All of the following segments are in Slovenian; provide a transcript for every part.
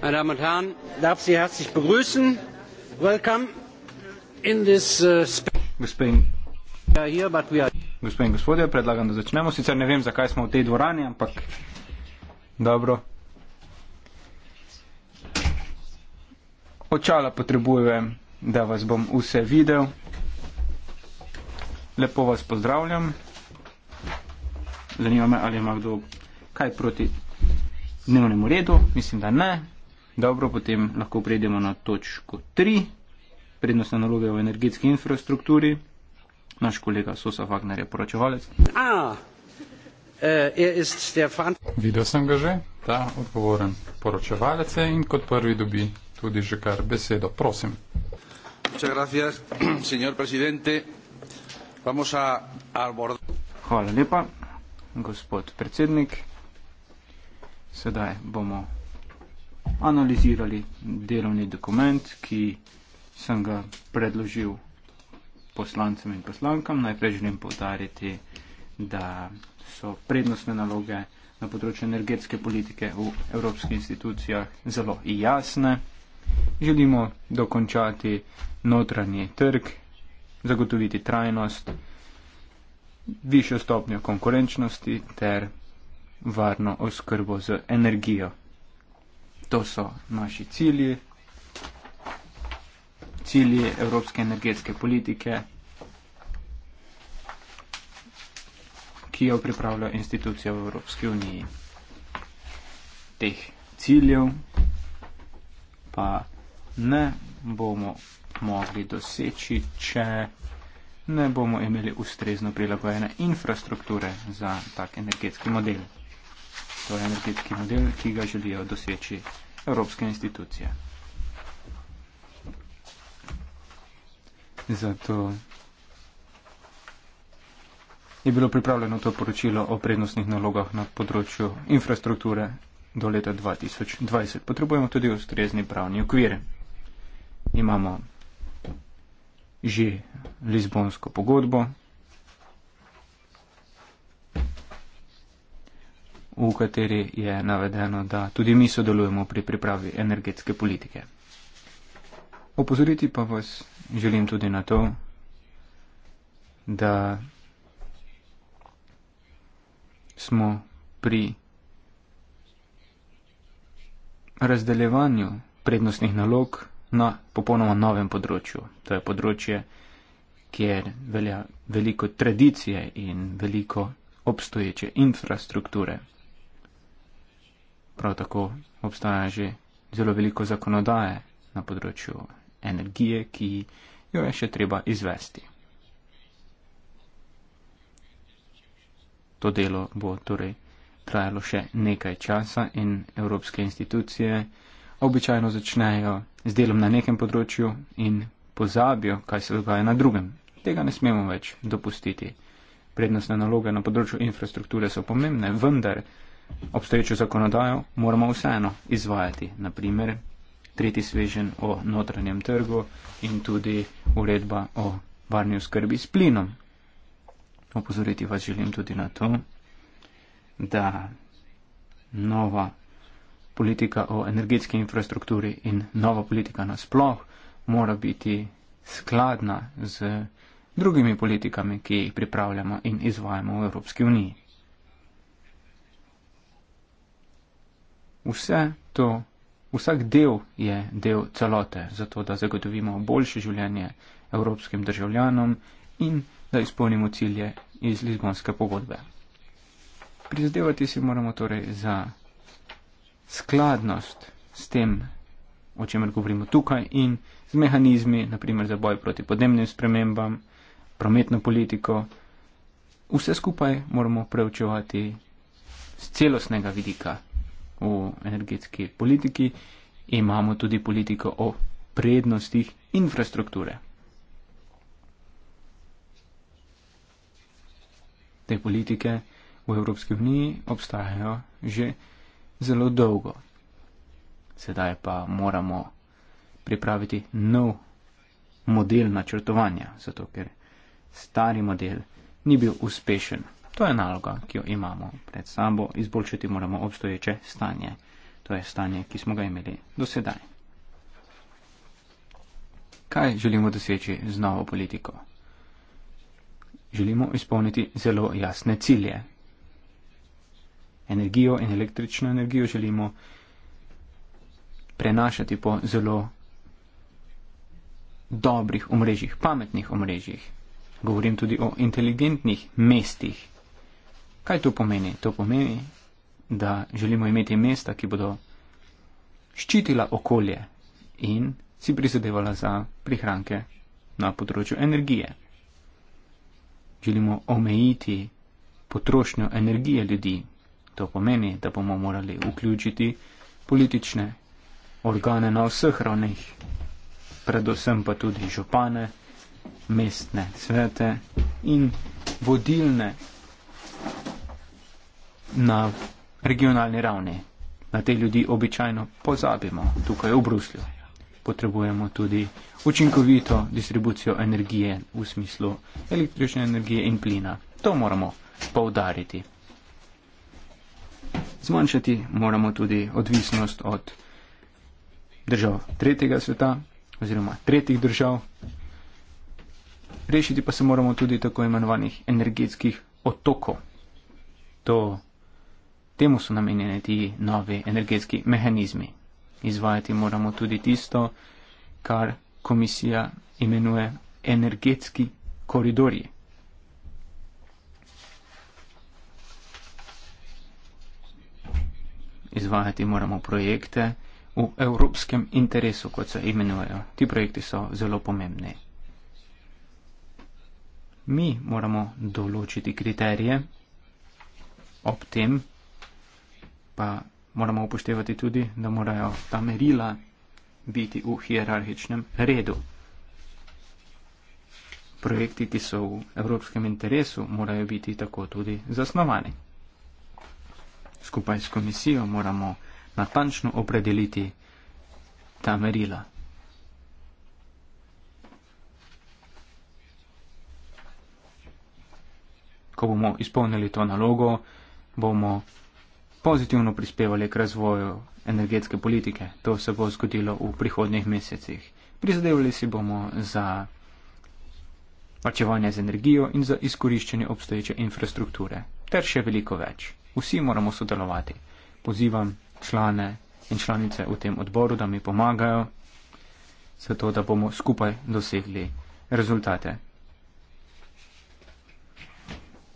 meine damen und herren ich darf sie herzlich begrüßen. welcome in this uh, gospe in gospodje predlagam da začnemo sicer ne vem zakaj smo v tej dvorani ampak dobro očala potrebujem da vas bom vse videl lepo vas pozdravljam zanima me ali ima kdo kaj proti dnevnemu redu mislim da ne Dobro, potem lahko prejdemo na točko 3, prednostne naloge v energetski infrastrukturi. Naš kolega Sosa Wagner je poročevalec. Ah, eh, Videl sem ga že, ta odgovoren poročevalec je in kot prvi dobi tudi že kar besedo. Prosim. Hvala lepa, gospod predsednik. Sedaj bomo analizirali delovni dokument, ki sem ga predložil poslancem in poslankam. Najprej želim povdariti, da so prednostne naloge na področju energetske politike v evropskih institucijah zelo jasne. Želimo dokončati notranji trg, zagotoviti trajnost, višjo stopnjo konkurenčnosti ter varno oskrbo z energijo. To so naši cilji, cilji evropske energetske politike, ki jo pripravlja institucija v Evropski uniji. Teh ciljev pa ne bomo mogli doseči, če ne bomo imeli ustrezno prilagojene infrastrukture za tak energetski model. To je energetski model, ki ga želijo doseči evropske institucije. Zato je bilo pripravljeno to poročilo o prednostnih nalogah na področju infrastrukture do leta 2020. Potrebujemo tudi ustrezni pravni okvir. Imamo že Lizbonsko pogodbo, v kateri je navedeno, da tudi mi sodelujemo pri pripravi energetske politike. Opozoriti pa vas želim tudi na to, da smo pri razdeljevanju prednostnih nalog na popolnoma novem področju. To je področje, kjer velja veliko tradicije in veliko obstoječe infrastrukture. Prav tako obstaja že zelo veliko zakonodaje na področju energije, ki jo je še treba izvesti. To delo bo torej trajalo še nekaj časa in evropske institucije običajno začnejo z delom na nekem področju in pozabijo, kaj se dogaja na drugem. Tega ne smemo več dopustiti. Prednostne naloge na področju infrastrukture so pomembne, vendar obstoječo zakonodajo moramo vseeno izvajati, naprimer tretji svežen o notranjem trgu in tudi uredba o varni oskrbi s plinom. Opozoriti vas želim tudi na to, da nova politika o energetski infrastrukturi in nova politika nasploh mora biti skladna z drugimi politikami, ki jih pripravljamo in izvajamo v Evropski uniji. Vse to, vsak del je del celote, zato da zagotovimo boljše življenje evropskim državljanom in da izpolnimo cilje iz Lizbonske pogodbe. Prizadevati si moramo torej za skladnost s tem, o čemer govorimo tukaj in z mehanizmi, naprimer za boj proti podnebnim spremembam, prometno politiko. Vse skupaj moramo preučevati z celostnega vidika o energetski politiki, imamo tudi politiko o prednostih infrastrukture. Te politike v Evropski uniji obstajajo že zelo dolgo. Sedaj pa moramo pripraviti nov model načrtovanja, zato ker stari model ni bil uspešen. To je naloga, ki jo imamo pred sabo, izboljšati moramo obstoječe stanje. To je stanje, ki smo ga imeli do sedaj. Kaj želimo doseči z novo politiko? Želimo izpolniti zelo jasne cilje. Energijo in električno energijo želimo prenašati po zelo dobrih omrežjih, pametnih omrežjih. Govorim tudi o inteligentnih mestih, Kaj to pomeni? To pomeni, da želimo imeti mesta, ki bodo ščitila okolje in si prizadevala za prihranke na področju energije. Želimo omejiti potrošnjo energije ljudi. To pomeni, da bomo morali vključiti politične organe na vseh ravneh, predvsem pa tudi župane, mestne svete in vodilne na regionalni ravni. Na te ljudi običajno pozabimo tukaj v Bruslju. Potrebujemo tudi učinkovito distribucijo energije v smislu električne energije in plina. To moramo poudariti. Zmanjšati moramo tudi odvisnost od držav tretjega sveta oziroma tretjih držav. Rešiti pa se moramo tudi tako imenovanih energetskih otokov. To temu so namenjeni ti novi energetski mehanizmi. Izvajati moramo tudi tisto, kar komisija imenuje energetski koridorji. Izvajati moramo projekte v evropskem interesu, kot se imenujejo. Ti projekti so zelo pomembni. Mi moramo določiti kriterije ob tem, pa moramo upoštevati tudi, da morajo ta merila biti v hierarhičnem redu. Projekti, ki so v evropskem interesu, morajo biti tako tudi zasnovani. Skupaj s komisijo moramo natančno opredeliti ta merila. Ko bomo izpolnili to nalogo, bomo pozitivno prispevali k razvoju energetske politike. To se bo zgodilo v prihodnjih mesecih. Prizadevali si bomo za vrčevanje z energijo in za izkoriščanje obstoječe infrastrukture. Ter še veliko več. Vsi moramo sodelovati. Pozivam člane in članice v tem odboru, da mi pomagajo, zato da bomo skupaj dosegli rezultate.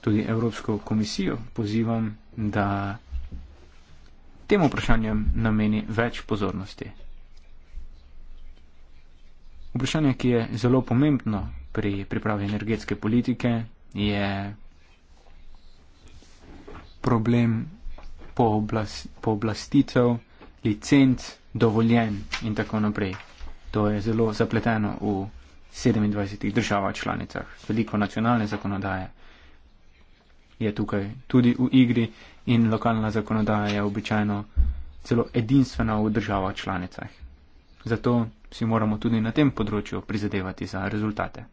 Tudi Evropsko komisijo pozivam, da tem vprašanjem nameni več pozornosti. Vprašanje, ki je zelo pomembno pri pripravi energetske politike, je problem pooblastitev, po licenc, dovoljen in tako naprej. To je zelo zapleteno v 27 državah članicah. Veliko nacionalne zakonodaje, je tukaj tudi v igri in lokalna zakonodaja je običajno celo edinstvena v državah članicah. Zato si moramo tudi na tem področju prizadevati za rezultate.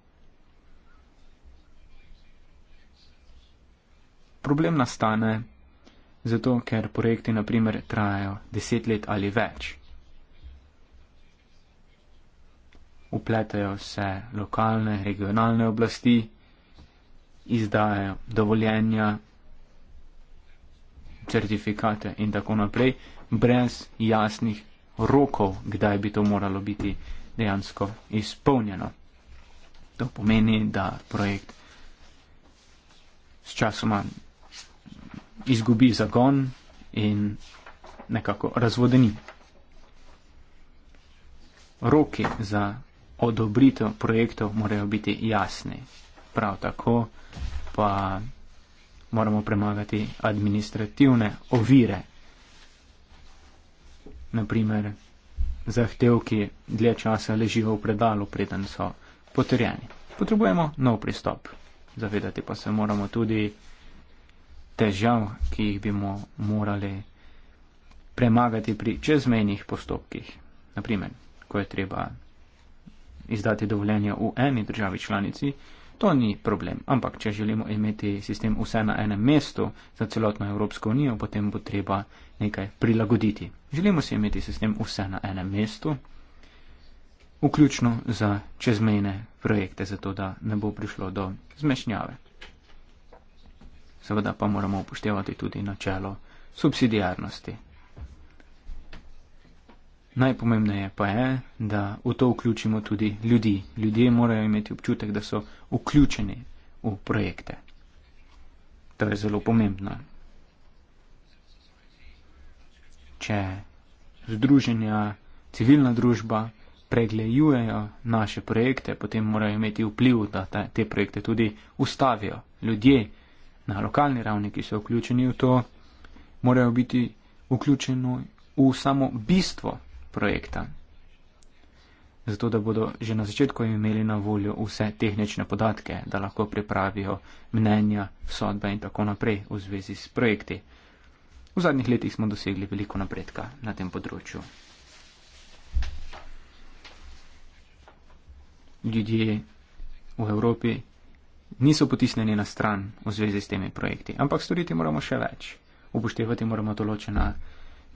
Problem nastane zato, ker projekti naprimer trajajo deset let ali več. Upletajo se lokalne, regionalne oblasti, izdaje dovoljenja, certifikate in tako naprej, brez jasnih rokov, kdaj bi to moralo biti dejansko izpolnjeno. To pomeni, da projekt s časoma izgubi zagon in nekako razvodeni. Roki za odobritev projektov morajo biti jasni. Prav tako pa moramo premagati administrativne ovire. Naprimer, zahtevki dlje časa ležijo v predalu, preden so potrjeni. Potrebujemo nov pristop. Zavedati pa se moramo tudi težav, ki jih bi morali premagati pri čezmejnih postopkih. Naprimer, ko je treba izdati dovoljenje v eni državi članici, To ni problem, ampak če želimo imeti sistem vse na enem mestu za celotno Evropsko unijo, potem bo treba nekaj prilagoditi. Želimo si imeti sistem vse na enem mestu, vključno za čezmejne projekte, zato da ne bo prišlo do zmešnjave. Seveda pa moramo upoštevati tudi načelo subsidijarnosti, Najpomembneje pa je, da v to vključimo tudi ljudi. Ljudje morajo imeti občutek, da so vključeni v projekte. To je zelo pomembno. Če združenja, civilna družba preglejujejo naše projekte, potem morajo imeti vpliv, da te projekte tudi ustavijo. Ljudje na lokalni ravni, ki so vključeni v to, morajo biti vključeni v samo bistvo projekta. Zato, da bodo že na začetku imeli na voljo vse tehnične podatke, da lahko pripravijo mnenja, sodbe in tako naprej v zvezi s projekti. V zadnjih letih smo dosegli veliko napredka na tem področju. Ljudje v Evropi niso potisnjeni na stran v zvezi s temi projekti, ampak storiti moramo še več. Upoštevati moramo določena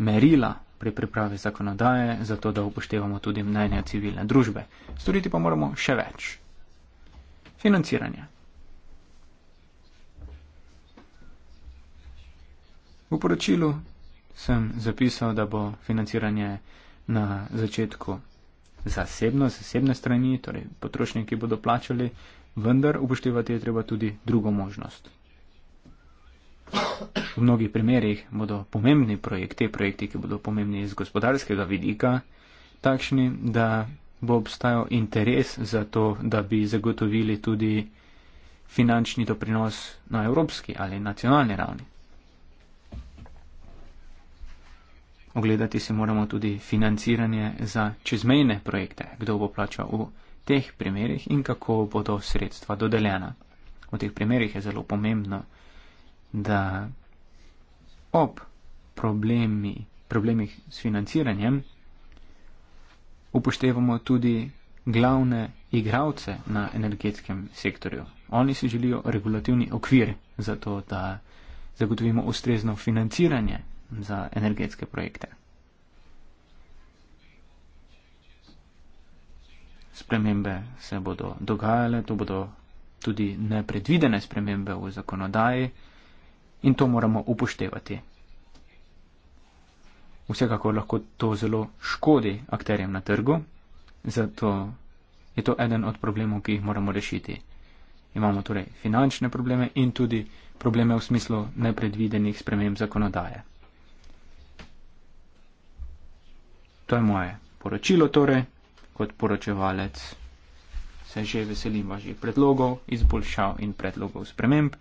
merila pri pripravi zakonodaje, zato da upoštevamo tudi mnenja civilne družbe. Storiti pa moramo še več. Financiranje. V poročilu sem zapisal, da bo financiranje na začetku zasebno, zasebne strani, torej potrošniki bodo plačali, vendar upoštevati je treba tudi drugo možnost. V mnogih primerjih bodo pomembni projekti, projekti, ki bodo pomembni iz gospodarskega vidika, takšni, da bo obstajal interes za to, da bi zagotovili tudi finančni doprinos na evropski ali nacionalni ravni. Ogledati si moramo tudi financiranje za čezmejne projekte, kdo bo plačal v teh primerjih in kako bodo sredstva dodeljena. V teh primerjih je zelo pomembno, da ob problemi, problemih s financiranjem upoštevamo tudi glavne igravce na energetskem sektorju. Oni si želijo regulativni okvir za to, da zagotovimo ustrezno financiranje za energetske projekte. Spremembe se bodo dogajale, to bodo tudi nepredvidene spremembe v zakonodaji in to moramo upoštevati. Vsekakor lahko to zelo škodi akterjem na trgu, zato je to eden od problemov, ki jih moramo rešiti. Imamo torej finančne probleme in tudi probleme v smislu nepredvidenih sprememb zakonodaje. To je moje poročilo torej, kot poročevalec se že veselim vaših predlogov, izboljšav in predlogov sprememb.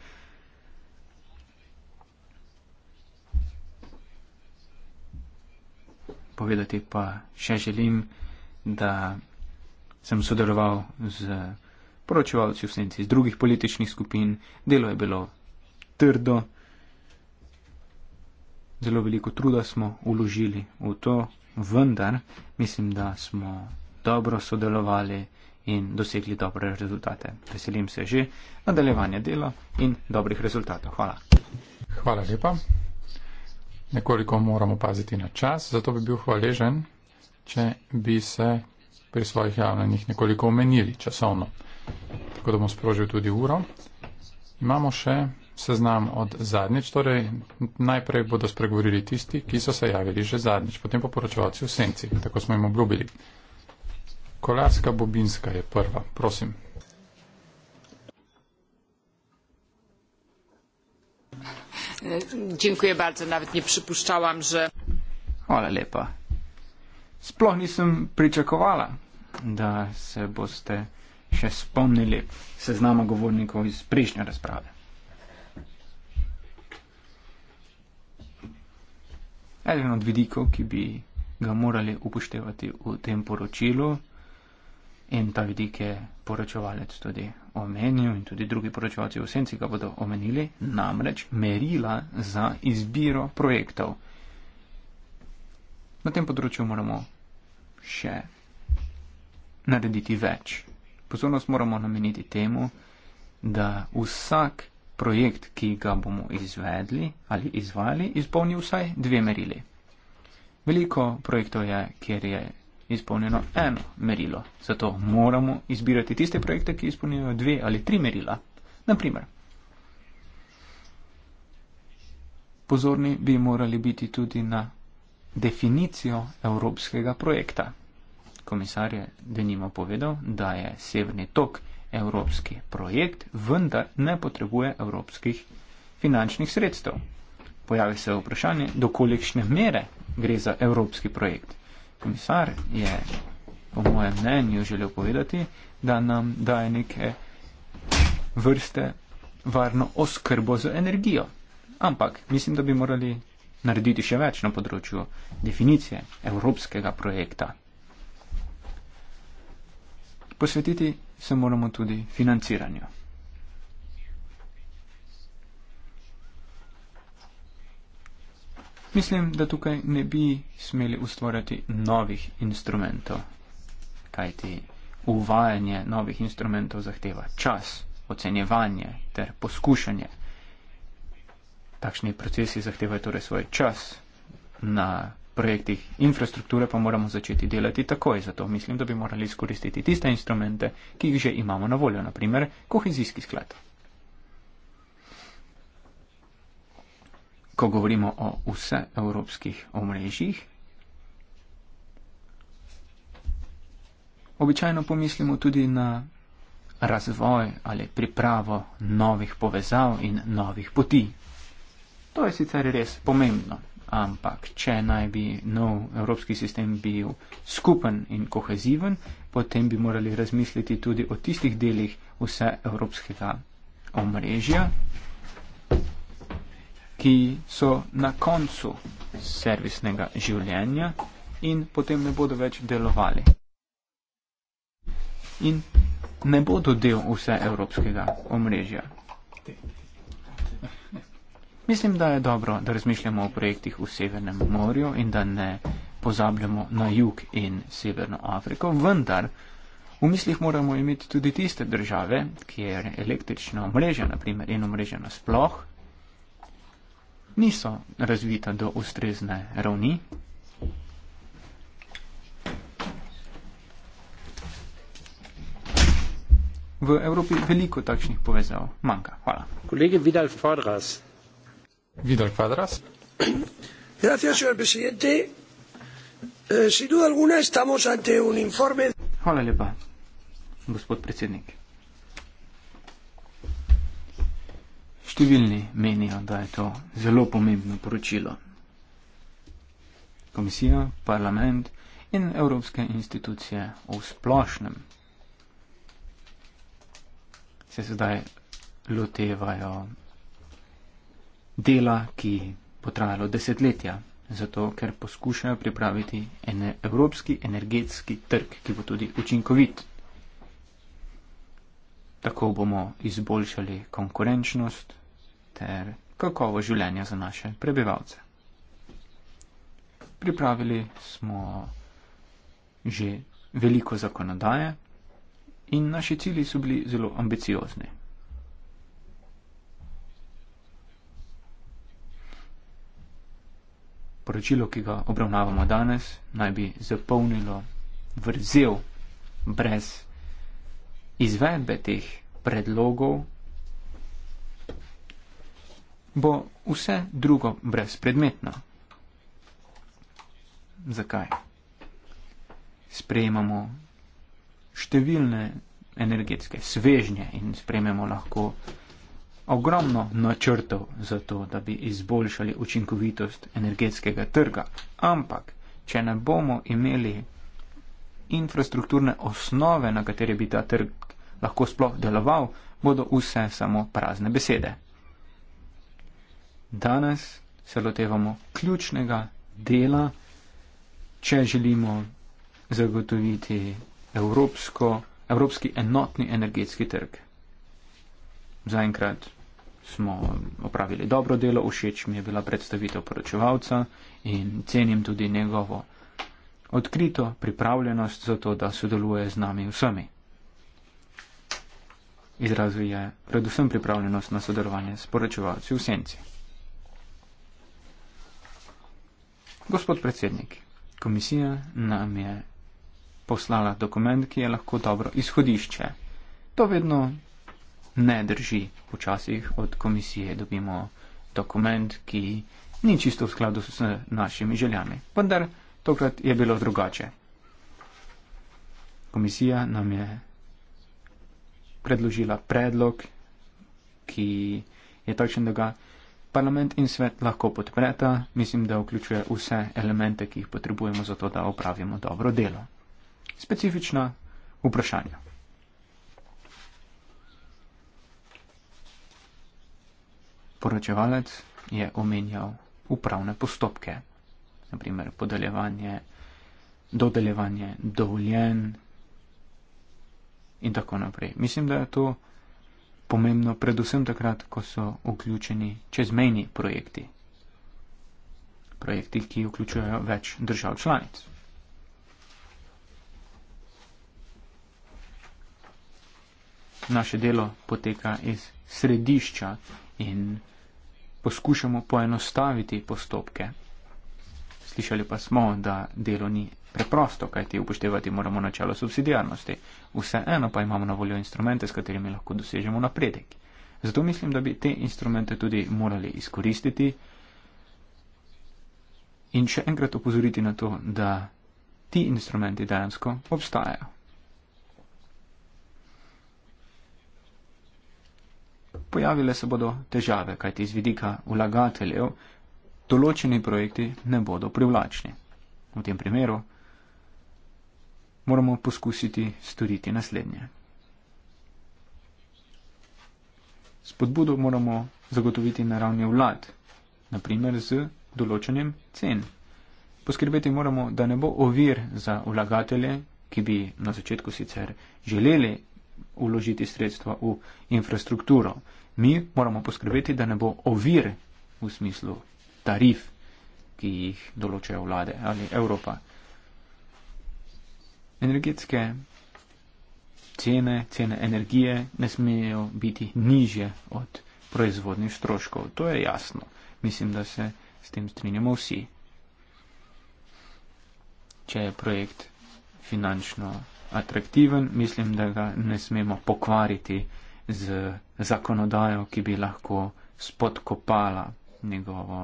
povedati pa še želim, da sem sodeloval z poročevalci v senci iz drugih političnih skupin. Delo je bilo trdo, zelo veliko truda smo uložili v to, vendar mislim, da smo dobro sodelovali in dosegli dobre rezultate. Veselim se že nadaljevanja dela in dobrih rezultatov. Hvala. Hvala lepa. Nekoliko moramo paziti na čas, zato bi bil hvaležen, če bi se pri svojih javnanjih nekoliko omenili časovno. Tako da bom sprožil tudi uro. Imamo še seznam od zadnjič, torej najprej bodo spregovorili tisti, ki so se javili že zadnjič, potem pa poročevalci v senci, tako smo jim obljubili. Kolarska Bobinska je prva, prosim. Dziękuję bardzo. Nawet nie przypuszczałam, że. Ale lepa. Sploh nisem pričakovala, da se boste še spomnili seznama govornikov iz prejšnje razprave. Eden od vidikov, ki bi ga morali upoštevati v tem poročilu, In ta vidik je poročevalec tudi omenil in tudi drugi poročevalci v senci ga bodo omenili, namreč merila za izbiro projektov. Na tem področju moramo še narediti več. Pozornost moramo nameniti temu, da vsak projekt, ki ga bomo izvedli ali izvajali, izpolni vsaj dve merili. Veliko projektov je, kjer je izpolnjeno eno merilo. Zato moramo izbirati tiste projekte, ki izpolnjujejo dve ali tri merila. Naprimer, pozorni bi morali biti tudi na definicijo evropskega projekta. Komisar je denimo povedal, da je Severni tok evropski projekt, vendar ne potrebuje evropskih finančnih sredstev. Pojavi se vprašanje, dokolikšne mere gre za evropski projekt komisar je, po mojem mnenju, želel povedati, da nam daje neke vrste varno oskrbo z energijo. Ampak mislim, da bi morali narediti še več na področju definicije evropskega projekta. Posvetiti se moramo tudi financiranju. Mislim, da tukaj ne bi smeli ustvarjati novih instrumentov, kajti uvajanje novih instrumentov zahteva čas, ocenjevanje ter poskušanje. Takšni procesi zahtevajo torej svoj čas. Na projektih infrastrukture pa moramo začeti delati takoj, zato mislim, da bi morali izkoristiti tiste instrumente, ki jih že imamo na voljo, naprimer kohezijski sklad. ko govorimo o vseevropskih omrežjih, običajno pomislimo tudi na razvoj ali pripravo novih povezav in novih poti. To je sicer res pomembno, ampak če naj bi nov evropski sistem bil skupen in koheziven, potem bi morali razmisliti tudi o tistih delih vseevropskega omrežja, ki so na koncu servisnega življenja in potem ne bodo več delovali. In ne bodo del vse evropskega omrežja. Mislim, da je dobro, da razmišljamo o projektih v Severnem morju in da ne pozabljamo na jug in Severno Afriko, vendar v mislih moramo imeti tudi tiste države, kjer električno omrežje, naprimer, in omrežje nasploh niso razvita do ustrezne ravni. V Evropi veliko takšnih povezav manjka. Hvala. Kolege Vidal Fadras. Vidal Fadras. Gracias, señor presidente. Eh, sin duda alguna estamos ante un informe. Hvala lepa, gospod predsednik. Številni menijo, da je to zelo pomembno poročilo. Komisija, parlament in evropske institucije v splošnem se sedaj lotevajo dela, ki bo trajalo desetletja, zato ker poskušajo pripraviti en evropski energetski trg, ki bo tudi učinkovit. Tako bomo izboljšali konkurenčnost ter kakovo življenja za naše prebivalce. Pripravili smo že veliko zakonodaje in naši cilji so bili zelo ambiciozni. Poročilo, ki ga obravnavamo danes, naj bi zapolnilo vrzel brez izvedbe teh predlogov bo vse drugo brezpredmetno. Zakaj? Sprejemamo številne energetske svežnje in sprejemamo lahko ogromno načrtov za to, da bi izboljšali učinkovitost energetskega trga. Ampak, če ne bomo imeli infrastrukturne osnove, na kateri bi ta trg lahko sploh deloval, bodo vse samo prazne besede. Danes se lotevamo ključnega dela, če želimo zagotoviti evropsko, evropski enotni energetski trg. Zaenkrat smo opravili dobro delo, všeč mi je bila predstavitev poročevalca in cenim tudi njegovo odkrito pripravljenost za to, da sodeluje z nami vsemi. Izrazil je predvsem pripravljenost na sodelovanje s poročevalci v senci. Gospod predsednik, komisija nam je poslala dokument, ki je lahko dobro izhodišče. To vedno ne drži. Včasih od komisije dobimo dokument, ki ni čisto v skladu s našimi željami. Vendar tokrat je bilo drugače. Komisija nam je predložila predlog, ki je točen, da ga parlament in svet lahko podpreta, mislim, da vključuje vse elemente, ki jih potrebujemo za to, da opravimo dobro delo. Specifična vprašanja. Poročevalec je omenjal upravne postopke, naprimer podeljevanje, dodeljevanje dovoljen in tako naprej. Mislim, da je to pomembno predvsem takrat, ko so vključeni čezmejni projekti. Projekti, ki vključujejo več držav članic. Naše delo poteka iz središča in poskušamo poenostaviti postopke. Slišali pa smo, da delo ni Preprosto, kajti upoštevati moramo načelo subsidijarnosti. Vseeno pa imamo na voljo instrumente, s katerimi lahko dosežemo napredek. Zato mislim, da bi te instrumente tudi morali izkoristiti in še enkrat opozoriti na to, da ti instrumenti dejansko obstajajo. Pojavile se bodo težave, kajti iz vidika vlagateljev določeni projekti ne bodo privlačni. V tem primeru moramo poskusiti storiti naslednje. Spodbudo moramo zagotoviti na ravni vlad, naprimer z določanjem cen. Poskrbeti moramo, da ne bo ovir za vlagatelje, ki bi na začetku sicer želeli uložiti sredstva v infrastrukturo. Mi moramo poskrbeti, da ne bo ovir v smislu tarif, ki jih določajo vlade ali Evropa energetske cene, cene energije ne smejo biti niže od proizvodnih stroškov. To je jasno. Mislim, da se s tem strinjamo vsi. Če je projekt finančno atraktiven, mislim, da ga ne smemo pokvariti z zakonodajo, ki bi lahko spodkopala njegovo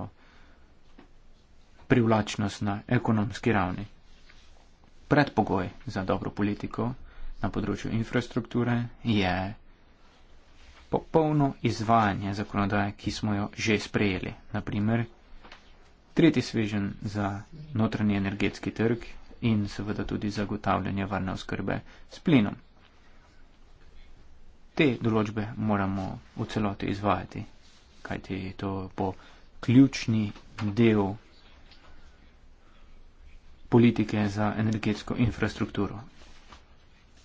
privlačnost na ekonomski ravni predpogoj za dobro politiko na področju infrastrukture je popolno izvajanje zakonodaje, ki smo jo že sprejeli. Naprimer, tretji svežen za notranji energetski trg in seveda tudi zagotavljanje varne oskrbe s plinom. Te določbe moramo v celoti izvajati, kajti to bo ključni del politike za energetsko infrastrukturo.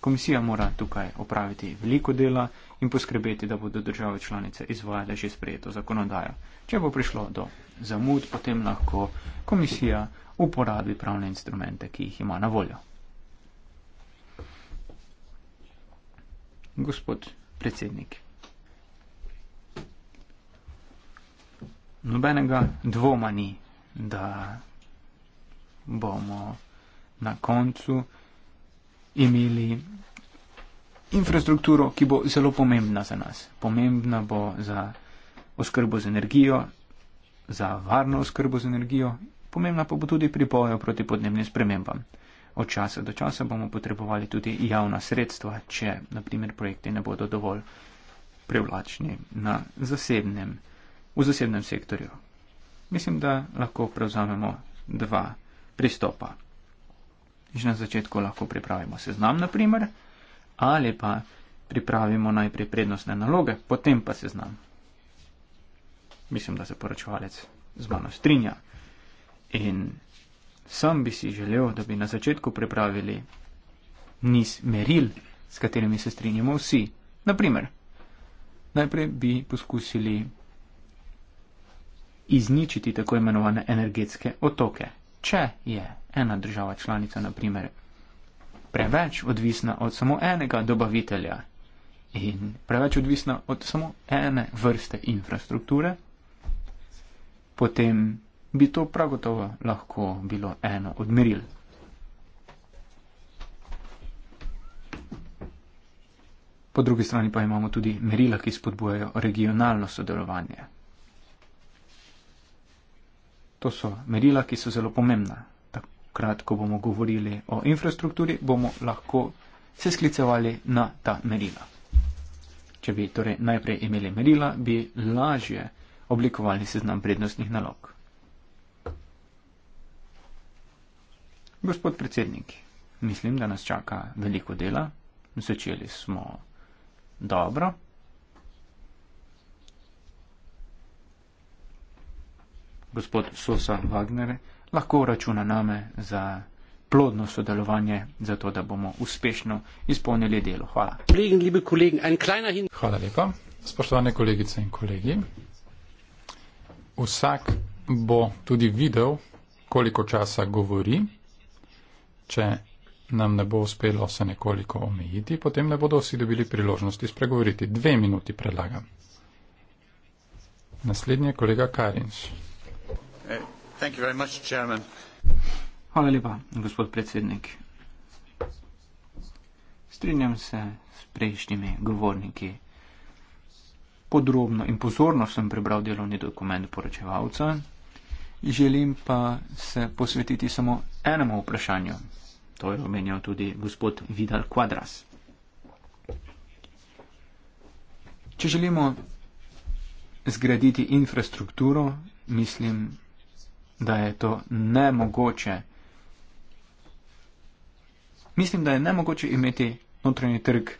Komisija mora tukaj opraviti veliko dela in poskrbeti, da bodo države članice izvajale že sprejeto zakonodajo. Če bo prišlo do zamud, potem lahko komisija uporabi pravne instrumente, ki jih ima na voljo. Gospod predsednik. Nobenega dvoma ni, da bomo na koncu imeli infrastrukturo, ki bo zelo pomembna za nas. Pomembna bo za oskrbo z energijo, za varno oskrbo z energijo, pomembna pa bo tudi pri boju proti podnebnim spremembam. Od časa do časa bomo potrebovali tudi javna sredstva, če naprimer projekti ne bodo dovolj privlačni na zasebnem, v zasebnem sektorju. Mislim, da lahko prevzamemo dva pristopa. Že na začetku lahko pripravimo seznam, naprimer, ali pa pripravimo najprej prednostne naloge, potem pa seznam. Mislim, da se poročevalec z mano strinja. In sam bi si želel, da bi na začetku pripravili niz meril, s katerimi se strinjamo vsi. Naprimer, najprej bi poskusili izničiti tako imenovane energetske otoke če je ena država članica, na primer, preveč odvisna od samo enega dobavitelja in preveč odvisna od samo ene vrste infrastrukture, potem bi to prav gotovo lahko bilo eno od meril. Po drugi strani pa imamo tudi merila, ki spodbujajo regionalno sodelovanje. To so merila, ki so zelo pomembna. Takrat, ko bomo govorili o infrastrukturi, bomo lahko se sklicevali na ta merila. Če bi torej najprej imeli merila, bi lažje oblikovali seznam prednostnih nalog. Gospod predsednik, mislim, da nas čaka veliko dela. Začeli smo dobro. gospod Sosa Wagner, lahko računa name za plodno sodelovanje, zato da bomo uspešno izpolnili delo. Hvala. Hvala lepa. Spoštovane kolegice in kolegi, vsak bo tudi videl, koliko časa govori. Če nam ne bo uspelo se nekoliko omejiti, potem ne bodo vsi dobili priložnosti spregovoriti. Dve minuti predlagam. Naslednji je kolega Karinš. Eh, Hvala lepa, gospod predsednik. Strinjam se s prejšnjimi govorniki. Podrobno in pozorno sem prebral delovni dokument poročevalca. Želim pa se posvetiti samo enemu vprašanju. To je omenjal tudi gospod Vidal Quadras. Če želimo zgraditi infrastrukturo, mislim, da je to nemogoče. Mislim, da je nemogoče imeti notranji trg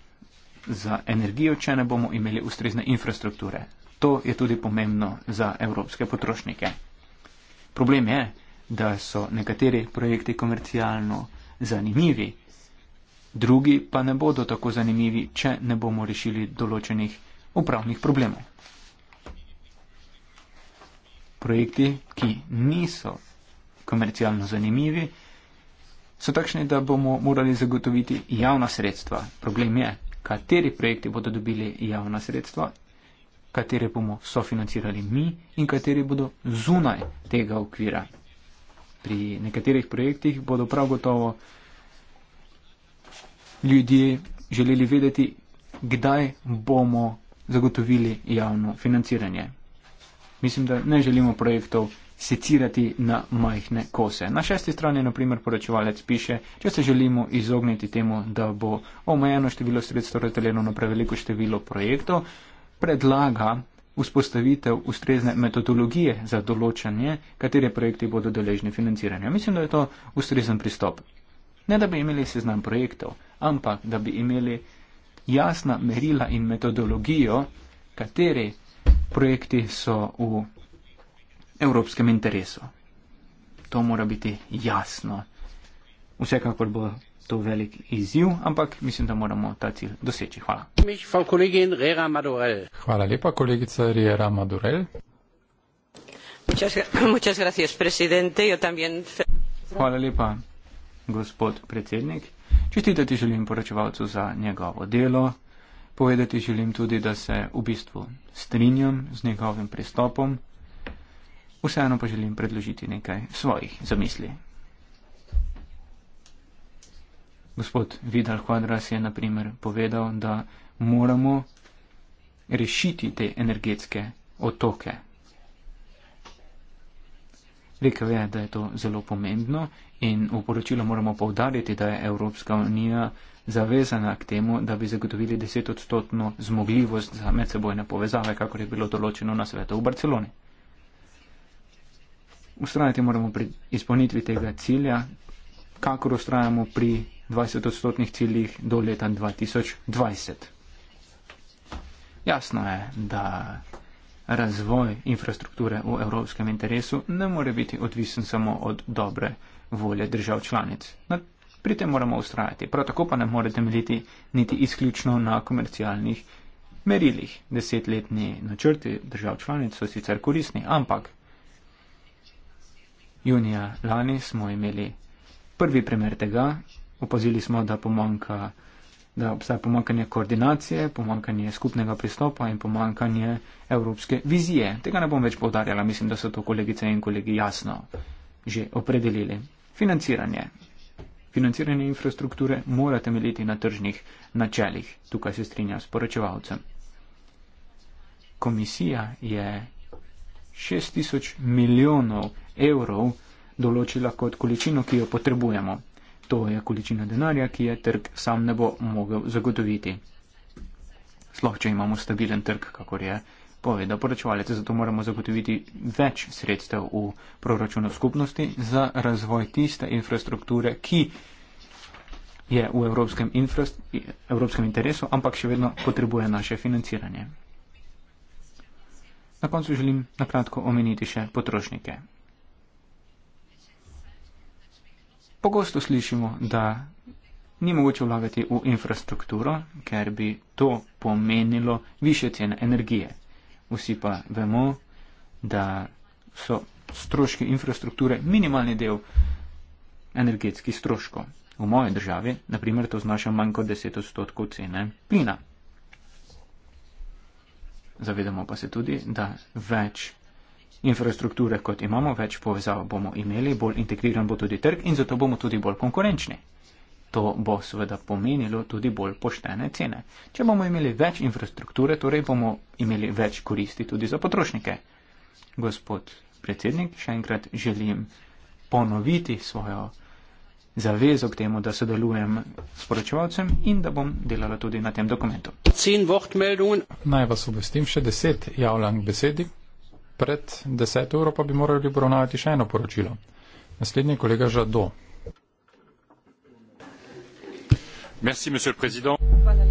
za energijo, če ne bomo imeli ustrezne infrastrukture. To je tudi pomembno za evropske potrošnike. Problem je, da so nekateri projekti komercialno zanimivi, drugi pa ne bodo tako zanimivi, če ne bomo rešili določenih upravnih problemov projekti, ki niso komercialno zanimivi, so takšni, da bomo morali zagotoviti javna sredstva. Problem je, kateri projekti bodo dobili javna sredstva, kateri bomo sofinancirali mi in kateri bodo zunaj tega okvira. Pri nekaterih projektih bodo prav gotovo ljudje želeli vedeti, kdaj bomo zagotovili javno financiranje mislim, da ne želimo projektov secirati na majhne kose. Na šesti strani, naprimer, poročevalec piše, če se želimo izogniti temu, da bo omejeno število sredstev razdeljeno na preveliko število projektov, predlaga vzpostavitev ustrezne metodologije za določanje, katere projekti bodo deležni financiranja. Mislim, da je to ustrezen pristop. Ne da bi imeli seznam projektov, ampak da bi imeli jasna merila in metodologijo, kateri projekti so v evropskem interesu. To mora biti jasno. Vsekakor bo to velik izziv, ampak mislim, da moramo ta cilj doseči. Hvala. Hvala lepa, kolegica Riera Madurel. Hvala lepa, gospod predsednik. Čestitati želim poročevalcu za njegovo delo. Povedati želim tudi, da se v bistvu strinjam z njegovim pristopom, vseeno pa želim predložiti nekaj svojih zamisli. Gospod Vidal Quadras je naprimer povedal, da moramo rešiti te energetske otoke. Rekel je, da je to zelo pomembno in v poročilu moramo povdariti, da je Evropska unija zavezana k temu, da bi zagotovili desetodstotno zmogljivost za medsebojne povezave, kako je bilo določeno na svetu v Barceloni. Ustrajati moramo pri izpolnitvi tega cilja, kakor ustrajamo pri 20 odstotnih ciljih do leta 2020. Jasno je, da razvoj infrastrukture v evropskem interesu ne more biti odvisen samo od dobre volje držav članic. Na, pri tem moramo ustrajati. Prav tako pa ne more temeljiti niti izključno na komercialnih merilih. Desetletni načrti držav članic so sicer korisni, ampak junija lani smo imeli prvi primer tega. Opazili smo, da pomanjka da obstaja pomankanje koordinacije, pomankanje skupnega pristopa in pomankanje evropske vizije. Tega ne bom več povdarjala, mislim, da so to kolegice in kolegi jasno že opredelili. Financiranje. Financiranje infrastrukture mora temeljiti na tržnih načelih. Tukaj se strinja s poročevalcem. Komisija je 6000 milijonov evrov določila kot količino, ki jo potrebujemo. To je količina denarja, ki je trg sam ne bo mogel zagotoviti. Sloh, če imamo stabilen trg, kakor je povedal poročevalec, zato moramo zagotoviti več sredstev v proračunu skupnosti za razvoj tiste infrastrukture, ki je v evropskem, evropskem interesu, ampak še vedno potrebuje naše financiranje. Na koncu želim nakratko omeniti še potrošnike. Pogosto slišimo, da ni mogoče vlagati v infrastrukturo, ker bi to pomenilo više cene energije. Vsi pa vemo, da so stroški infrastrukture minimalni del energetskih stroškov. V moje državi, naprimer, to znaša manj kot 10 odstotkov cene plina. Zavedamo pa se tudi, da več infrastrukture, kot imamo, več povezav bomo imeli, bolj integriran bo tudi trg in zato bomo tudi bolj konkurenčni. To bo seveda pomenilo tudi bolj poštene cene. Če bomo imeli več infrastrukture, torej bomo imeli več koristi tudi za potrošnike. Gospod predsednik, še enkrat želim ponoviti svojo zavezo k temu, da sodelujem s poročevalcem in da bom delala tudi na tem dokumentu. Naj vas obvestim še deset javljanj besedi pred deseto uro pa bi morali obravnavati še eno poročilo. Naslednji kolega Žado. Merci, monsieur le président. Hvala.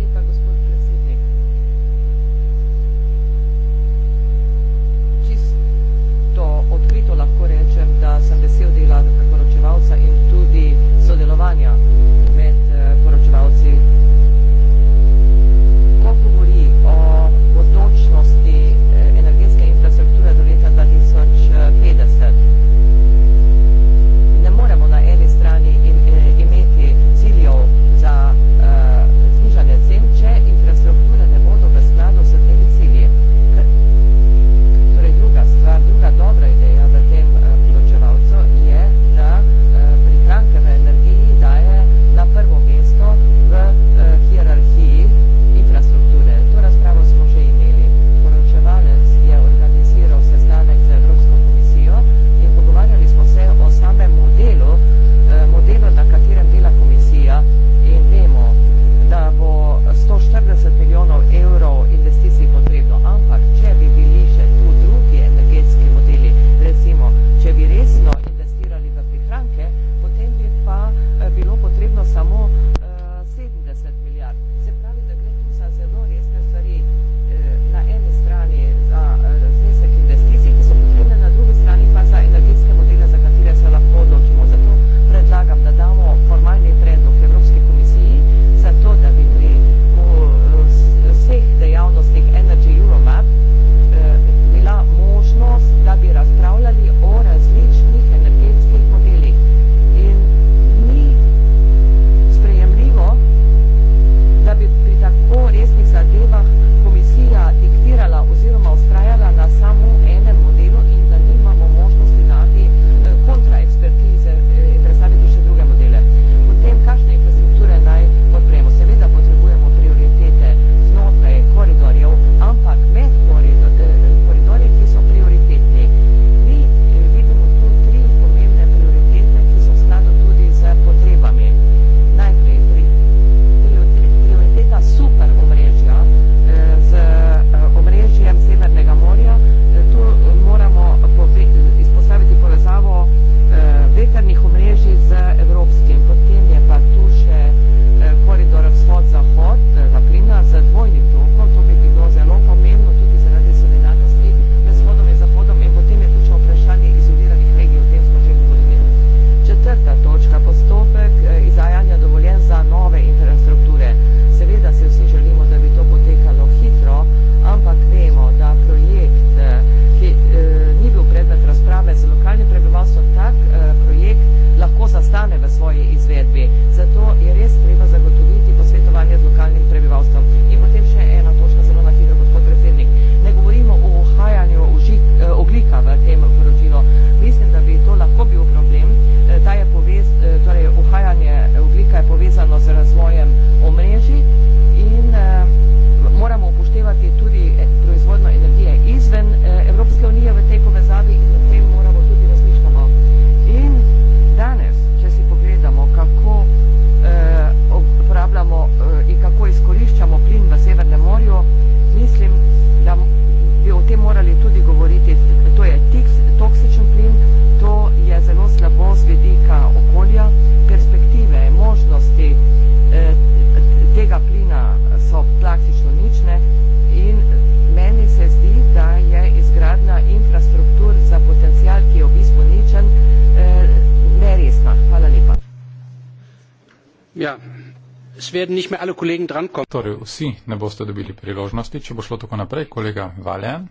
werden nicht mehr alle Kollegen drankommen. Torej, vsi ne boste dobili priložnosti, če bo šlo tako naprej. Kolega Valjan,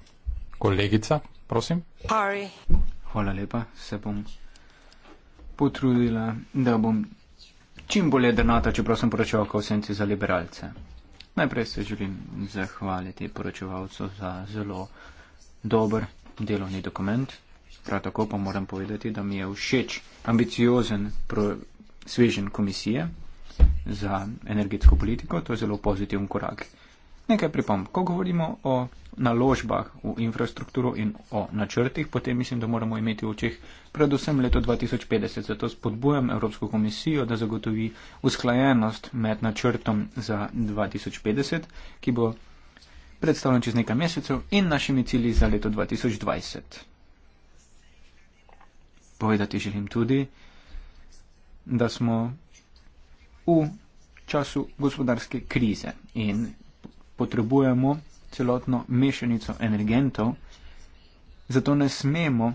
kolegica, prosim. Harry. Hvala lepa, se bom potrudila, da bom čim bolje drnata, čeprav sem poročevalka v senci za liberalce. Najprej se želim zahvaliti poročevalcu za zelo dober delovni dokument. Prav tako pa moram povedati, da mi je všeč ambiciozen pro, svežen komisije, za energetsko politiko, to je zelo pozitiven korak. Nekaj pripomb. Ko govorimo o naložbah v infrastrukturo in o načrtih, potem mislim, da moramo imeti v očeh predvsem leto 2050. Zato spodbujam Evropsko komisijo, da zagotovi usklajenost med načrtom za 2050, ki bo predstavljen čez nekaj mesecev, in našimi cilji za leto 2020. Povedati želim tudi, da smo v času gospodarske krize in potrebujemo celotno mešanico energentov, zato ne smemo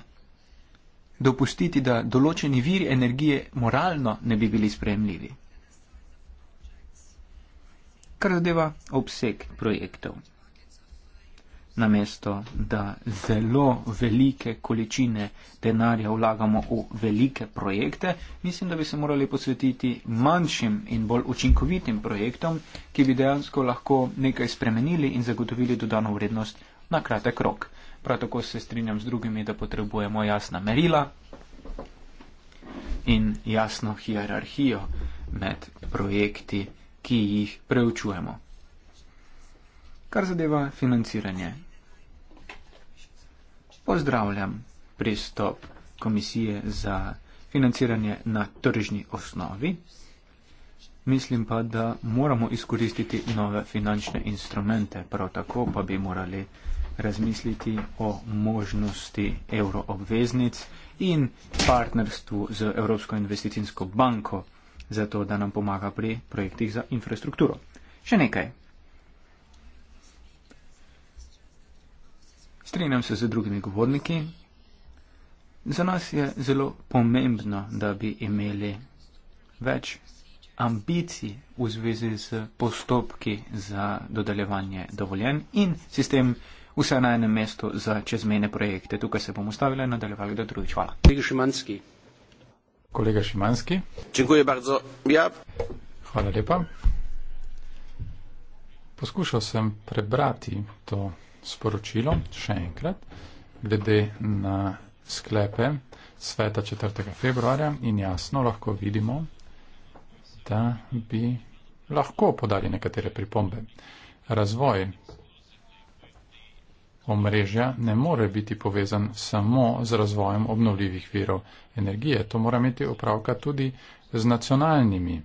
dopustiti, da določeni viri energije moralno ne bi bili sprejemljivi. Kar zadeva obseg projektov namesto da zelo velike količine denarja vlagamo v velike projekte, mislim, da bi se morali posvetiti manjšim in bolj učinkovitim projektom, ki bi dejansko lahko nekaj spremenili in zagotovili dodano vrednost na kratek rok. Prav tako se strinjam z drugimi, da potrebujemo jasna merila in jasno hierarhijo med projekti, ki jih preučujemo. Kar zadeva financiranje pozdravljam pristop Komisije za financiranje na tržni osnovi. Mislim pa, da moramo izkoristiti nove finančne instrumente, prav tako pa bi morali razmisliti o možnosti euroobveznic in partnerstvu z Evropsko investicijsko banko, zato da nam pomaga pri projektih za infrastrukturo. Še nekaj. Strenjam se z drugimi govorniki. Za nas je zelo pomembno, da bi imeli več ambicij v zvezi z postopki za dodeljevanje dovoljen in sistem vse na enem mestu za čezmene projekte. Tukaj se bomo stavili in nadaljevali do drugič. Hvala. Kolega Šimanski. Kolega Šimanski. Čekuje bardzo. Ja. Hvala lepa. Poskušal sem prebrati to sporočilo, še enkrat, glede na sklepe sveta 4. februarja in jasno lahko vidimo, da bi lahko podali nekatere pripombe. Razvoj omrežja ne more biti povezan samo z razvojem obnovljivih virov energije. To mora imeti opravka tudi z nacionalnimi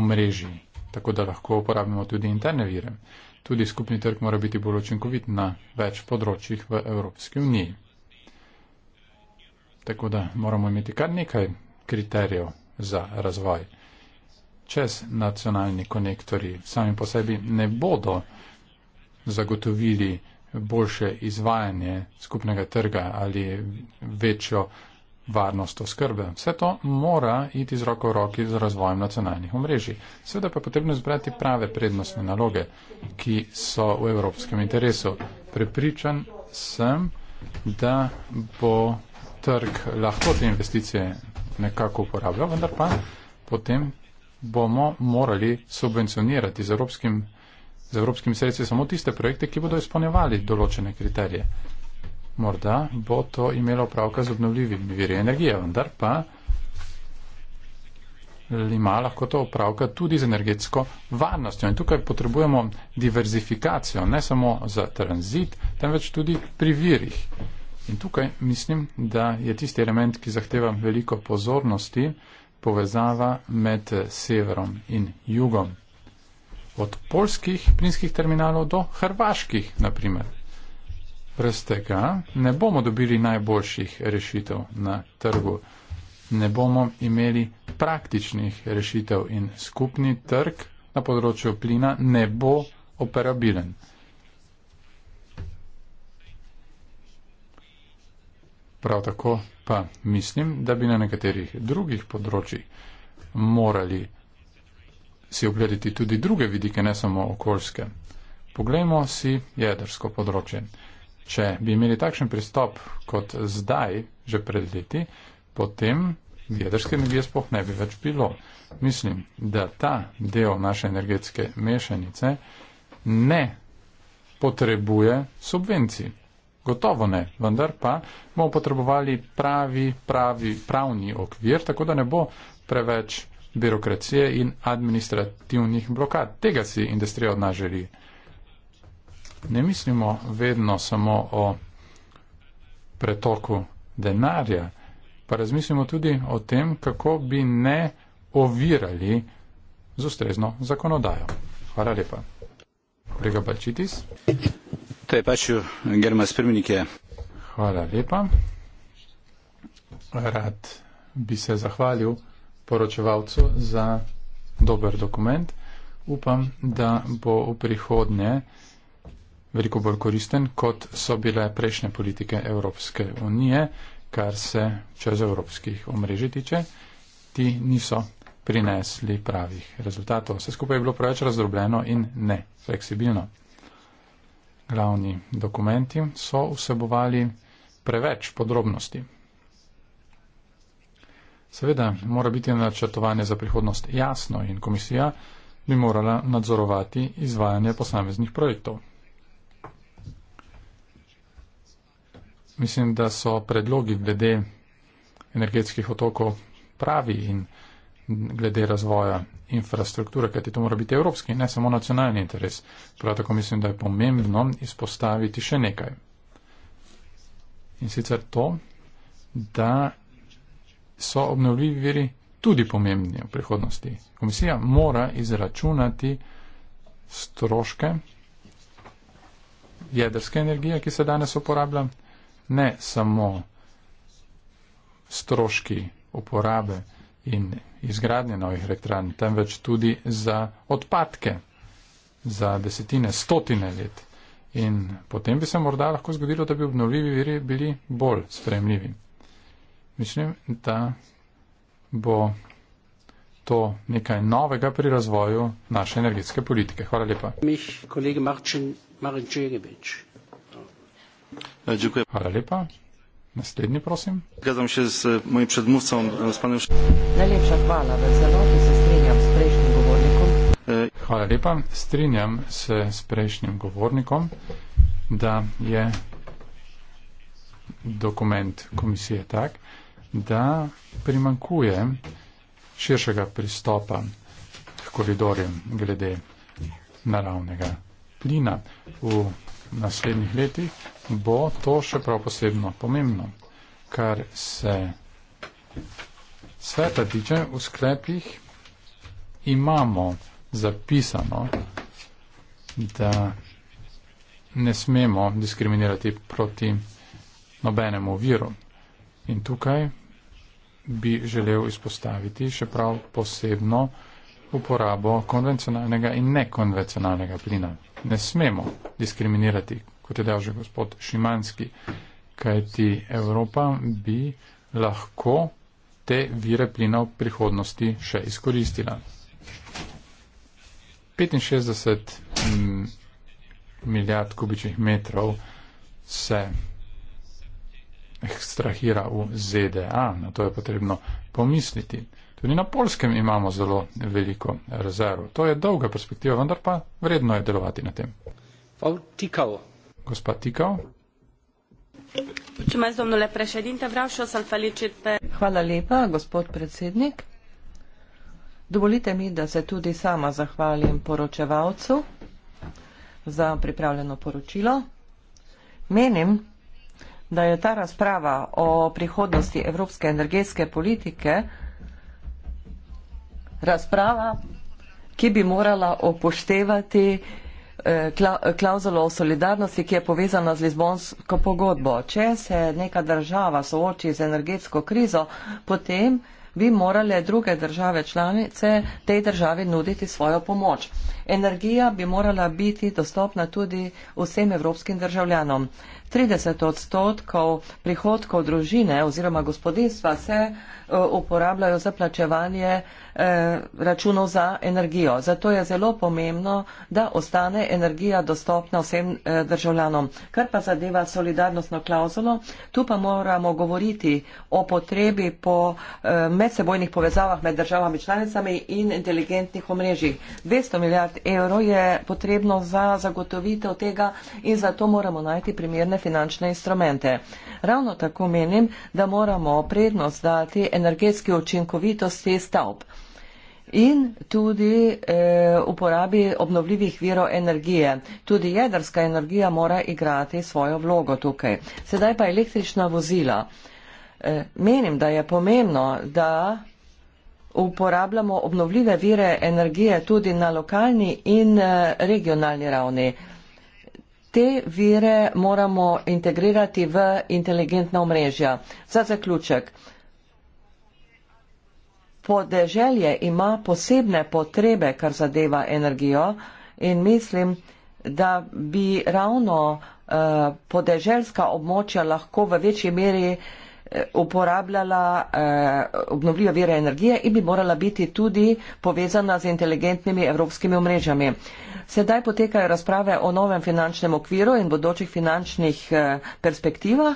omrežji, tako da lahko uporabimo tudi interne vire. Tudi skupni trg mora biti bolj učinkovit na več področjih v Evropski uniji. Tako da moramo imeti kar nekaj kriterijev za razvoj. Čez nacionalni konektori sami po sebi ne bodo zagotovili boljše izvajanje skupnega trga ali večjo varnost oskrbe. Vse to mora iti z roko v roki z razvojem nacionalnih omrežij. Seveda pa je potrebno izbrati prave prednostne naloge, ki so v evropskem interesu. Prepričan sem, da bo trg lahko te investicije nekako uporabljal, vendar pa potem bomo morali subvencionirati z evropskim, z evropskim sredstvi samo tiste projekte, ki bodo izpolnjevali določene kriterije morda bo to imelo opravka z obnovljivimi viri energije, vendar pa ima lahko to opravka tudi z energetsko varnostjo. In tukaj potrebujemo diverzifikacijo, ne samo za tranzit, temveč tudi pri virih. In tukaj mislim, da je tisti element, ki zahteva veliko pozornosti, povezava med severom in jugom. Od polskih plinskih terminalov do hrvaških, naprimer brez tega ne bomo dobili najboljših rešitev na trgu. Ne bomo imeli praktičnih rešitev in skupni trg na področju plina ne bo operabilen. Prav tako pa mislim, da bi na nekaterih drugih področjih morali si ogledati tudi druge vidike, ne samo okoljske. Poglejmo si jedrsko področje. Če bi imeli takšen pristop kot zdaj, že pred leti, potem jedrske energije sploh ne bi več bilo. Mislim, da ta del naše energetske mešanice ne potrebuje subvencij. Gotovo ne, vendar pa bomo potrebovali pravi, pravi, pravni okvir, tako da ne bo preveč birokracije in administrativnih blokad. Tega si industrija od nas želi ne mislimo vedno samo o pretoku denarja, pa razmislimo tudi o tem, kako bi ne ovirali z ustrezno zakonodajo. Hvala lepa. Kolega Balčitis. To je pač, eh, germa spremenike. Hvala lepa. Rad bi se zahvalil poročevalcu za dober dokument. Upam, da bo v prihodnje veliko bolj koristen, kot so bile prejšnje politike Evropske unije, kar se čez evropskih omrežij tiče, ti niso prinesli pravih rezultatov. Vse skupaj je bilo preveč razdrobljeno in ne fleksibilno. Glavni dokumenti so vsebovali preveč podrobnosti. Seveda mora biti načrtovanje za prihodnost jasno in komisija bi morala nadzorovati izvajanje posameznih projektov. mislim, da so predlogi glede energetskih otokov pravi in glede razvoja infrastrukture, kajti to mora biti evropski in ne samo nacionalni interes. Prav tako mislim, da je pomembno izpostaviti še nekaj. In sicer to, da so obnovljivi viri tudi pomembni v prihodnosti. Komisija mora izračunati stroške jedrske energije, ki se danes uporablja, ne samo stroški uporabe in izgradnje novih elektrarn, temveč tudi za odpadke za desetine, stotine let. In potem bi se morda lahko zgodilo, da bi obnovljivi viri bili bolj spremljivi. Mislim, da bo to nekaj novega pri razvoju naše energetske politike. Hvala lepa. Mih, kolega Marčin, Marčin Dziękuję. Hvala lepa. Naslednji, prosim. Zgadzam się z moim przedmówcą, e, z panem. Najlepsza hvala, veselo, ki se strinjam s prejšnjim govornikom. E, hvala lepa. Strinjam se s prejšnjim govornikom, da je dokument komisije tak, da primankuje širšega pristopa k koridorju glede naravnega plina v naslednjih letih, bo to še prav posebno pomembno. Kar se sveta tiče, v sklepih imamo zapisano, da ne smemo diskriminirati proti nobenemu viru. In tukaj bi želel izpostaviti še prav posebno uporabo konvencionalnega in nekonvencionalnega plina ne smemo diskriminirati, kot je dal že gospod Šimanski, kajti Evropa bi lahko te vire plina v prihodnosti še izkoristila. 65 mm, milijard kubičnih metrov se ekstrahira v ZDA, na to je potrebno pomisliti. Tudi na polskem imamo zelo veliko rezerv. To je dolga perspektiva, vendar pa vredno je delovati na tem. Gospod Tikal. Hvala lepa, gospod predsednik. Dovolite mi, da se tudi sama zahvalim poročevalcu za pripravljeno poročilo. Menim, da je ta razprava o prihodnosti evropske energetske politike razprava, ki bi morala upoštevati eh, klauzulo o solidarnosti, ki je povezana z Lizbonsko pogodbo. Če se neka država sooči z energetsko krizo, potem bi morale druge države članice tej državi nuditi svojo pomoč. Energija bi morala biti dostopna tudi vsem evropskim državljanom. 30 odstotkov prihodkov družine oziroma gospodinstva se eh, uporabljajo za plačevanje eh, računov za energijo. Zato je zelo pomembno, da ostane energija dostopna vsem eh, državljanom. Kar pa zadeva solidarnostno klauzulo, tu pa moramo govoriti o potrebi po medsebojnih povezavah med državami članicami in inteligentnih omrežjih. 200 milijard evrov je potrebno za zagotovitev tega in zato moramo najti primerne finančne instrumente. Ravno tako menim, da moramo prednost dati energetski učinkovitosti stavb in tudi e, uporabi obnovljivih virov energije. Tudi jedrska energija mora igrati svojo vlogo tukaj. Sedaj pa električna vozila. E, menim, da je pomembno, da uporabljamo obnovljive vire energije tudi na lokalni in eh, regionalni ravni te vire moramo integrirati v inteligentna omrežja. Za zaključek. Podeželje ima posebne potrebe, kar zadeva energijo in mislim, da bi ravno uh, podeželska območja lahko v večji meri uh, uporabljala eh, obnovljive vire energije in bi morala biti tudi povezana z inteligentnimi evropskimi omrežjami. Sedaj potekajo razprave o novem finančnem okviru in bodočih finančnih eh, perspektivah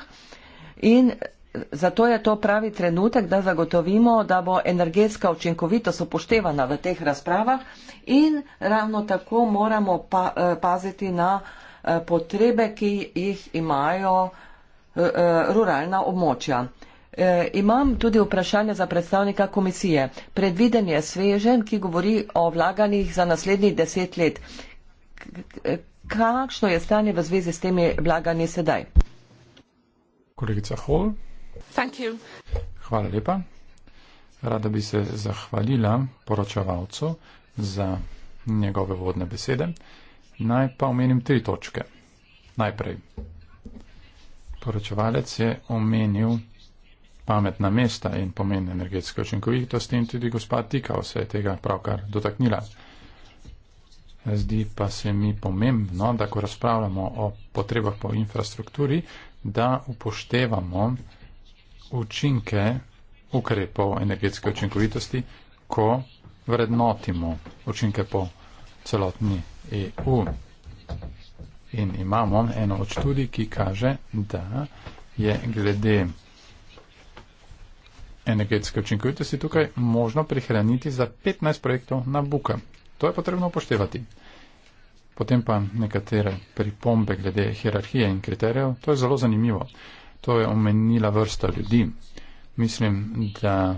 in zato je to pravi trenutek, da zagotovimo, da bo energetska učinkovitost upoštevana v teh razpravah in ravno tako moramo pa, eh, paziti na eh, potrebe, ki jih imajo Eh, eh, ruralna območja. Eh, imam tudi vprašanje za predstavnika komisije. Predviden je svežen, ki govori o vlaganjih za naslednjih deset let. Kakšno je stanje v zvezi s temi vlaganji sedaj? Kolegica Hol. Hvala lepa. Rada bi se zahvalila poročevalcu za njegove vodne besede. Naj pa omenim tri točke. Najprej poročevalec je omenil pametna mesta in pomen energetske učinkovitosti in tudi gospod Tika vse tega pravkar dotaknila. Zdi pa se mi pomembno, da ko razpravljamo o potrebah po infrastrukturi, da upoštevamo učinke ukrepov energetske učinkovitosti, ko vrednotimo učinke po celotni EU. In imamo eno od študij, ki kaže, da je glede energetske učinkovitosti tukaj možno prihraniti za 15 projektov na buka. To je potrebno upoštevati. Potem pa nekatere pripombe glede hierarhije in kriterijev. To je zelo zanimivo. To je omenila vrsta ljudi. Mislim, da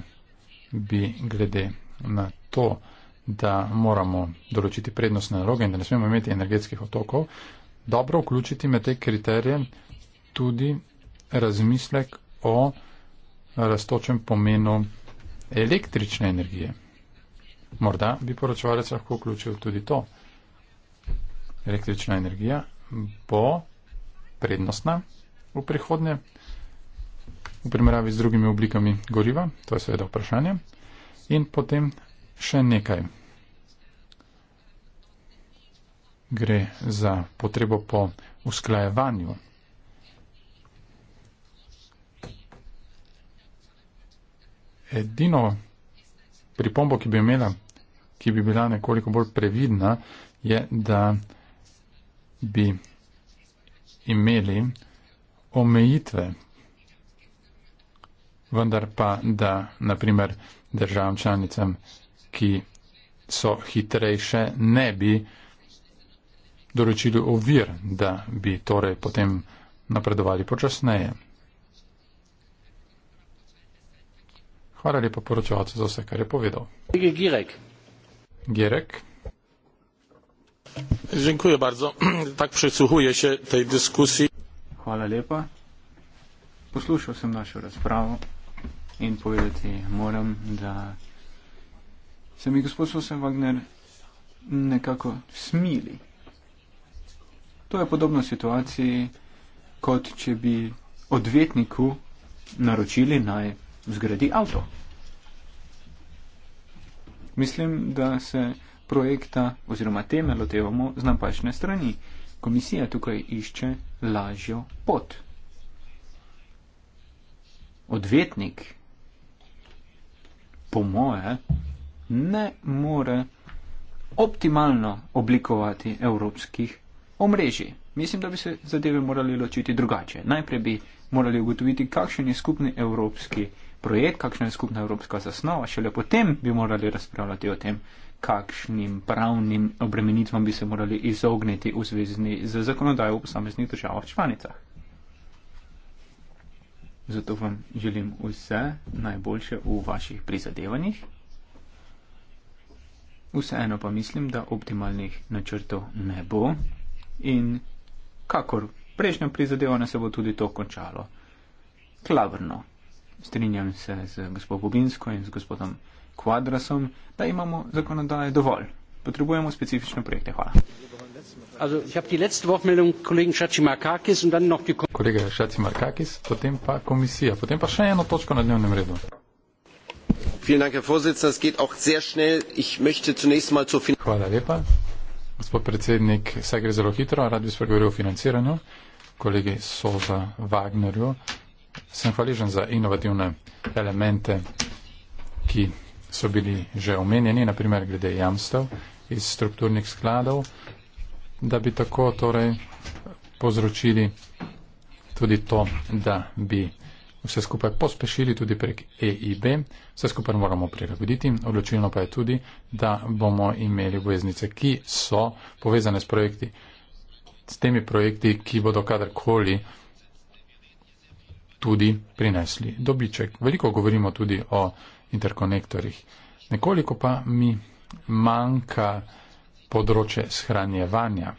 bi glede na to, da moramo določiti prednostne naloge in da ne smemo imeti energetskih otokov, dobro vključiti med te kriterije tudi razmislek o raztočem pomenu električne energije. Morda bi poročevalec lahko vključil tudi to. Električna energija bo prednostna v prihodnje v primerjavi z drugimi oblikami goriva, to je seveda vprašanje. In potem še nekaj. gre za potrebo po usklajevanju. Edino pripombo, ki bi imela, ki bi bila nekoliko bolj previdna, je, da bi imeli omejitve, vendar pa, da naprimer državam članicam, ki so hitrejše, ne bi uh, določili ovir, da bi torej potem napredovali počasneje. Hvala lepa poročevalcu za vse, kar je povedal. Girek. Girek. Dziękuję bardzo. Tak przysłuchuję się tej dyskusji. Hvala lepa. Poslušal sem našo razpravo in povedati moram, da se mi gospod Sosem Wagner nekako smili. To je podobno situaciji, kot če bi odvetniku naročili naj zgradi avto. Mislim, da se projekta oziroma teme lotevamo z napačne strani. Komisija tukaj išče lažjo pot. Odvetnik, po moje, ne more optimalno oblikovati evropskih omrežji. Mislim, da bi se zadeve morali ločiti drugače. Najprej bi morali ugotoviti, kakšen je skupni evropski projekt, kakšna je skupna evropska zasnova, šele potem bi morali razpravljati o tem, kakšnim pravnim obremenitvam bi se morali izogniti v zvezi z zakonodajo v posameznih državah članicah. Zato vam želim vse najboljše v vaših prizadevanjih. Vseeno pa mislim, da optimalnih načrtov ne bo in kakor prejšnjo prizadevanje se bo tudi to končalo. Klavrno. Strinjam se z gospodom Bobinsko in z gospodom Kvadrasom, da imamo zakonodaje dovolj. Potrebujemo specifične projekte. Hvala. Kolega Šači Markakis, potem pa komisija, potem pa še eno točko na dnevnem redu. Vielen Dank, Herr Vorsitzender. Es geht auch sehr schnell. Ich möchte zunächst mal zur Finanzierung. Gospod predsednik, vse gre zelo hitro, rad bi spregovoril o financiranju. Kolegi so za Wagnerju. Sem hvaležen za inovativne elemente, ki so bili že omenjeni, naprimer glede jamstev iz strukturnih skladov, da bi tako torej povzročili tudi to, da bi vse skupaj pospešili tudi prek EIB. Vse skupaj moramo prilagoditi. Odločilno pa je tudi, da bomo imeli obveznice, ki so povezane s projekti, s temi projekti, ki bodo kadarkoli tudi prinesli dobiček. Veliko govorimo tudi o interkonektorjih. Nekoliko pa mi manjka področje shranjevanja.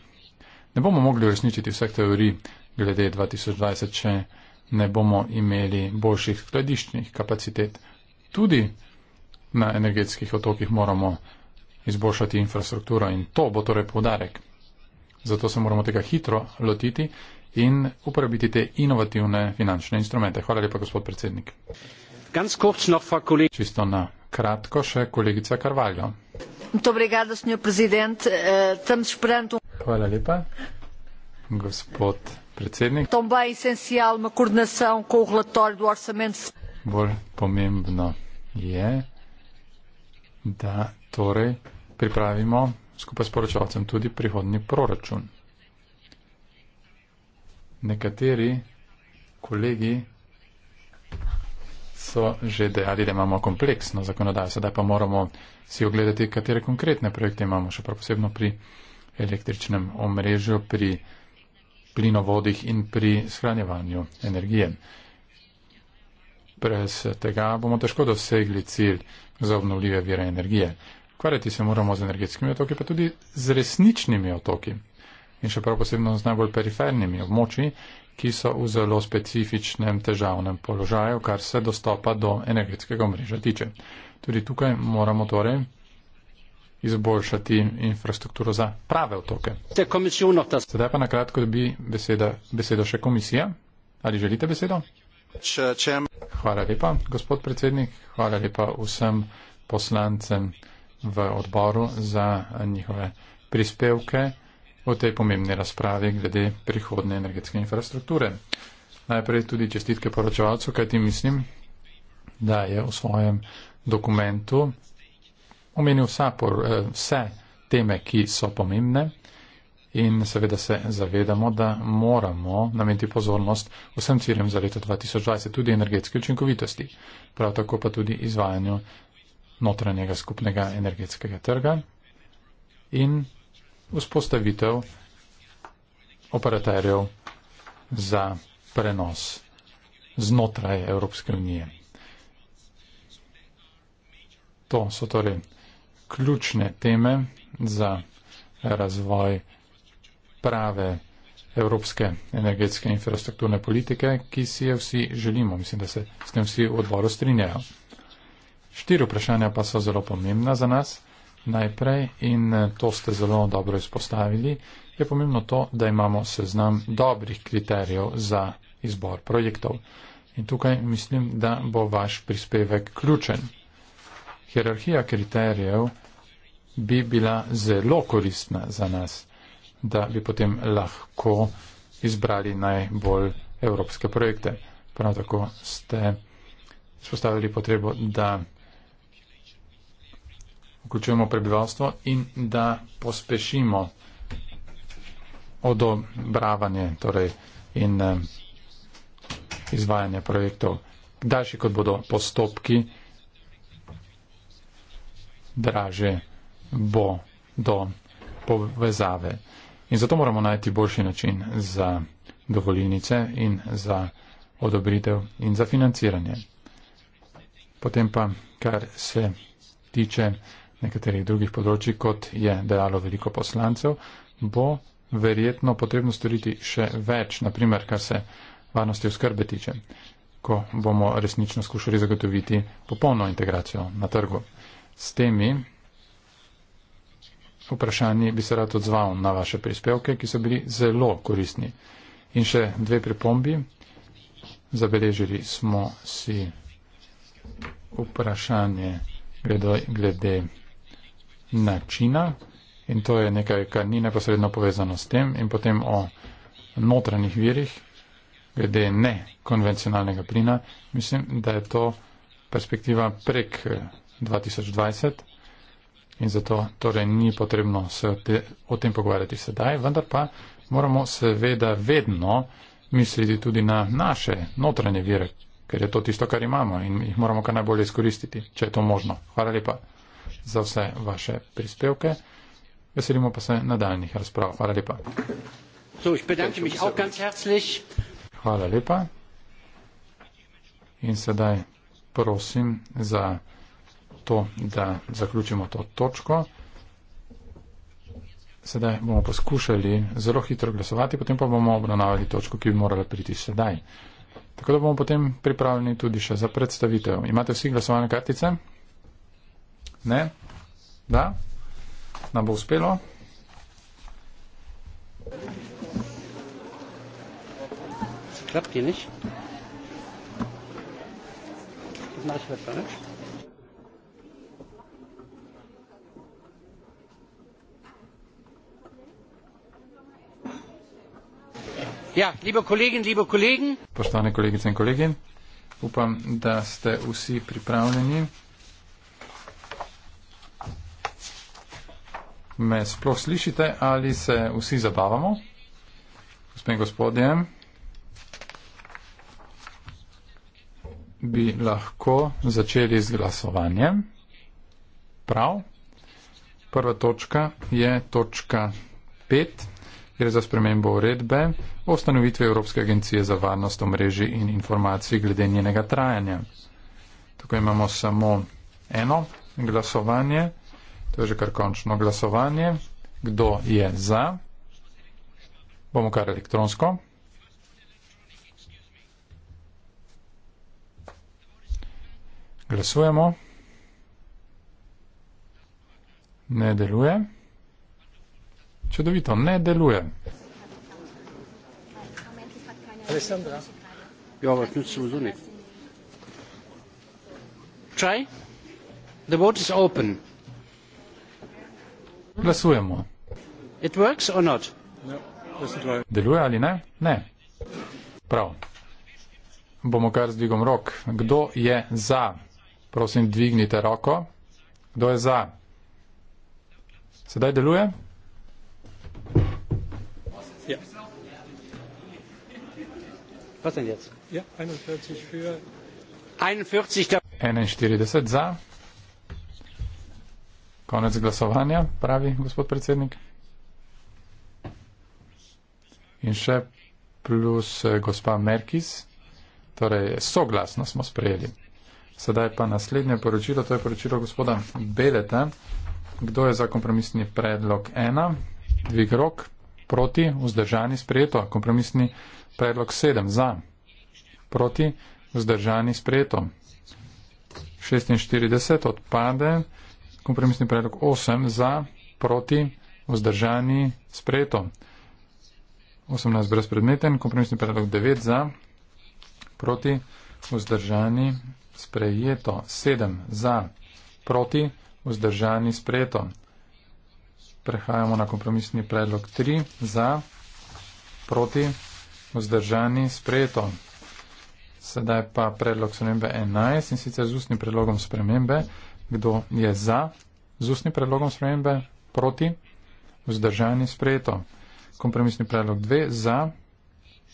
Ne bomo mogli uresničiti vseh teorij glede 2020, če ne bomo imeli boljših skladiščnih kapacitet. Tudi na energetskih otokih moramo izboljšati infrastrukturo in to bo torej povdarek. Zato se moramo tega hitro lotiti in uporabiti te inovativne finančne instrumente. Hvala lepa, gospod predsednik. Ganz kurz noch, Frau Kollegin. Čisto na kratko še kolegica Carvalho. Eh, um- Hvala lepa, gospod predsednik. Também essencial uma coordenação com o relatório do orçamento. Bolj pomembno je, da torej pripravimo skupaj s poročalcem tudi prihodni proračun. Nekateri kolegi so že dejali, da imamo kompleksno zakonodajo, sedaj pa moramo si ogledati, katere konkretne projekte imamo, še prav posebno pri električnem omrežju, pri plinovodih in pri shranjevanju energije. Prez tega bomo težko dosegli cilj za obnovljive vire energije. Kvarjati se moramo z energetskimi otoki, pa tudi z resničnimi otoki. In še prav posebno z najbolj perifernimi območji, ki so v zelo specifičnem težavnem položaju, kar se dostopa do energetskega mreža tiče. Tudi tukaj moramo torej izboljšati infrastrukturo za prave otoke. Sedaj pa na kratko dobi beseda, besedo še komisija. Ali želite besedo? Hvala lepa, gospod predsednik. Hvala lepa vsem poslancem v odboru za njihove prispevke o tej pomembni razpravi glede prihodne energetske infrastrukture. Najprej tudi čestitke poročevalcu, kaj ti mislim, da je v svojem dokumentu omenil sapor, eh, vse teme, ki so pomembne in seveda se zavedamo, da moramo nameniti pozornost vsem ciljem za leto 2020, tudi energetske učinkovitosti, prav tako pa tudi izvajanju notranjega skupnega energetskega trga in vzpostavitev operaterjev za prenos znotraj Evropske unije. To so torej ključne teme za razvoj prave evropske energetske infrastrukturne politike, ki si jo vsi želimo. Mislim, da se s tem vsi v odboru strinjajo. Štiri vprašanja pa so zelo pomembna za nas. Najprej, in eh, to ste zelo dobro izpostavili, je pomembno to, da imamo seznam dobrih kriterijev za izbor projektov. In tukaj mislim, da bo vaš prispevek ključen hierarhija kriterijev bi bila zelo koristna za nas, da bi potem lahko izbrali najbolj evropske projekte. Prav tako ste spostavili potrebo, da vključujemo prebivalstvo in da pospešimo odobravanje torej, in eh, izvajanje projektov. Daljši kot bodo postopki, draže bo do povezave. In zato moramo najti boljši način za dovoljnice in za odobritev in za financiranje. Potem pa, kar se tiče nekaterih drugih področji, kot je dejalo veliko poslancev, bo verjetno potrebno storiti še več, naprimer, kar se varnosti oskrbe tiče, ko bomo resnično skušali zagotoviti popolno integracijo na trgu s temi vprašanji bi se rad odzval na vaše prispevke, ki so bili zelo koristni. In še dve pripombi. Zabeležili smo si vprašanje glede načina in to je nekaj, kar ni neposredno povezano s tem in potem o notranjih virih glede nekonvencionalnega plina. Mislim, da je to perspektiva prek 2020 in zato torej ni potrebno se o, te, o tem pogovarjati sedaj, vendar pa moramo seveda vedno misliti tudi na naše notranje vire, ker je to tisto, kar imamo in jih moramo kar najbolje izkoristiti, če je to možno. Hvala lepa za vse vaše prispevke. Veselimo pa se nadaljnih razprav. Hvala lepa. So, Hvala lepa. In sedaj prosim za to, da zaključimo to točko. Sedaj bomo poskušali zelo hitro glasovati, potem pa bomo obravnavali točko, ki bi morala priti sedaj. Tako da bomo potem pripravljeni tudi še za predstavitev. Imate vsi glasovane kartice? Ne? Da? Nam bo uspelo? Klappt hier nicht? Das mache ich besser, ne? Ja, liebe Kolleginnen, liebe Kollegen. Poštovane kolegice in kolegi, upam, da ste vsi pripravljeni. Me sploh slišite ali se vsi zabavamo? Gospod in gospodje, bi lahko začeli z glasovanjem. Prav. Prva točka je točka 5, gre za spremembo uredbe o ustanovitvi Evropske agencije za varnost omrežij in informacij glede njenega trajanja. Tukaj imamo samo eno glasovanje, to je že kar končno glasovanje. Kdo je za? Bomo kar elektronsko. Glasujemo. Ne deluje. Čudovito, ne deluje. Alessandra, jo, vas ključ sem zunik. Čaj? The vote is open. Glasujemo. It works or not? Ja, deluje ali ne? Ne. Prav. Bomo kar z dvigom rok. Kdo je za? Prosim, dvignite roko. Kdo je za? Sedaj deluje? Was denn jetzt? Ja, 41 für. 41 der. 41 za. Konec glasovanja, pravi gospod predsednik. In še plus eh, gospa Merkis, torej soglasno smo sprejeli. Sedaj pa naslednje poročilo, to je poročilo gospoda Beleta. Kdo je za kompromisni predlog 1? Dvig rok proti, vzdržani, sprejeto. Kompromisni predlog predlog 7 za, proti vzdržani sprejeto. 46 odpade, kompromisni predlog 8 za, proti vzdržani sprejeto. 18 brezpredmeten, kompromisni predlog 9 za, proti vzdržani sprejeto. 7 za, proti vzdržani sprejeto. Prehajamo na kompromisni predlog 3 za, proti vzdržani sprejeto. Vzdržani sprejeto. Sedaj pa predlog spremembe 11 in sicer z ustnim predlogom spremembe. Kdo je za z ustnim predlogom spremembe? Proti? Vzdržani sprejeto. Kompromisni predlog 2 za,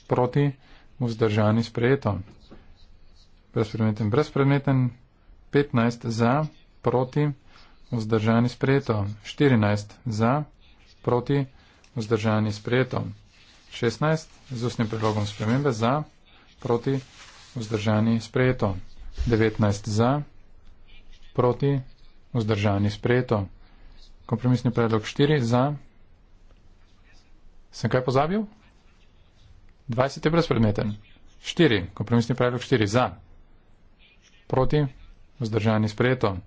proti, vzdržani sprejeto. Brezpredmeten, brezpredmeten. 15 za, proti, vzdržani sprejeto. 14 za, proti, vzdržani sprejeto. 16 z ustnim predlogom spremembe za, proti, vzdržani, sprejeto. 19 za, proti, vzdržani, sprejeto. Kompromisni predlog 4 za. Sem kaj pozabil? 20 je brezpredmeten. 4. Kompromisni predlog 4 za. Proti, vzdržani, sprejeto.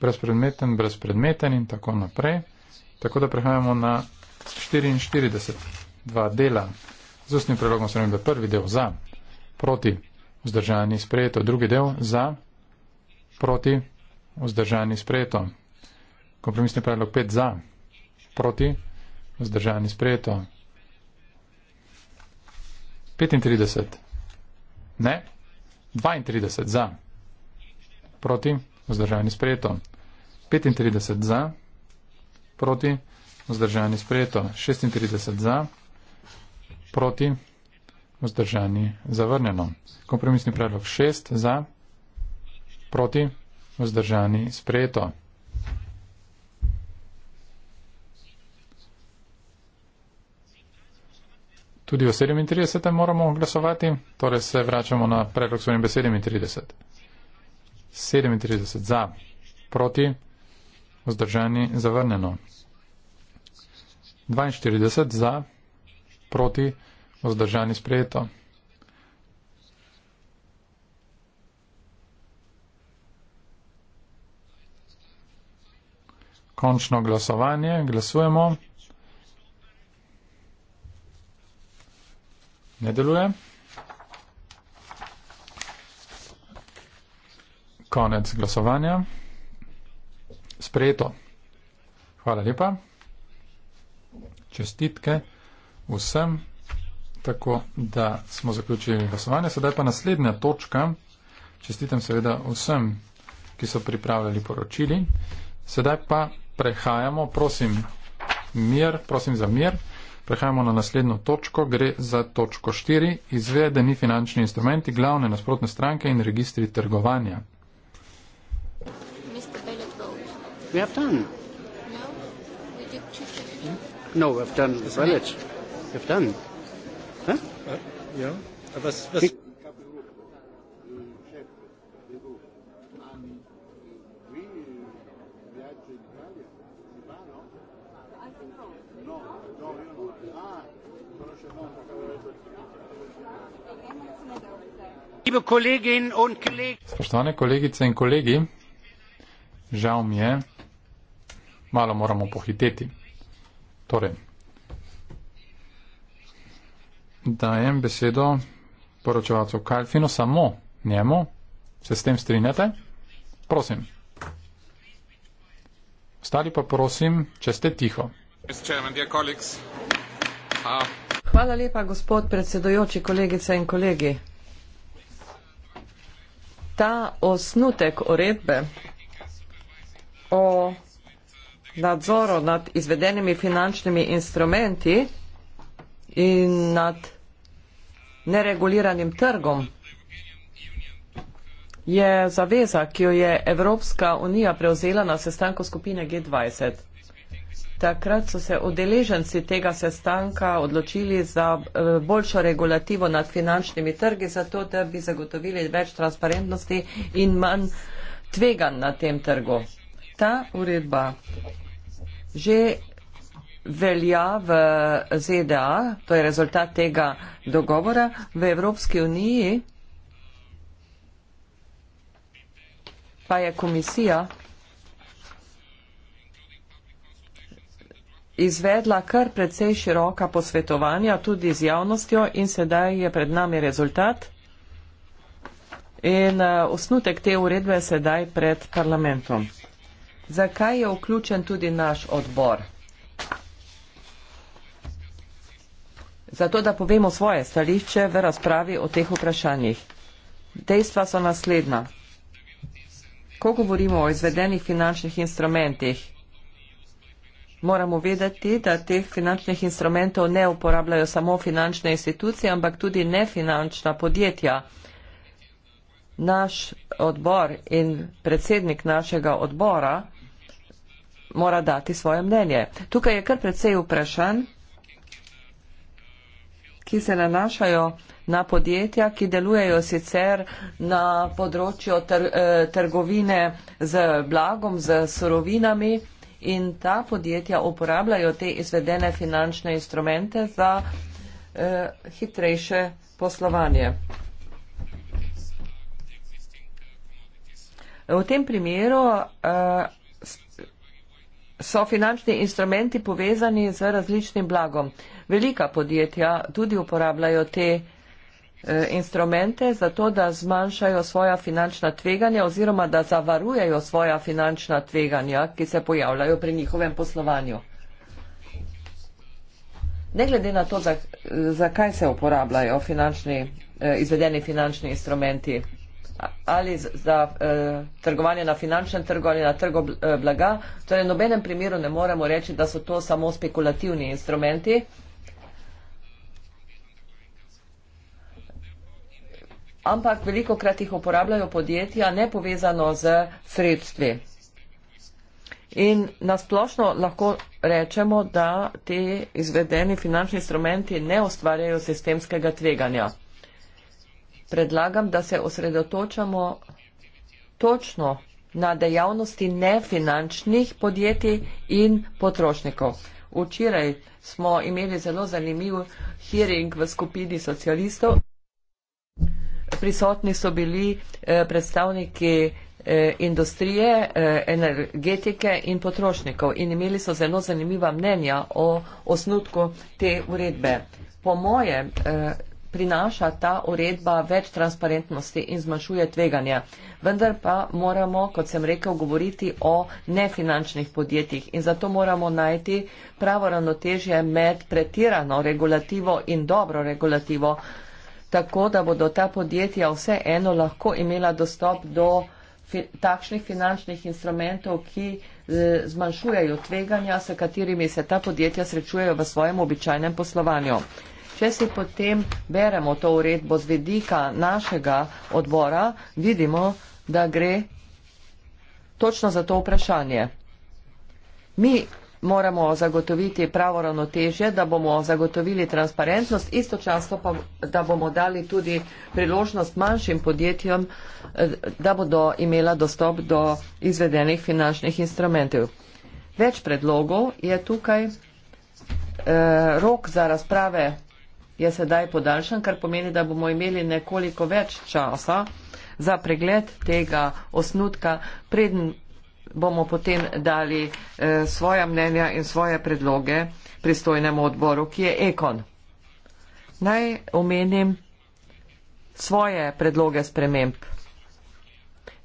Brezpredmeten, brezpredmeten in tako naprej. Tako da prehajamo na 44 dva dela. Z ustnim predlogom sem imel prvi del za, proti, vzdržani sprejeto, drugi del za, proti, vzdržani sprejeto. Kompromisni predlog 5 za, proti, vzdržani sprejeto. 35. Ne. 32 za, proti, vzdržani sprejeto. 35 za, proti, vzdržani sprejeto. 36 za proti, vzdržani, zavrnjeno. Kompromisni predlog 6 za, proti, vzdržani, sprejeto. Tudi o 37. moramo glasovati, torej se vračamo na predlog svojim besedem 37. 37 za, proti, vzdržani, zavrnjeno. 42 za, proti, vzdržani, zavrnjeno proti, vzdržani sprejeto. Končno glasovanje, glasujemo. Ne deluje. Konec glasovanja. Sprejeto. Hvala lepa. Čestitke vsem, tako da smo zaključili glasovanje. Sedaj pa naslednja točka. Čestitam seveda vsem, ki so pripravljali poročili. Sedaj pa prehajamo, prosim, mir, prosim za mir. Prehajamo na naslednjo točko, gre za točko 4, izvedeni finančni instrumenti, glavne nasprotne stranke in registri trgovanja. No, we've no, done the village verstanden. Ja, Hä? Ja, ja. was, was? Liebe Kolleginnen und Kollegen. Spoštovane kolegice in kolegi, žal mi je, malo moramo pohiteti. Torej, dajem besedo poročevalcu Kalfinu, samo njemu. Se s tem strinjate? Prosim. Ostali pa prosim, če ste tiho. Uh, Hvala lepa, gospod predsedojoči, kolegice in kolegi. Ta osnutek uredbe o nadzoru nad izvedenimi finančnimi instrumenti in nad nereguliranim trgom je zaveza, ki jo je Evropska unija prevzela na sestanku skupine G20. Takrat so se udeleženci tega sestanka odločili za eh, boljšo regulativo nad finančnimi trgi, zato da bi zagotovili več transparentnosti in manj tvegan na tem trgu. Ta uredba že velja v ZDA, to je rezultat tega dogovora, v Evropski uniji pa je komisija izvedla kar precej široka posvetovanja tudi z javnostjo in sedaj je pred nami rezultat in eh, osnutek te uredbe sedaj pred parlamentom. Zakaj je vključen tudi naš odbor? zato da povemo svoje stališče v razpravi o teh vprašanjih. Dejstva so naslednja. Ko govorimo o izvedenih finančnih instrumentih, moramo vedeti, da teh finančnih instrumentov ne uporabljajo samo finančne institucije, ampak tudi nefinančna podjetja. Naš odbor in predsednik našega odbora mora dati svoje mnenje. Tukaj je kar precej vprašanj ki se nanašajo na podjetja, ki delujejo sicer na področju tr eh, trgovine z blagom, z surovinami in ta podjetja uporabljajo te izvedene finančne instrumente za eh, hitrejše poslovanje. V tem primeru eh, so finančni instrumenti povezani z različnim blagom. Velika podjetja tudi uporabljajo te eh, instrumente zato, da zmanjšajo svoja finančna tveganja oziroma da zavarujejo svoja finančna tveganja, ki se pojavljajo pri njihovem poslovanju. Ne glede na to, zakaj za se uporabljajo finančni, eh, izvedeni finančni instrumenti, ali za eh, trgovanje na finančnem trgu ali na trgu eh, blaga. Torej, nobenem primeru ne moremo reči, da so to samo spekulativni instrumenti. Ampak veliko krat jih uporabljajo podjetja nepovezano z sredstvi. In nasplošno lahko rečemo, da ti izvedeni finančni instrumenti ne ustvarjajo sistemskega tveganja predlagam, da se osredotočamo točno na dejavnosti nefinančnih podjetij in potrošnikov. Včeraj smo imeli zelo zanimiv hearing v skupini socialistov. Prisotni so bili eh, predstavniki eh, industrije, eh, energetike in potrošnikov in imeli so zelo zanimiva mnenja o osnutku te uredbe. Po mojem prinaša ta uredba več transparentnosti in zmanjšuje tveganja. Vendar pa moramo, kot sem rekel, govoriti o nefinančnih podjetjih in zato moramo najti pravo ravnotežje med pretirano regulativo in dobro regulativo, tako da bodo ta podjetja vseeno lahko imela dostop do fi takšnih finančnih instrumentov, ki eh, zmanjšujejo tveganja, s katerimi se ta podjetja srečujejo v svojem običajnem poslovanju če si potem beremo to uredbo z vedika našega odbora, vidimo, da gre točno za to vprašanje. Mi moramo zagotoviti pravo ravnotežje, da bomo zagotovili transparentnost, istočasno pa, da bomo dali tudi priložnost manjšim podjetjem, eh, da bodo imela dostop do izvedenih finančnih instrumentov. Več predlogov je tukaj. Eh, rok za razprave je sedaj podaljšan, kar pomeni, da bomo imeli nekoliko več časa za pregled tega osnutka, preden bomo potem dali e, svoja mnenja in svoje predloge pristojnemu odboru, ki je Ekon. Naj omenim svoje predloge sprememb.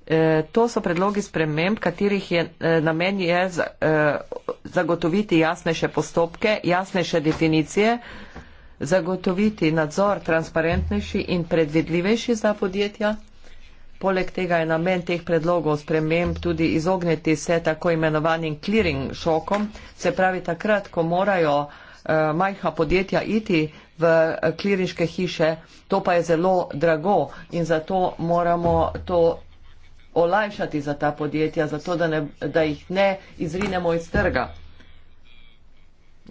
E, to so predlogi sprememb, katerih je e, namen je z, e, zagotoviti jasnejše postopke, jasnejše definicije, zagotoviti nadzor transparentnejši in predvidljivejši za podjetja. Poleg tega je namen teh predlogov sprememb tudi izogniti se tako imenovanim clearing šokom, se pravi takrat, ko morajo eh, majhna podjetja iti v kliriške eh, hiše, to pa je zelo drago in zato moramo to olajšati za ta podjetja, zato da, ne, da jih ne izrinemo iz trga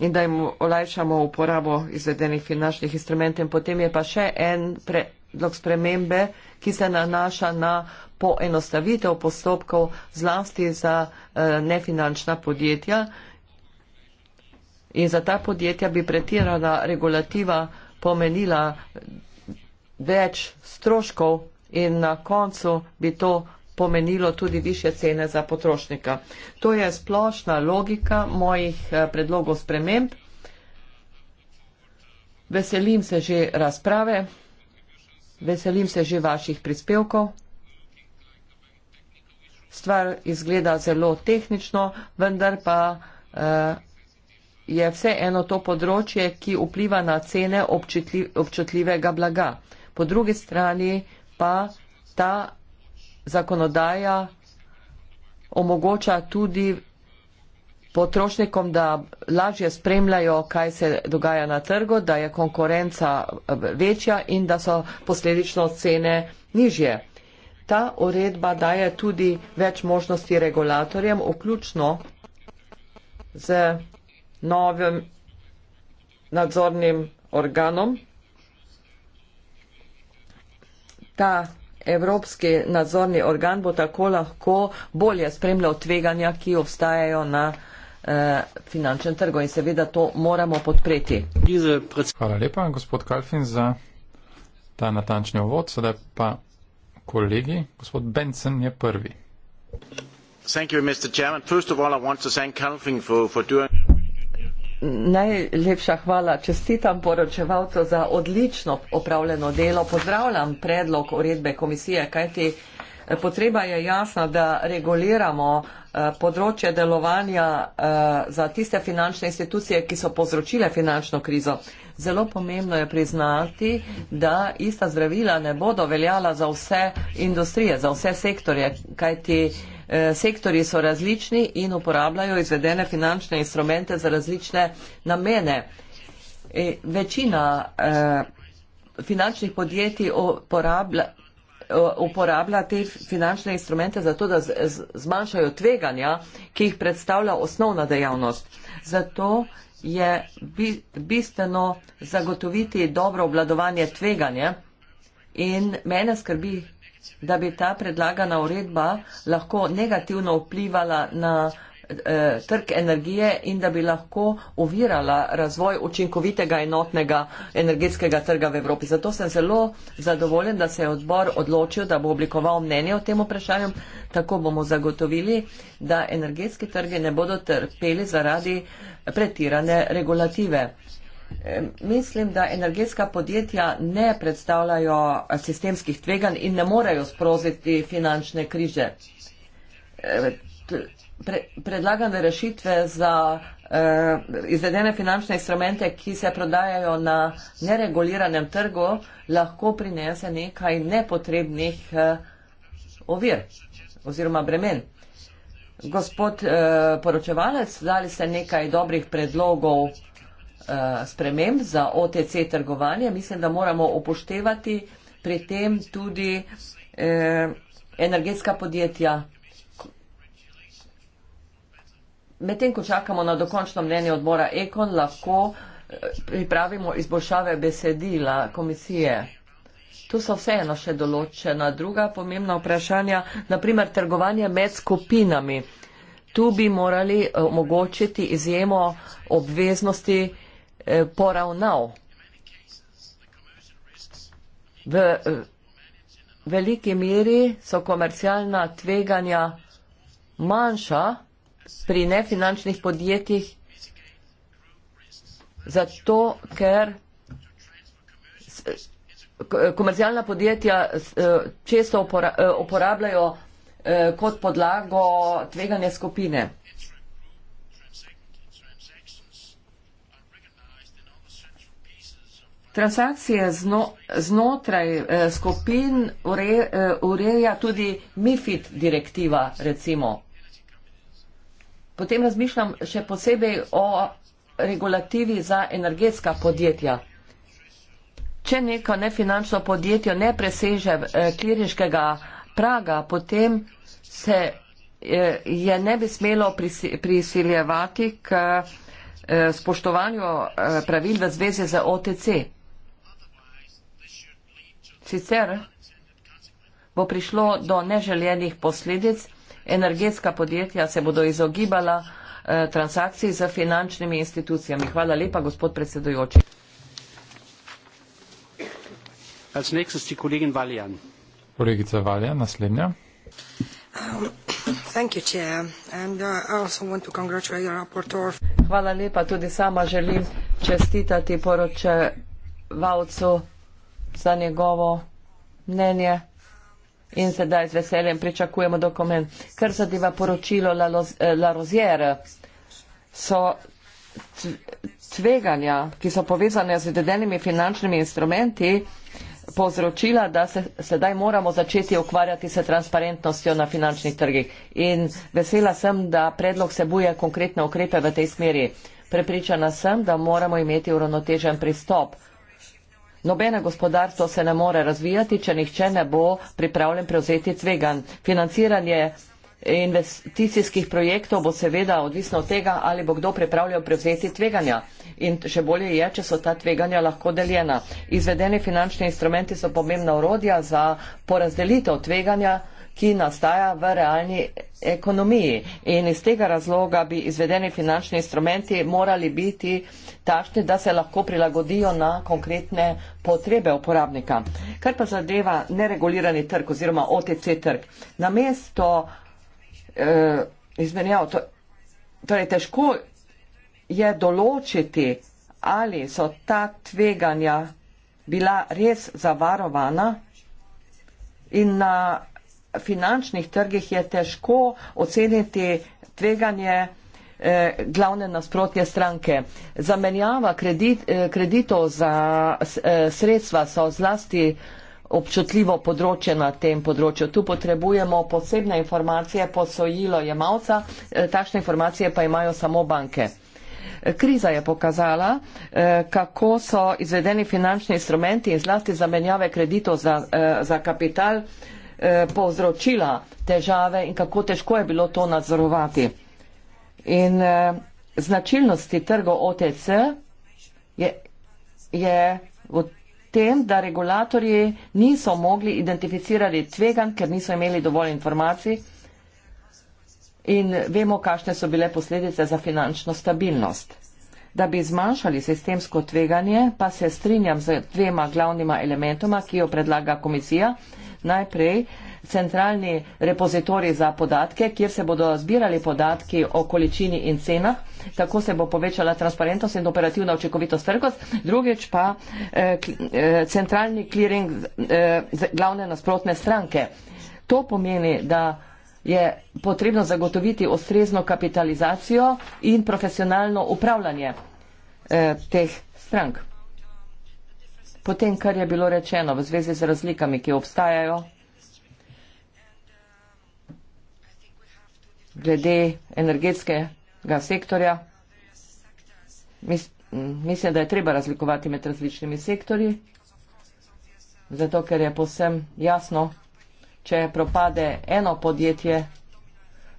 in da jim olajšamo uporabo izvedenih finančnih instrumentov. Potem je pa še en predlog spremembe, ki se nanaša na poenostavitev postopkov zlasti za eh, nefinančna podjetja. In za ta podjetja bi pretirana regulativa pomenila več stroškov in na koncu bi to pomenilo tudi više cene za potrošnika. To je splošna logika mojih eh, predlogov sprememb. Veselim se že razprave, veselim se že vaših prispevkov. Stvar izgleda zelo tehnično, vendar pa eh, je vse eno to področje, ki vpliva na cene občutljivega blaga. Po drugi strani pa ta zakonodaja omogoča tudi potrošnikom, da lažje spremljajo, kaj se dogaja na trgu, da je konkurenca večja in da so posledično cene nižje. Ta uredba daje tudi več možnosti regulatorjem, vključno z novim nadzornim organom. Ta Evropski nadzorni organ bo tako lahko bolje spremljal tveganja, ki obstajajo na eh, finančnem trgu in seveda to moramo podpreti. Hvala lepa, gospod Kalfin, za ta natančni ovod. Sedaj pa kolegi, gospod Benson je prvi. You, for, for doing... Najlepša hvala. Čestitam poročevalcu za odlično opravljeno delo. Pozdravljam predlog uredbe komisije, kajti eh, potreba je jasna, da reguliramo eh, področje delovanja eh, za tiste finančne institucije, ki so povzročile finančno krizo. Zelo pomembno je priznati, da ista zdravila ne bodo veljala za vse industrije, za vse sektorje, kajti Eh, sektori so različni in uporabljajo izvedene finančne instrumente za različne namene. Eh, večina eh, finančnih podjetij uporablja uporablja te finančne instrumente za to, da zmanjšajo tveganja, ki jih predstavlja osnovna dejavnost. Zato je bistveno zagotoviti dobro obladovanje tveganja in mene skrbi da bi ta predlagana uredba lahko negativno vplivala na eh, trg energije in da bi lahko ovirala razvoj učinkovitega enotnega energetskega trga v Evropi. Zato sem zelo zadovoljen, da se je odbor odločil, da bo oblikoval mnenje o tem vprašanju. Tako bomo zagotovili, da energetski trgi ne bodo trpeli zaradi pretirane regulative mislim, da energetska podjetja ne predstavljajo eh, sistemskih tveganj in ne morejo sproziti finančne križe. Predlagane rešitve za eh, izvedene finančne instrumente, ki se prodajajo na nereguliranem trgu, lahko prinese nekaj nepotrebnih eh, ovir oziroma bremen. Gospod poročevalec, dali ste nekaj dobrih predlogov. Eh, sprememb za OTC trgovanje, mislim, da moramo upoštevati pri tem tudi eh, energetska podjetja. Medtem, ko čakamo na dokončno mnenje odbora Ekon, lahko eh, pripravimo izboljšave besedila komisije. Tu so vseeno še določena druga pomembna vprašanja, naprimer trgovanje med skupinami. Tu bi morali eh, omogočiti izjemo obveznosti eh, Eh, poravnav. V eh, veliki meri so komercialna tveganja manjša pri nefinančnih podjetjih, zato ker komercialna podjetja eh, često uporabljajo kot podlago tveganje skupine. Transakcije zno, znotraj eh, skupin ure, eh, ureja tudi MIFID direktiva, recimo. Potem razmišljam še posebej o regulativi za energetska podjetja. Če neko nefinančno podjetje ne preseže eh, kliriškega praga, potem se eh, je ne bi smelo prisi, prisiljevati k eh, spoštovanju eh, pravil v zvezi z OTC. Sicer bo prišlo do neželjenih posledic, energetska podjetja se bodo izogibala eh, transakciji z finančnimi institucijami. Hvala lepa, gospod predsedujoči. Kolegica Valjan, naslednja. Um, uh, Hvala lepa, tudi sama želim čestitati poročevalcu za njegovo mnenje in sedaj z veseljem pričakujemo dokument. Kar zadeva poročilo La eh, Rozier, so tveganja, ki so povezane z vedenimi finančnimi instrumenti, povzročila, da se sedaj moramo začeti ukvarjati se transparentnostjo na finančnih trgih. In vesela sem, da predlog se buje konkretne ukrepe v tej smeri. Prepričana sem, da moramo imeti uravnotežen pristop. Nobene gospodarstvo se ne more razvijati, če nihče ne bo pripravljen prevzeti tvegan. Financiranje investicijskih projektov bo seveda odvisno od tega, ali bo kdo pripravljal prevzeti tveganja. In še bolje je, če so ta tveganja lahko deljena. Izvedeni finančni instrumenti so pomembna urodja za porazdelitev tveganja ki nastaja v realni ekonomiji. In iz tega razloga bi izvedeni finančni instrumenti morali biti takšni, da se lahko prilagodijo na konkretne potrebe uporabnika. Kar pa zadeva neregulirani trg oziroma OTC trg. Na mesto eh, izmenjav, to, torej težko je določiti, ali so ta tveganja bila res zavarovana in na finančnih trgih je težko oceniti tveganje eh, glavne nasprotje stranke. Zamenjava kredit, eh, kreditov za eh, sredstva so zlasti občutljivo področje na tem področju. Tu potrebujemo posebne informacije, posojilo je malca, takšne informacije pa imajo samo banke. Kriza je pokazala, kako so izvedeni finančni instrumenti in zlasti zamenjave kreditov za, za kapital Eh, povzročila težave in kako težko je bilo to nadzorovati. In eh, značilnosti trgov OTC je, je v tem, da regulatorji niso mogli identificirati tveganj, ker niso imeli dovolj informacij in vemo, kakšne so bile posledice za finančno stabilnost. Da bi zmanjšali sistemsko tveganje, pa se strinjam z dvema glavnima elementoma, ki jo predlaga komisija najprej centralni repozitori za podatke, kjer se bodo zbirali podatki o količini in cenah, tako se bo povečala transparentnost in operativna očekovitost trgov, drugič pa eh, eh centralni clearing eh, glavne nasprotne stranke. To pomeni, da je potrebno zagotoviti ustrezno kapitalizacijo in profesionalno upravljanje eh, teh strank potem, kar je bilo rečeno v zvezi z razlikami, ki obstajajo, glede energetskega sektorja. Mis, mislim, da je treba razlikovati med različnimi sektorji, zato ker je posem jasno, če propade eno podjetje,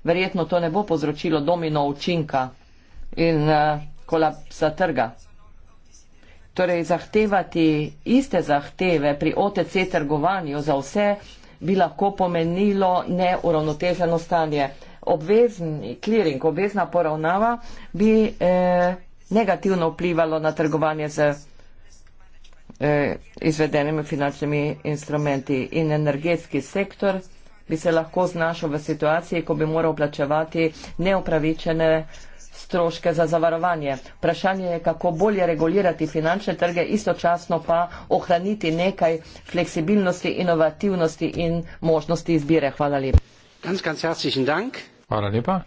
verjetno to ne bo povzročilo domino učinka in uh, kolapsa trga. Torej, zahtevati iste zahteve pri OTC trgovanju za vse bi lahko pomenilo neuravnoteženo stanje. Obvezni kliring, obvezna poravnava bi eh, negativno vplivalo na trgovanje z eh, izvedenimi finančnimi instrumenti in energetski sektor bi se lahko znašel v situaciji, ko bi moral plačevati neupravičene eh, stroške za zavarovanje. Vprašanje je, kako bolje regulirati finančne trge, istočasno pa ohraniti nekaj fleksibilnosti, inovativnosti in možnosti izbire. Hvala lepa. Ganz, ganz herzlichen Dank. Hvala lepa.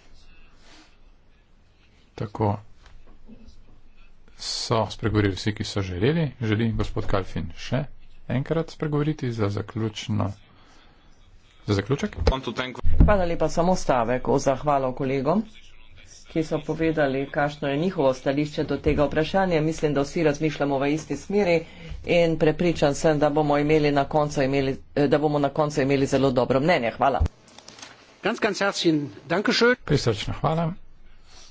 Tako so spregovorili vsi, ki so želeli. Želi gospod Kalfin še enkrat spregovoriti za zaključno. Za zaključek? Hvala lepa, samo stavek o zahvalo kolegom ki so povedali, kakšno je njihovo stališče do tega vprašanja. Mislim, da vsi razmišljamo v isti smeri in prepričan sem, da bomo, imeli na koncu imeli, eh, da bomo na koncu imeli zelo dobro mnenje. Hvala. Prisrčno hvala.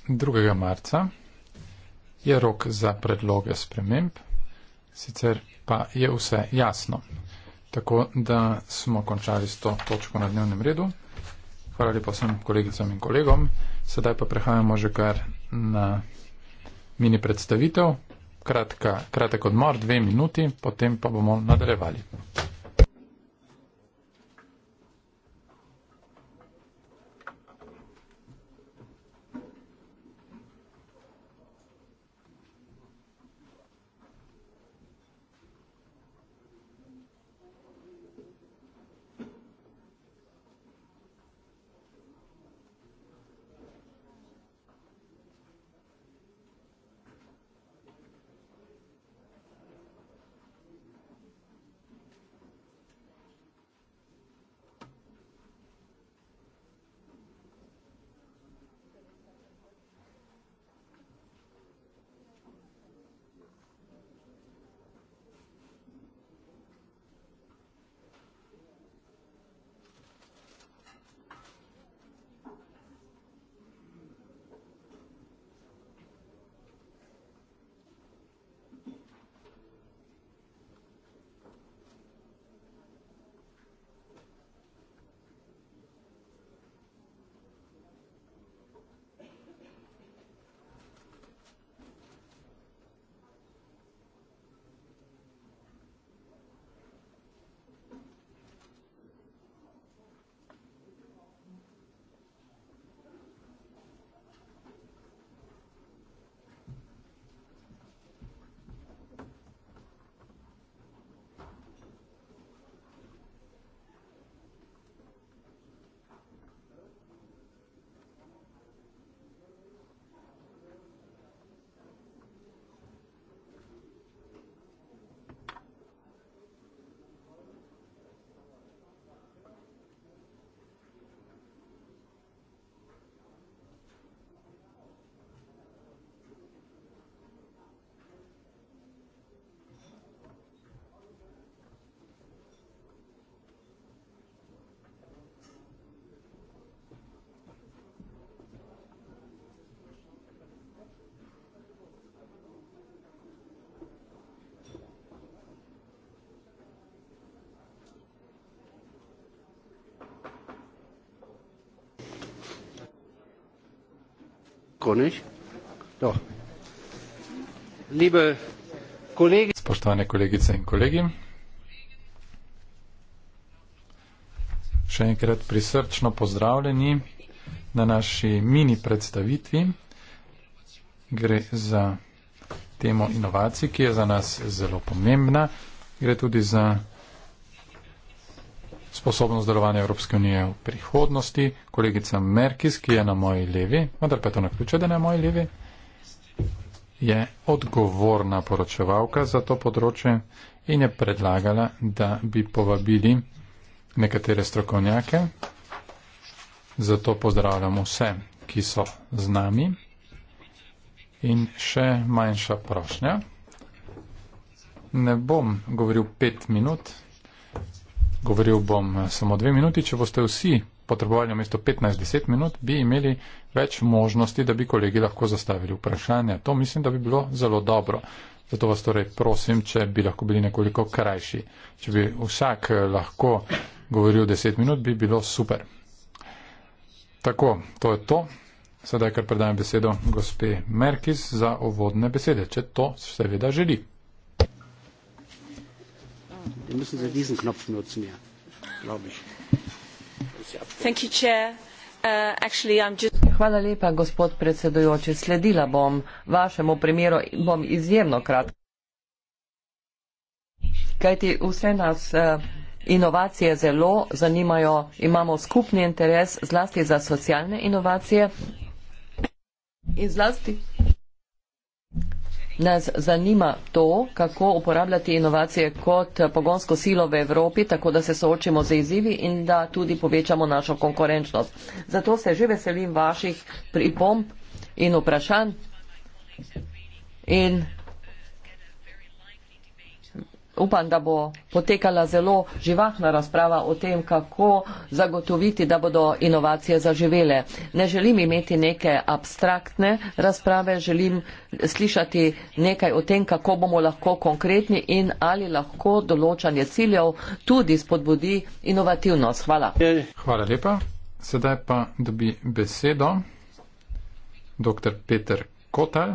2. marca je rok za predloge sprememb, sicer pa je vse jasno. Tako da smo končali s to točko na dnevnem redu. Hvala lepa vsem kolegicam in kolegom. Sedaj pa prehajamo že kar na mini predstavitev. Kratka, kratek odmor, dve minuti, potem pa bomo nadaljevali. No. Spoštovane kolegice in kolegi, še enkrat prisrčno pozdravljeni na naši mini predstavitvi. Gre za temo inovacij, ki je za nas zelo pomembna. Gre tudi za sposobnost delovanja Evropske unije v prihodnosti, kolegica Merkis, ki je na moji levi, vendar pa je to na ključe, da je na moji levi, je odgovorna poročevalka za to področje in je predlagala, da bi povabili nekatere strokovnjake. Zato pozdravljam vse, ki so z nami. In še manjša prošnja. Ne bom govoril pet minut, Govoril bom eh, samo dve minuti. Če boste vsi potrebovali na mesto 15-10 minut, bi imeli več možnosti, da bi kolegi lahko zastavili vprašanje. To mislim, da bi bilo zelo dobro. Zato vas torej prosim, če bi lahko bili nekoliko krajši. Če bi vsak eh, lahko govoril 10 minut, bi bilo super. Tako, to je to. Sedaj, ker predajem besedo gospe Merkis za uvodne besede, če to seveda želi. Dann müssen Sie diesen Knopf nutzen, ja, glaube ich. Thank you, Chair. Uh, Hvala lepa, gospod predsedujoči. Sledila bom vašemu primeru in bom izjemno kratka. Kajti vse nas uh, inovacije zelo zanimajo, imamo skupni interes zlasti za socialne inovacije in zlasti Nas zanima to, kako uporabljati inovacije kot pogonsko silo v Evropi, tako da se soočimo z izzivi in da tudi povečamo našo konkurenčnost. Zato se že veselim vaših pripomb in vprašanj. In upam, da bo potekala zelo živahna razprava o tem, kako zagotoviti, da bodo inovacije zaživele. Ne želim imeti neke abstraktne razprave, želim slišati nekaj o tem, kako bomo lahko konkretni in ali lahko določanje ciljev tudi spodbudi inovativnost. Hvala. Hvala lepa. Sedaj pa dobi besedo dr. Peter Kotal,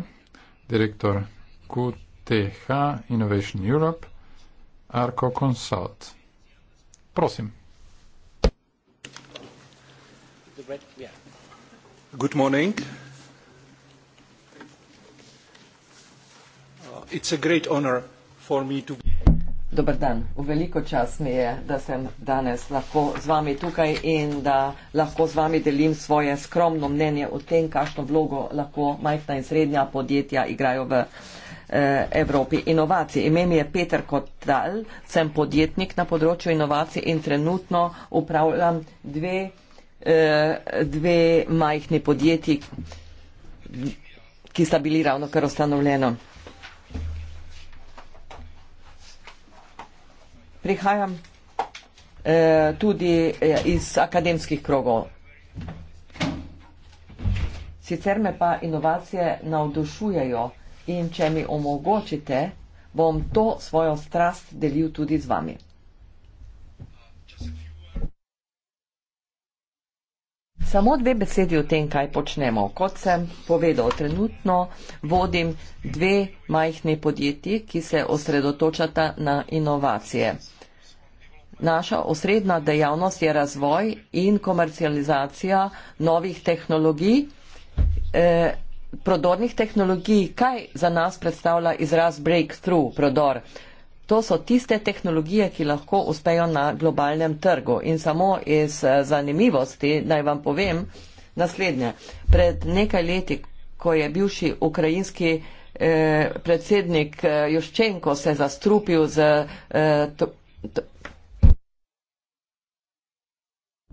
direktor QTH Innovation Europe Arco Consult. Prosim. Good morning. Uh, it's a great honor for me to Dobar dan. V veliko čas mi je, da sem danes lahko z vami tukaj in da lahko z vami delim svoje skromno mnenje o tem, kakšno vlogo lahko majhna in srednja podjetja igrajo v uh, Eh, Evropi. Inovacije. Ime mi je Peter Kotal, sem podjetnik na področju inovacij in trenutno upravljam dve, eh, dve majhni podjetji, ki sta bili ravno kar ustanovljeno. Prihajam eh, tudi iz akademskih krogov. Sicer me pa inovacije navdušujejo, in če mi omogočite, bom to svojo strast delil tudi z vami. Samo dve besedi o tem, kaj počnemo. Kot sem povedal, trenutno vodim dve majhne podjetji, ki se osredotočata na inovacije. Naša osredna dejavnost je razvoj in komercializacija novih tehnologij. Eh, prodornih tehnologij, kaj za nas predstavlja izraz breakthrough, prodor? To so tiste tehnologije, ki lahko uspejo na globalnem trgu. In samo iz eh, zanimivosti naj vam povem naslednje. Pred nekaj leti, ko je bivši ukrajinski eh, predsednik eh, Juščenko se zastrupil z eh, to, to,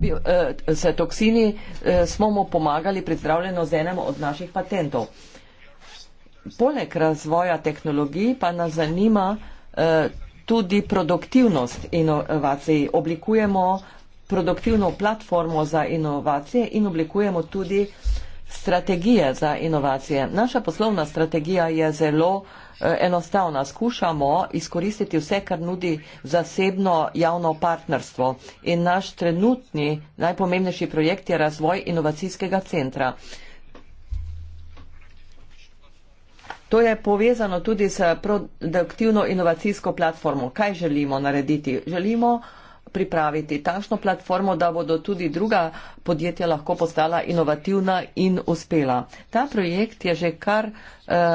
Eh, s toksini eh, smo mu pomagali pri zdravljenju z enem od naših patentov. Poleg razvoja tehnologij pa nas zanima eh, tudi produktivnost inovacij. Oblikujemo produktivno platformo za inovacije in oblikujemo tudi strategije za inovacije. Naša poslovna strategija je zelo različna Eh, enostavna. Skušamo izkoristiti vse, kar nudi zasebno javno partnerstvo. In naš trenutni najpomembnejši projekt je razvoj inovacijskega centra. To je povezano tudi s produktivno inovacijsko platformo. Kaj želimo narediti? Želimo pripraviti takšno platformo, da bodo tudi druga podjetja lahko postala inovativna in uspela. Ta projekt je že kar eh,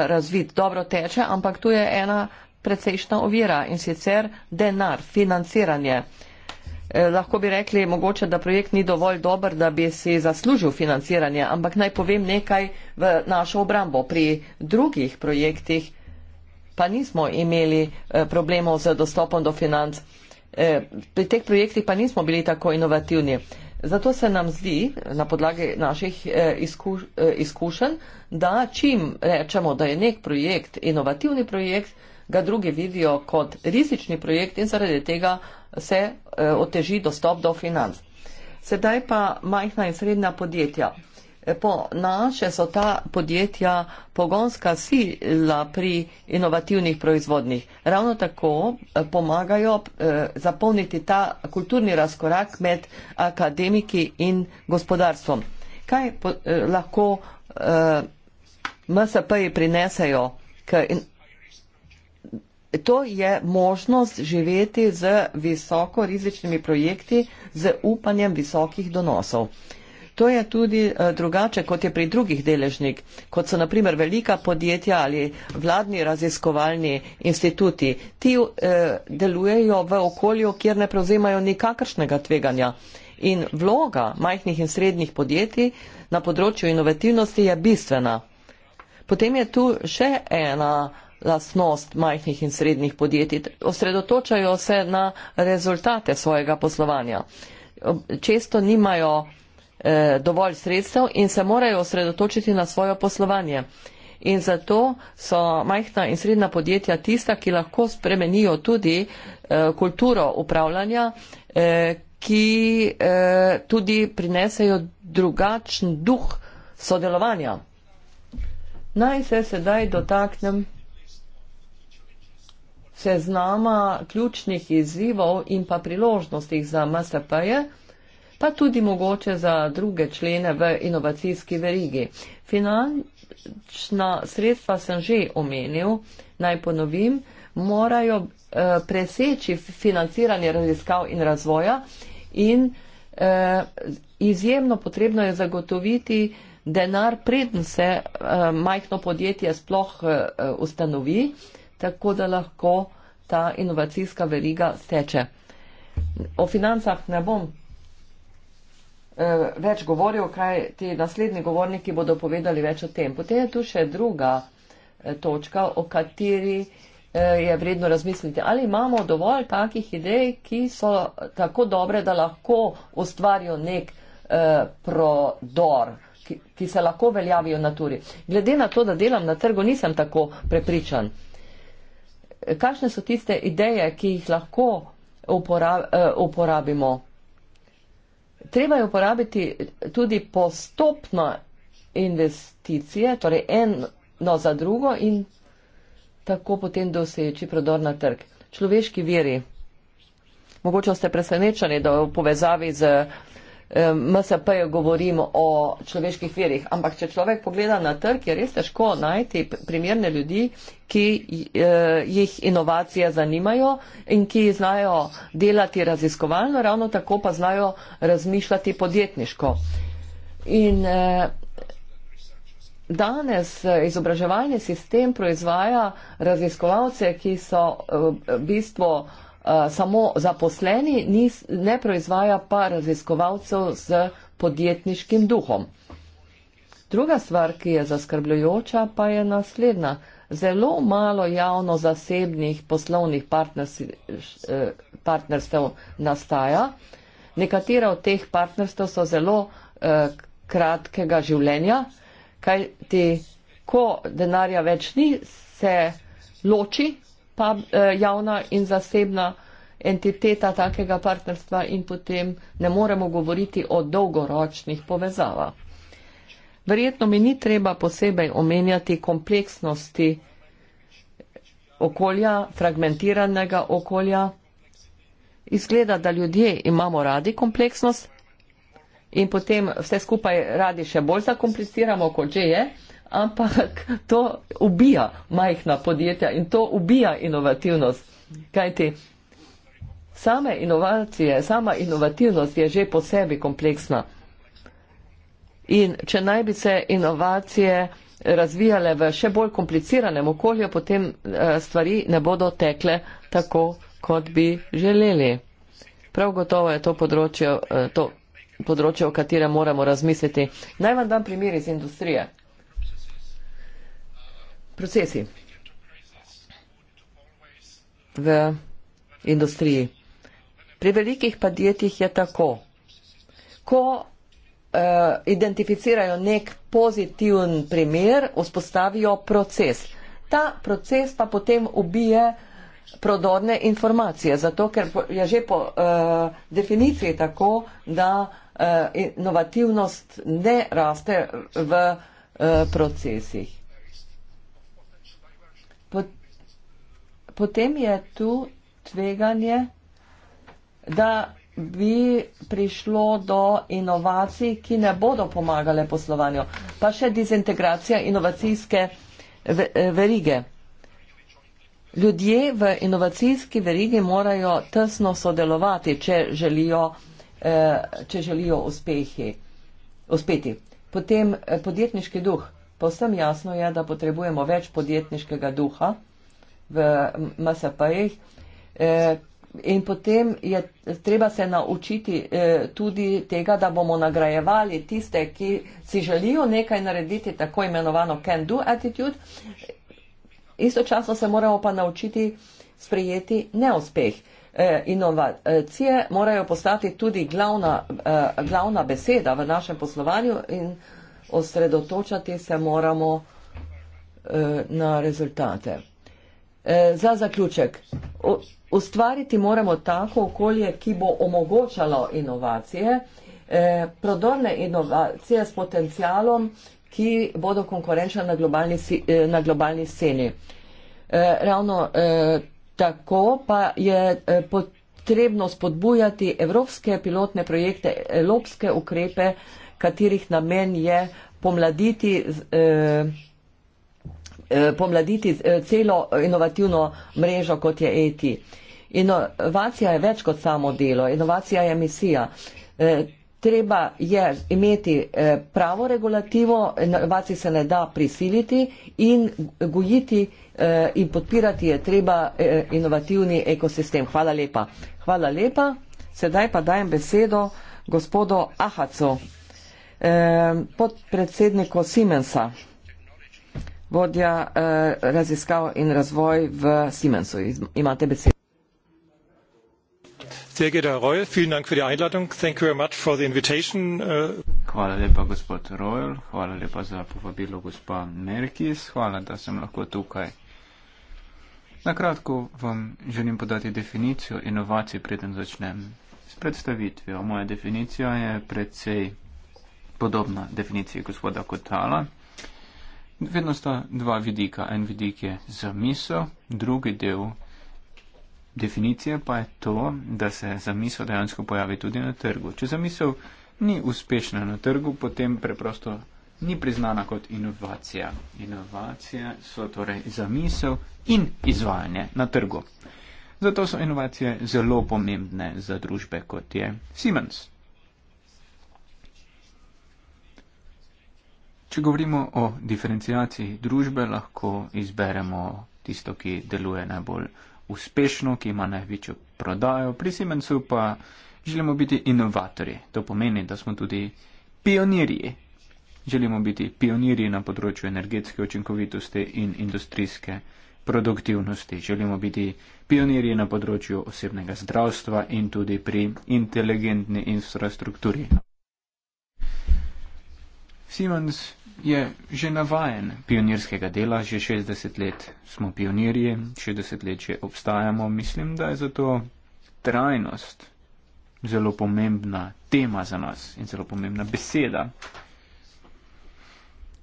razvit, dobro teče, ampak tu je ena precejšna ovira in sicer denar, financiranje. Eh, lahko bi rekli mogoče, da projekt ni dovolj dober, da bi si zaslužil financiranje, ampak naj povem nekaj v našo obrambo. Pri drugih projektih pa nismo imeli eh, problemov z dostopom do financ. Eh, pri teh projektih pa nismo bili tako inovativni. Zato se nam zdi na podlagi naših eh, izkuš, eh, izkušenj, da čim rečemo, da je nek projekt inovativni projekt, ga drugi vidijo kot rizični projekt in zaradi tega se oteži dostop do financ. Sedaj pa majhna in srednja podjetja. Po naše so ta podjetja pogonska sila pri inovativnih proizvodnih. Ravno tako eh, pomagajo eh, zapolniti ta kulturni razkorak med akademiki in gospodarstvom. Kaj po, eh, lahko eh, MSP-ji prinesejo? To je možnost živeti z visoko rizičnimi projekti, z upanjem visokih donosov. Eh, To je tudi eh, drugače, kot je pri drugih deležnik, kot so naprimer velika podjetja ali vladni raziskovalni instituti. Ti eh, delujejo v okolju, kjer ne prevzemajo nikakršnega tveganja. In vloga majhnih in srednjih podjetij na področju inovativnosti je bistvena. Potem je tu še ena lastnost majhnih in srednjih podjetij. Osredotočajo se na rezultate svojega poslovanja. Često nimajo Eh, dovolj sredstev in se morajo osredotočiti na svojo poslovanje. In zato so majhna in srednja podjetja tista, ki lahko spremenijo tudi eh, kulturo upravljanja, eh, ki tudi prinesejo drugačen duh sodelovanja. Naj se sedaj dotaknem seznama ključnih izzivov in pa priložnostih za MSP-je. -e pa tudi mogoče za druge člene v inovacijski verigi. Finančna sredstva sem že omenil, naj ponovim, morajo eh, preseči financiranje raziskav in razvoja in eh, izjemno potrebno je zagotoviti denar, preden se eh, majhno podjetje sploh eh, ustanovi, tako da lahko ta inovacijska veriga steče. O financah ne bom Eh, več govoril, kaj ti naslednji govorniki bodo povedali več o tem. Potem je tu še druga eh, točka, o kateri eh, je vredno razmisliti. Ali imamo dovolj takih idej, ki so tako dobre, da lahko ustvarijo nek prodor, ki se lahko veljavijo v naturi. Glede na to, da delam na trgu, nisem tako prepričan. Kakšne so tiste ideje, ki jih lahko uporabimo? treba je uporabiti tudi postopno investicije, torej eno za drugo in tako potem doseči prodor na trg. Človeški viri. Mogoče ste presenečeni, da v povezavi z MSP govorimo o človeških verjih, ampak če človek pogleda na trg, je res težko najti primerne ljudi, ki eh, jih inovacije zanimajo in ki znajo delati raziskovalno, ravno tako pa znajo razmišljati podjetniško. In eh, danes eh, izobraževalni sistem proizvaja raziskovalce, ki so v bistvu Eh, samo zaposleni, nis, ne proizvaja pa raziskovalcev z podjetniškim duhom. Druga stvar, ki je zaskrbljujoča, pa je naslednja. Zelo malo javno zasebnih poslovnih eh, partnerstev nastaja. Nekatera od teh partnerstev so zelo eh, kratkega življenja, kaj ti, ko denarja več ni, se loči pa eh, javna in zasebna entiteta takega partnerstva in potem ne moremo govoriti o dolgoročnih povezavah. Verjetno mi ni treba posebej omenjati kompleksnosti okolja, fragmentiranega okolja. Izgleda, da ljudje imamo radi kompleksnost in potem vse skupaj radi še bolj zakompliciramo, kot že je ampak to ubija majhna podjetja in to ubija inovativnost. Kajti same inovacije, sama inovativnost je že po sebi kompleksna. In če naj bi se inovacije razvijale v še bolj kompliciranem okolju, potem eh, stvari ne bodo tekle tako, kot bi želeli. Prav gotovo je to področje, eh, to področje o katerem moramo razmisliti. Naj vam dam primer iz industrije procesi v industriji. Pri velikih podjetjih je tako. Ko uh, identificirajo nek pozitiven primer, vzpostavijo proces. Ta proces pa potem ubije prodorne informacije, zato ker je že po uh, definiciji tako, da uh, inovativnost ne raste v uh, procesih. potem je tu tveganje, da bi prišlo do inovacij, ki ne bodo pomagale poslovanju, pa še dizintegracija inovacijske e, verige. Ljudje v inovacijski verigi morajo tesno sodelovati, če želijo, e, če želijo uspehi, uspeti. Potem e, podjetniški duh. Povsem jasno je, da potrebujemo več podjetniškega duha v MSP-jih. E, in potem je treba se naučiti e, tudi tega, da bomo nagrajevali tiste, ki si želijo nekaj narediti, tako imenovano can-do attitude. Istočasno se moramo pa naučiti sprejeti neuspeh. E, inovacije morajo postati tudi glavna, glavna beseda v našem poslovanju in osredotočati se moramo na rezultate. Eh, za zaključek, ustvariti moramo tako okolje, ki bo omogočalo inovacije, eh, prodorne inovacije s potencialom, ki bodo konkurenčne na, eh, na globalni sceni. Ravno tako pa je potrebno spodbujati evropske pilotne projekte, evropske ukrepe, katerih namen je pomladiti. Eh, pomladiti eh, celo inovativno mrežo, kot je ETI. Inovacija je več kot samo delo, inovacija je misija. Eh, treba je imeti pravo regulativo, inovacij se ne da prisiliti in gojiti in podpirati je treba inovativni ekosistem. Hvala lepa. Hvala lepa. Sedaj pa dajem besedo gospodu Ahacu, podpredsedniku Simensa vodja eh, raziskav in razvoj v Siemensu. Imate besedo. Eh. Hvala lepa, gospod Royal. Hvala lepa za povabilo, gospa Merkis. Hvala, da sem lahko tukaj. Na kratko vam želim podati definicijo inovacij, preden začnem s predstavitvijo. Moja definicija je predvsej podobna definiciji gospoda Kotala. Vedno sta dva vidika. En vidik je zamisel, drugi del definicije pa je to, da se zamisel dejansko pojavi tudi na trgu. Če zamisel ni uspešna na trgu, potem preprosto ni priznana kot inovacija. Inovacije so torej zamisel in izvajanje na trgu. Zato so inovacije zelo pomembne za družbe kot je Siemens. Če govorimo o diferencijaciji družbe, lahko izberemo tisto, ki deluje najbolj uspešno, ki ima največjo prodajo. Pri Siemensu pa želimo biti inovatorji. To pomeni, da smo tudi pionirji. Želimo biti pionirji na področju energetske učinkovitosti in industrijske produktivnosti. Želimo biti pionirji na področju osebnega zdravstva in tudi pri inteligentni infrastrukturi. Simons je že navajen pionirskega dela, že 60 let smo pionirji, 60 let že obstajamo. Mislim, da je zato trajnost zelo pomembna tema za nas in zelo pomembna beseda.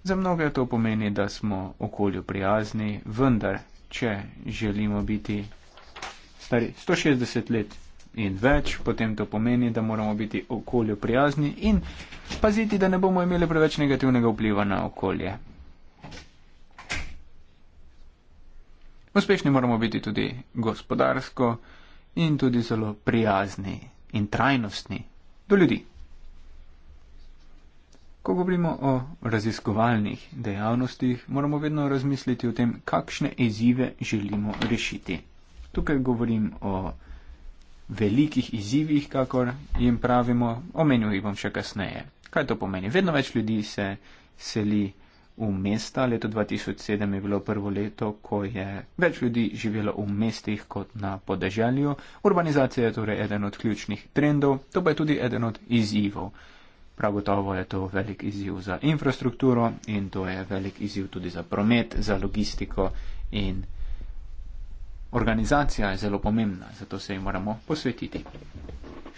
Za mnoge to pomeni, da smo okolju prijazni, vendar, če želimo biti stari 160 let in več, potem to pomeni, da moramo biti okolju prijazni in paziti, da ne bomo imeli preveč negativnega vpliva na okolje. Uspešni moramo biti tudi gospodarsko in tudi zelo prijazni in trajnostni do ljudi. Ko govorimo o raziskovalnih dejavnostih, moramo vedno razmisliti o tem, kakšne izzive želimo rešiti. Tukaj govorim o velikih izzivih, kakor jim pravimo, omenil jih bom še kasneje. Kaj to pomeni? Vedno več ljudi se seli v mesta. Leto 2007 je bilo prvo leto, ko je več ljudi živelo v mestih kot na podeželju. Urbanizacija je torej eden od ključnih trendov, to pa je tudi eden od izzivov. Prav gotovo je to velik izziv za infrastrukturo in to je velik izziv tudi za promet, za logistiko in infrastrukturo organizacija je zelo pomembna, zato se ji moramo posvetiti.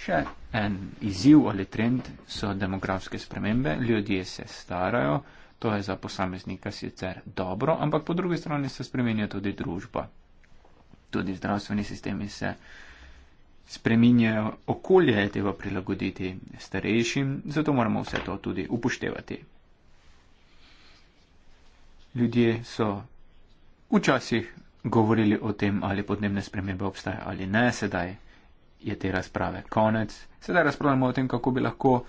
Še en izziv ali trend so demografske spremembe. Ljudje se starajo, to je za posameznika sicer dobro, ampak po drugi strani se spremenja tudi družba. Tudi zdravstveni sistemi se spreminjajo, okolje je treba prilagoditi starejšim, zato moramo vse to tudi upoštevati. Ljudje so včasih govorili o tem, ali podnebne spremembe obstaje ali ne, sedaj je te razprave konec. Sedaj razpravljamo o tem, kako bi lahko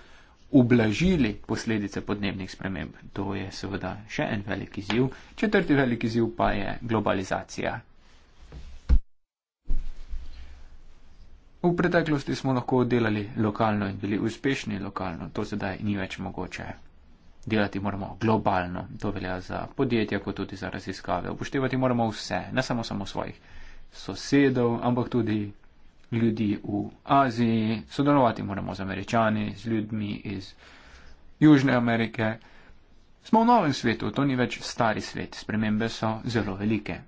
ublažili posledice podnebnih sprememb. To je seveda še en veliki ziv. Četrti veliki ziv pa je globalizacija. V preteklosti smo lahko delali lokalno in bili uspešni lokalno, to sedaj ni več mogoče delati moramo globalno. To velja za podjetja, kot tudi za raziskave. Upoštevati moramo vse, ne samo, samo svojih sosedov, ampak tudi ljudi v Aziji. Sodelovati moramo z američani, z ljudmi iz Južne Amerike. Smo v novem svetu, to ni več stari svet. Spremembe so zelo velike.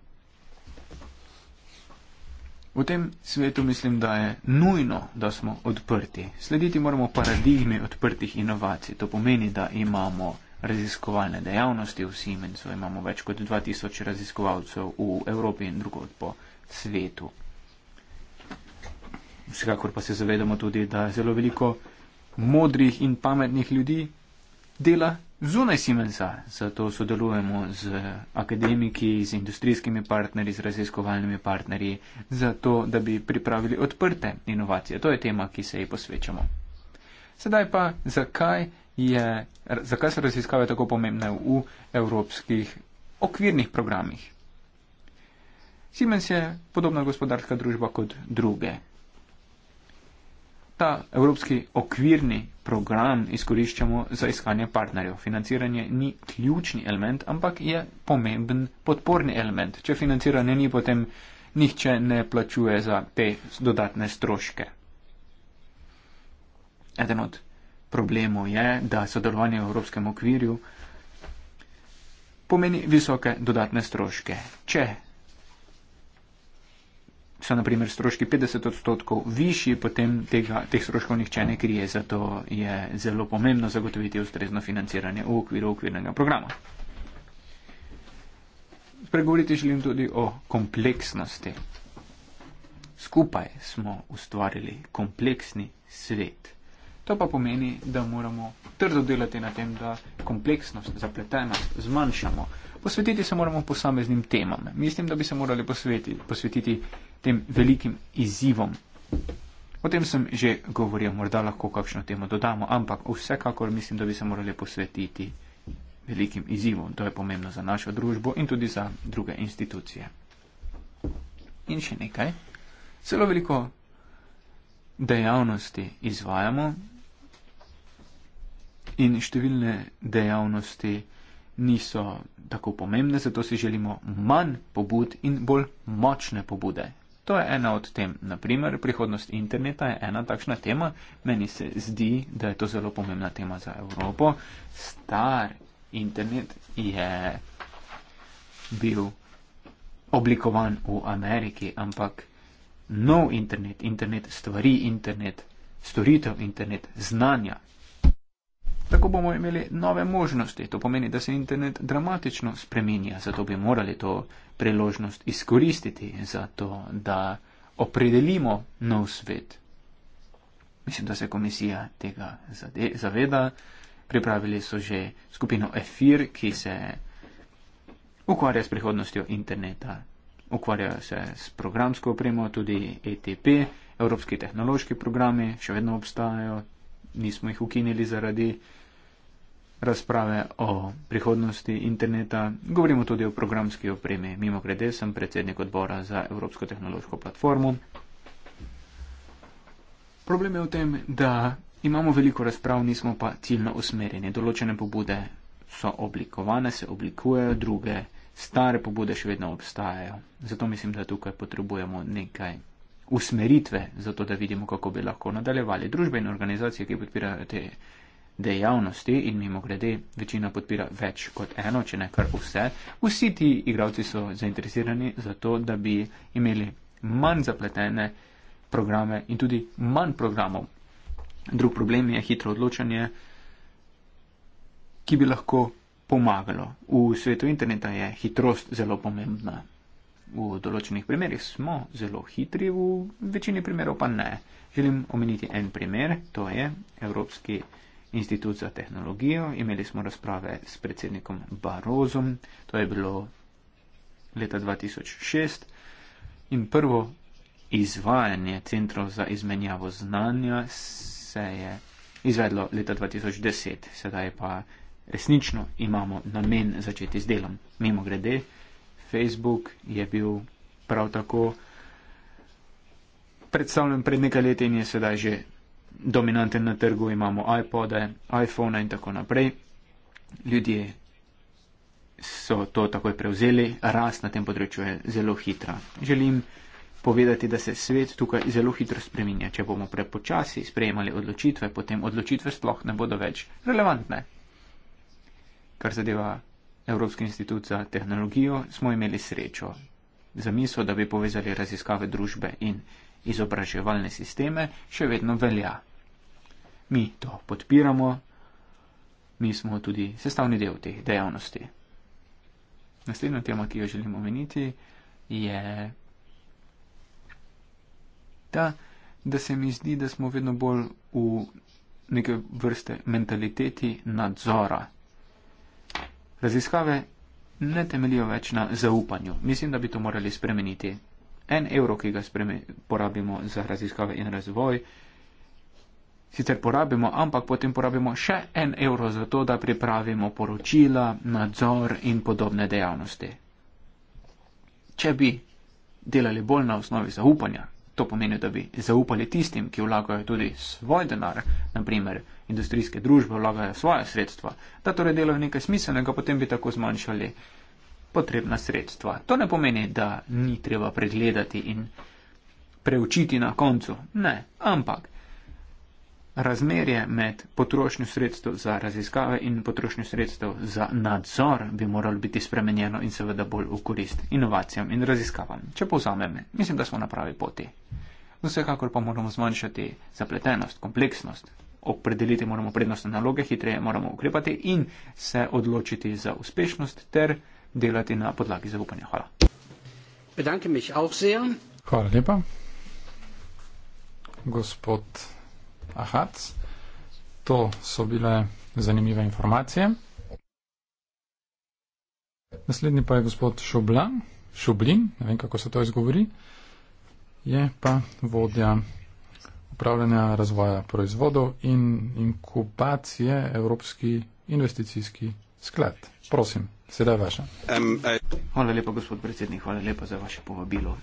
V tem svetu mislim, da je nujno, da smo odprti. Slediti moramo paradigmi odprtih inovacij. To pomeni, da imamo raziskovalne dejavnosti v Siemensu, imamo več kot 2000 raziskovalcev v Evropi in drugod po svetu. Vsekakor pa se zavedamo tudi, da zelo veliko modrih in pametnih ljudi dela zunaj Siemensa. Zato sodelujemo z akademiki, z industrijskimi partnerji, z raziskovalnimi partnerji, zato da bi pripravili odprte inovacije. To je tema, ki se ji posvečamo. Sedaj pa, zakaj, je, zakaj so raziskave tako pomembne v evropskih okvirnih programih? Siemens je podobna gospodarska družba kot druge ta evropski okvirni program izkoriščamo za iskanje partnerjev. Financiranje ni ključni element, ampak je pomemben podporni element. Če financiranje ni, potem nihče ne plačuje za te dodatne stroške. Eden od problemov je, da sodelovanje v evropskem okvirju pomeni visoke dodatne stroške. Če so naprimer stroški 50 odstotkov višji, potem tega, teh stroškov nihče ne krije, zato je zelo pomembno zagotoviti ustrezno financiranje v okviru okvirnega programa. Spregovoriti želim tudi o kompleksnosti. Skupaj smo ustvarili kompleksni svet. To pa pomeni, da moramo trdo delati na tem, da kompleksnost, zapletenost zmanjšamo. Posvetiti se moramo posameznim temam. Mislim, da bi se morali posvetiti, posvetiti tem velikim izzivom. O tem sem že govoril, morda lahko kakšno temo dodamo, ampak vsekakor mislim, da bi se morali posvetiti velikim izzivom. To je pomembno za našo družbo in tudi za druge institucije. In še nekaj. Celo veliko dejavnosti izvajamo in številne dejavnosti niso tako pomembne, zato si želimo manj pobud in bolj močne pobude. To je ena od tem. Naprimer, prihodnost interneta je ena takšna tema. Meni se zdi, da je to zelo pomembna tema za Evropo. Star internet je bil oblikovan v Ameriki, ampak nov internet, internet stvari, internet storitev, internet znanja, Tako bomo imeli nove možnosti. To pomeni, da se internet dramatično spremenja. Zato bi morali to priložnost izkoristiti, zato da opredelimo nov svet. Mislim, da se komisija tega zaveda. Pripravili so že skupino EFIR, ki se ukvarja s prihodnostjo interneta. Ukvarjajo se s programsko opremo, tudi ETP, evropski tehnološki programi še vedno obstajajo, nismo jih ukinili zaradi razprave o prihodnosti interneta, govorimo tudi o programski opremi. Mimo grede sem predsednik odbora za Evropsko tehnološko platformo. Problem je v tem, da imamo veliko razprav, nismo pa ciljno usmerjeni. Določene pobude so oblikovane, se oblikujejo, druge stare pobude še vedno obstajajo. Zato mislim, da tukaj potrebujemo nekaj usmeritve, zato da vidimo, kako bi lahko nadaljevali. Družbe in organizacije, ki podpirajo te dejavnosti in mimo grede, večina podpira več kot eno, če ne kar vse. Vsi ti igravci so zainteresirani za to, da bi imeli manj zapletene programe in tudi manj programov. Drug problem je hitro odločanje, ki bi lahko pomagalo. V svetu interneta je hitrost zelo pomembna. V določenih primerjih smo zelo hitri, v večini primerov pa ne. Želim omeniti en primer, to je Evropski Institut za tehnologijo, imeli smo razprave s predsednikom Barozom, to je bilo leta 2006 in prvo izvajanje centrov za izmenjavo znanja se je izvedlo leta 2010, sedaj pa resnično imamo namen začeti z delom. Mimo grede, Facebook je bil prav tako predstavljen pred nekaj leti in je sedaj že dominanten na trgu, imamo iPode, iPhone in tako naprej. Ljudje so to takoj prevzeli, rast na tem področju je zelo hitra. Želim povedati, da se svet tukaj zelo hitro spreminja. Če bomo prepočasi sprejemali odločitve, potem odločitve sploh ne bodo več relevantne. Kar zadeva Evropski institut za tehnologijo, smo imeli srečo za misel, da bi povezali raziskave družbe in izobraževalne sisteme, še vedno velja mi to podpiramo, mi smo tudi sestavni del te dejavnosti. Naslednja tema, ki jo želim omeniti, je ta, da se mi zdi, da smo vedno bolj v neke vrste mentaliteti nadzora. Raziskave ne temelijo več na zaupanju. Mislim, da bi to morali spremeniti. En evro, ki ga spremi, porabimo za raziskave in razvoj, sicer porabimo, ampak potem porabimo še en evro za to, da pripravimo poročila, nadzor in podobne dejavnosti. Če bi delali bolj na osnovi zaupanja, to pomeni, da bi zaupali tistim, ki vlagajo tudi svoj denar, naprimer industrijske družbe vlagajo svoje sredstva, da torej delajo nekaj smiselnega, potem bi tako zmanjšali potrebna sredstva. To ne pomeni, da ni treba pregledati in preučiti na koncu. Ne, ampak razmerje med potrošnjo sredstev za raziskave in potrošnjo sredstev za nadzor bi moralo biti spremenjeno in seveda bolj v korist inovacijam in raziskavam. Če povzamem, mislim, da smo na pravi poti. Vsekakor pa moramo zmanjšati zapletenost, kompleksnost, opredeliti moramo prednostne naloge, hitreje moramo ukrepati in se odločiti za uspešnost ter delati na podlagi zaupanja. Hvala. Hvala lepa. Gospod. Ahats. To so bile zanimive informacije. Naslednji pa je gospod Šublan, Šublin, ne vem kako se to izgovori, je pa vodja upravljanja razvoja proizvodov in inkubacije Evropski investicijski sklad. Prosim, sedaj vaša. Hvala lepa, gospod predsednik, hvala lepa za vaše povabilo.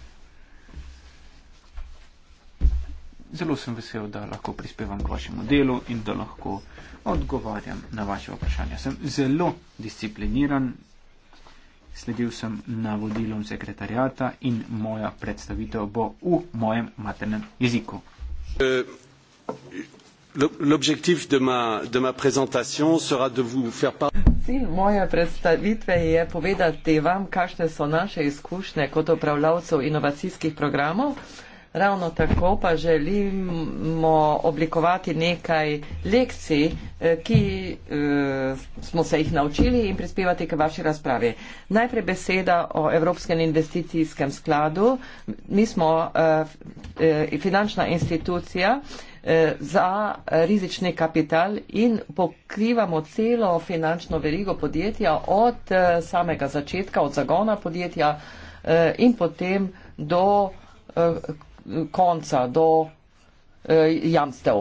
zelo sem vesel, da lahko prispevam k vašemu delu in da lahko odgovarjam na vaše vprašanja. Sem zelo discipliniran, sledil sem navodilom sekretarjata in moja predstavitev bo v mojem maternem jeziku. Eh, l'objectif de ma, de ma présentation sera de vous faire part. Cilj moje predstavitve je povedati vam, kakšne so naše izkušnje kot upravljavcev inovacijskih programov. Ravno tako pa želimo oblikovati nekaj lekcij, eh, ki eh, smo se jih naučili in prispevati k vaši razpravi. Najprej beseda o Evropskem investicijskem skladu. Mi smo eh, finančna institucija za rizični kapital in pokrivamo celo finančno verigo podjetja od samega začetka, od zagona podjetja in potem do konca do eh, jamstev.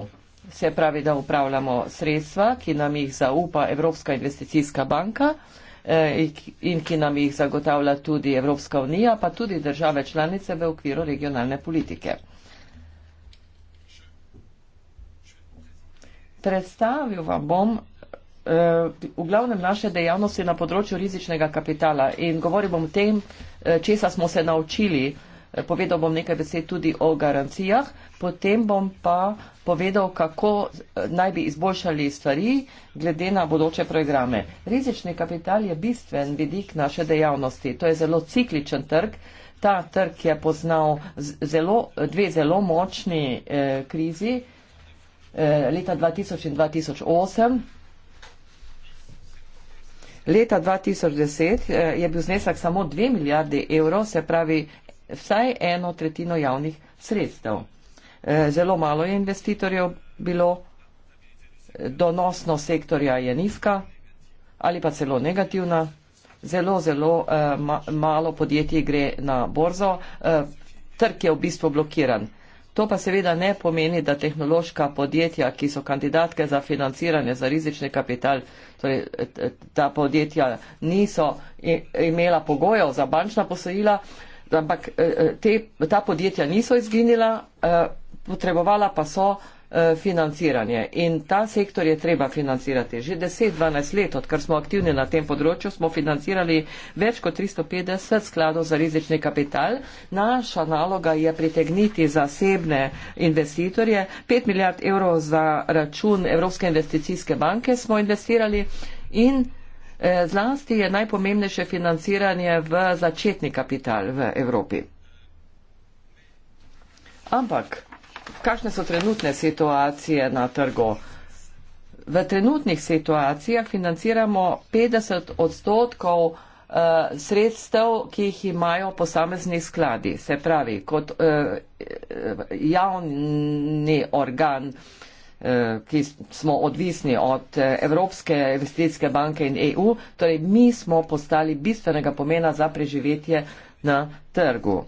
Se pravi, da upravljamo sredstva, ki nam jih zaupa Evropska investicijska banka eh, in ki nam jih zagotavlja tudi Evropska unija, pa tudi države članice v okviru regionalne politike. Predstavil vam bom eh, v glavnem naše dejavnosti na področju rizičnega kapitala in govorim o tem, česa smo se naučili povedal bom nekaj besed tudi o garancijah, potem bom pa povedal, kako eh, naj bi izboljšali stvari glede na bodoče programe. Rizični kapital je bistven vidik naše dejavnosti, to je zelo cikličen trg. Ta trg je poznal zelo, dve zelo močni eh, krizi eh, leta 2000 in 2008. Leta 2010 eh, je bil znesek samo 2 milijarde evrov, se pravi vsaj eno tretjino javnih sredstev. Eh, zelo malo je investitorjev bilo, eh, donosnost sektorja je nizka ali pa celo negativna, zelo, zelo eh, malo podjetij gre na borzo, trg je v bistvu blokiran. To pa seveda ne pomeni, da tehnološka podjetja, ki so kandidatke za financiranje za rizični kapital, torej ta podjetja niso imela pogojev za bančna posojila, ampak eh, eh, te, ta podjetja niso izginila, eh, potrebovala pa so financiranje. In ta sektor je treba financirati. Že 10-12 let, odkar smo aktivni na tem področju, smo financirali več kot 350 skladov za rizični kapital. Naša naloga je pritegniti zasebne investitorje. 5 milijard evrov za račun Evropske investicijske banke smo investirali in Eh, zlasti je najpomembnejše financiranje v začetni kapital v Evropi. Ampak, kakšne so trenutne situacije na trgu? V trenutnih situacijah financiramo 50 odstotkov eh, sredstev, ki jih imajo posamezni skladi. Se pravi, kot eh, javni organ Eh, ki smo odvisni od eh, Evropske investicijske banke in EU, torej mi smo postali bistvenega pomena za preživetje na trgu.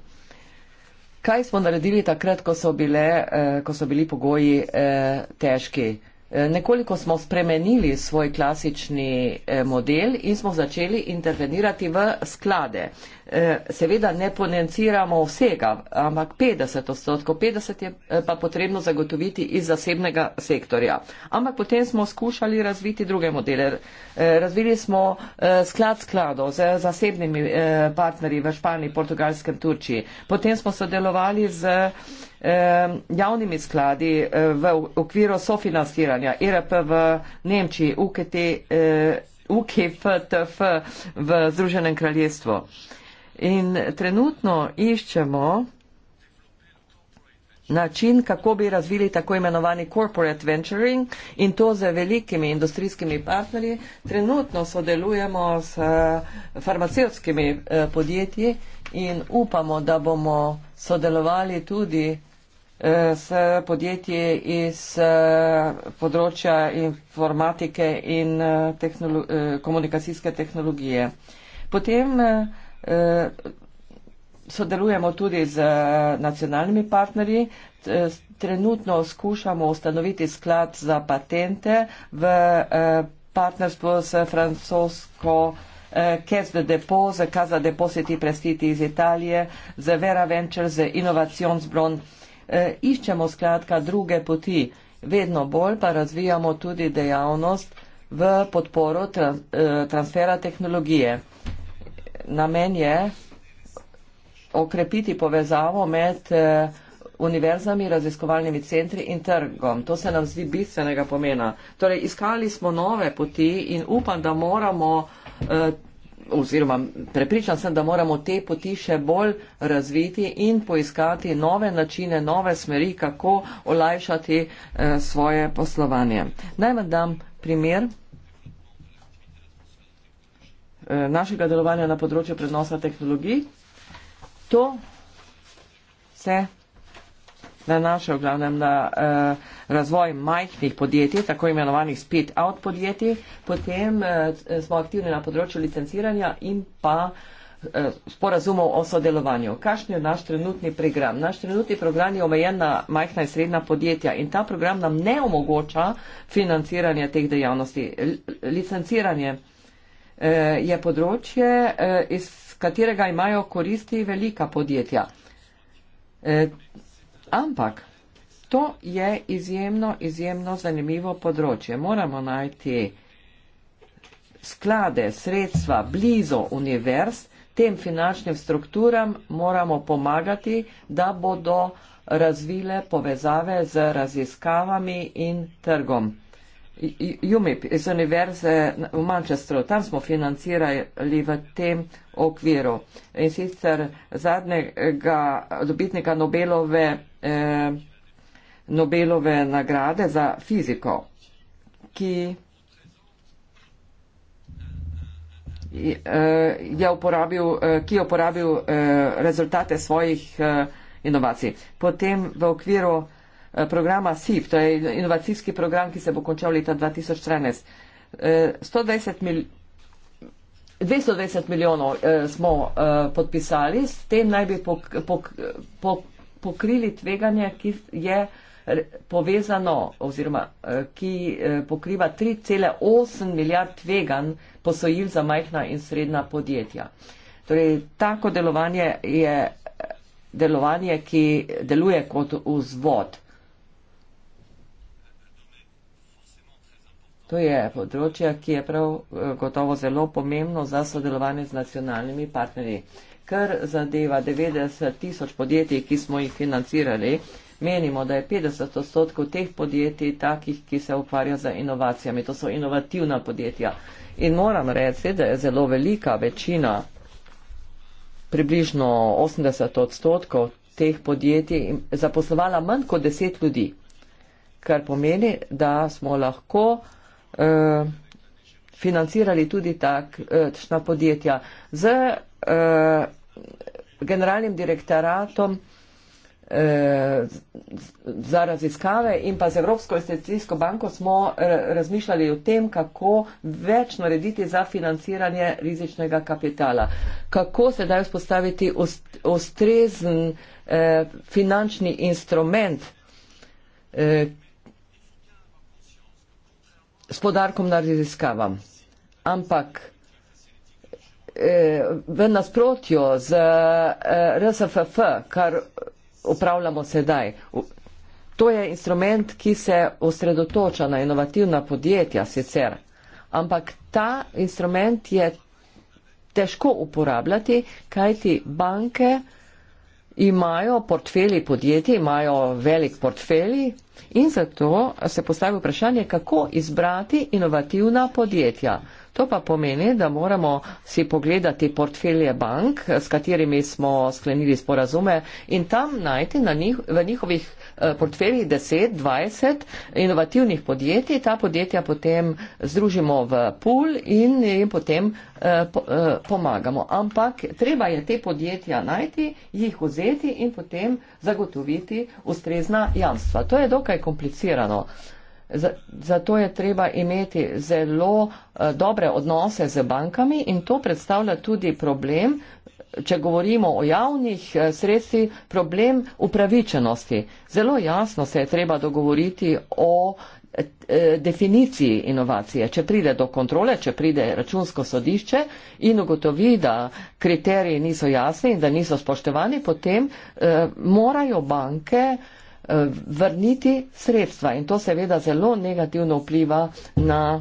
Kaj smo naredili takrat, ko so, bile, eh, ko so bili pogoji težki? Nekoliko smo spremenili svoj klasični model in smo začeli intervenirati v sklade. Eh, seveda ne ponenciramo vsega, ampak 50 odstotkov, 50 je eh, pa potrebno zagotoviti iz zasebnega sektorja. Ampak potem smo skušali razviti druge modele. Eh, razvili smo sklad sklado z zasebnimi partnerji v Španiji, Portugalskem, Turčiji. Potem smo sodelovali z javnimi skladi v okviru sofinansiranja IRP e v Nemčiji, UKT, UKFTF v Združenem kraljestvu. In trenutno iščemo način, kako bi razvili tako imenovani corporate venturing in to z velikimi industrijskimi partnerji. Trenutno sodelujemo s eh, farmacevskimi eh, podjetji in upamo, da bomo sodelovali tudi eh, s podjetji iz področja informatike in tehnolo komunikacijske tehnologije. Potem Eh, sodelujemo tudi z eh, nacionalnimi partnerji. Eh, trenutno skušamo ustanoviti sklad za patente v partnerstvu s francosko Kes de Depo, z Kaza Depositi Prestiti iz Italije, z Vera Venture, z Inovacionsbron. Iščemo skladka druge poti. Vedno bolj pa razvijamo tudi dejavnost v podporo transfera tehnologije namen je okrepiti povezavo med eh, univerzami, raziskovalnimi centri in trgom. To se nam zdi bistvenega pomena. Torej, iskali smo nove poti in upam, da moramo, eh, oziroma prepričan sem, da moramo te poti še bolj razviti in poiskati nove načine, nove smeri, kako olajšati eh, svoje poslovanje. Naj vam dam primer. Eh, našega delovanja na področju prenosa tehnologij. To se nanaša v glavnem na eh, razvoj majhnih podjetij, tako imenovanih spit-out podjetij. Potem eh, smo aktivni na področju licenciranja in pa eh, sporazumov o sodelovanju. Kakšen je naš trenutni program? Naš trenutni program je omejen na majhna in srednja podjetja in ta program nam ne omogoča financiranje teh dejavnosti. Licenciranje. L- l- l- l- l- l- l- l- Eh, je področje, eh, iz katerega imajo koristi velika podjetja. Eh, ampak to je izjemno, izjemno zanimivo področje. Moramo najti sklade, sredstva blizu univerz, tem finančnim strukturam moramo pomagati, da bodo razvile povezave z raziskavami in trgom. UMIP iz Univerze v Manchesteru, tam smo financirali v tem okviru. In sicer zadnjega dobitnika Nobelove, eh, Nobelove nagrade za fiziko, ki eh, je uporabil, eh, ki je uporabil eh, rezultate svojih eh, inovacij. Potem v okviru Eh, programa SIP, to je inovacijski program, ki se bo končal leta 2014. 120 eh, mil, 220 milijonov eh, smo podpisali, s tem naj bi pokrili tveganje, ki je povezano oziroma ki pokriva 3,8 milijard tvegan posojil za majhna in srednja podjetja. Torej, tako delovanje je delovanje, ki deluje kot vzvod. To je področje, ki je prav eh, gotovo zelo pomembno za sodelovanje z nacionalnimi partnerji. Kar zadeva 90 tisoč podjetij, ki smo jih financirali, menimo, da je 50 odstotkov teh podjetij takih, ki se ukvarjajo z inovacijami. To so inovativna podjetja. In moram reči, da je zelo velika večina, približno 80 odstotkov teh podjetij, zaposlovala manj kot 10 ljudi. Kar pomeni, da smo lahko eh, financirali tudi takšna eh, podjetja. Z eh, generalnim direktoratom eh, za raziskave in pa z Evropsko investicijsko banko smo eh, razmišljali o tem, kako več narediti za financiranje rizičnega kapitala. Kako se da vzpostaviti ustrezen eh, finančni instrument, eh, s podarkom na raziskavam. Ampak eh, v nasprotju z eh, RSFF, kar upravljamo sedaj, to je instrument, ki se osredotoča na inovativna podjetja sicer, ampak ta instrument je težko uporabljati, kajti banke, imajo portfelji podjetij, imajo velik portfelji in zato se postavi vprašanje, kako izbrati inovativna podjetja. To pa pomeni, da moramo si pogledati portfelje bank, s katerimi smo sklenili sporazume in tam najti na njih, v njihovih portfelji 10, 20 inovativnih podjetij, ta podjetja potem združimo v pul in jim potem eh, po, eh, pomagamo. Ampak treba je te podjetja najti, jih vzeti in potem zagotoviti ustrezna jamstva. To je dokaj komplicirano. Eh, Zato je treba imeti zelo eh, dobre odnose z bankami in to predstavlja tudi problem, če govorimo o javnih eh, sredstvi, problem upravičenosti. Zelo jasno se je treba dogovoriti o eh, definiciji inovacije. Če pride do kontrole, če pride računsko sodišče in ugotovi, da kriteriji niso jasni in da niso spoštevani, potem eh, morajo banke eh, Eh, vrniti sredstva in to seveda zelo negativno vpliva na,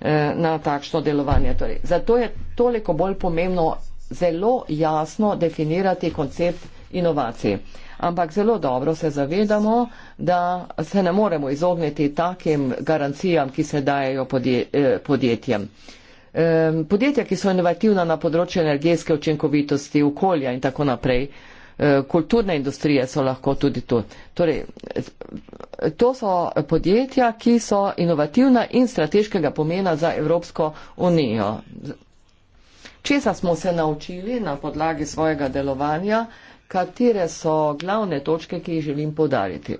eh, na takšno delovanje. Torej, zato je toliko bolj pomembno zelo jasno definirati koncept inovacij. Ampak zelo dobro se zavedamo, da se ne moremo izogniti takim garancijam, ki se dajo eh, podjetjem. Podjetja, ki so inovativna na področju energetske učinkovitosti, okolja in tako naprej, Eh, kulturne industrije so lahko tudi tu. Torej, to so podjetja, ki so inovativna in strateškega pomena za Evropsko unijo. Česa smo se naučili na podlagi svojega delovanja, katere so glavne točke, ki jih želim podariti?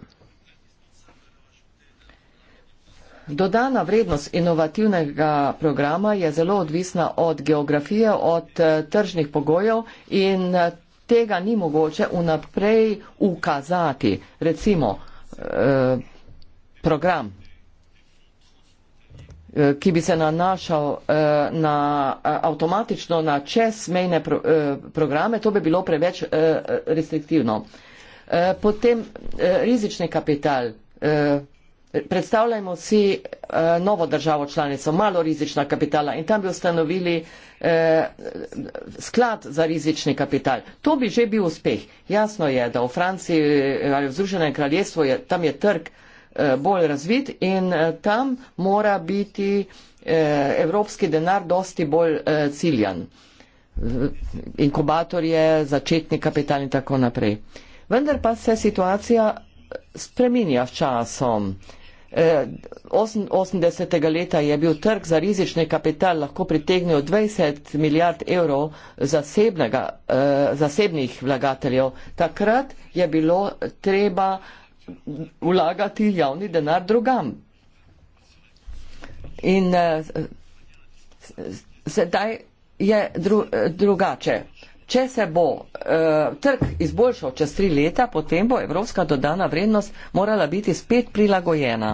Dodana vrednost inovativnega programa je zelo odvisna od geografije, od eh, tržnih pogojev in eh, tega ni mogoče vnaprej ukazati, recimo eh, program, eh, ki bi se nanašal eh, na, eh, avtomatično na čezmejne pro, eh, programe, to bi bilo preveč eh, restriktivno. Eh, potem eh, rizični kapital. Eh, predstavljajmo si uh, novo državo članico, malo rizična kapitala in tam bi ustanovili uh, sklad za rizični kapital. To bi že bil uspeh. Jasno je, da v Franciji eh, ali v Združenem kraljestvu je, tam je trg uh, bolj razvit in uh, tam mora biti uh, evropski denar dosti bolj uh, ciljan. Inkubator je začetni kapital in tako naprej. Vendar pa se situacija spreminja s časom. 80. E, leta je bil trg za rizični kapital lahko pritegnil 20 milijard evrov zasebnega, e, zasebnih vlagateljev. Takrat je bilo treba vlagati javni denar drugam. In e, sedaj je dru, drugače če se bo uh, trg izboljšal čez tri leta, potem bo evropska dodana vrednost morala biti spet prilagojena.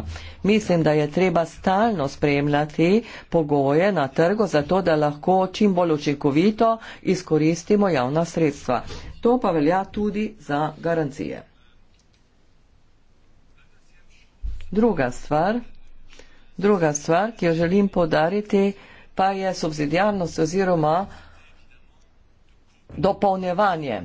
Mislim, da je treba stalno spremljati pogoje na trgu, zato da lahko čim bolj učinkovito izkoristimo javna sredstva. To pa velja tudi za garancije. Druga stvar, druga stvar, ki jo želim podariti, pa je subsidijarnost oziroma dopolnjevanje.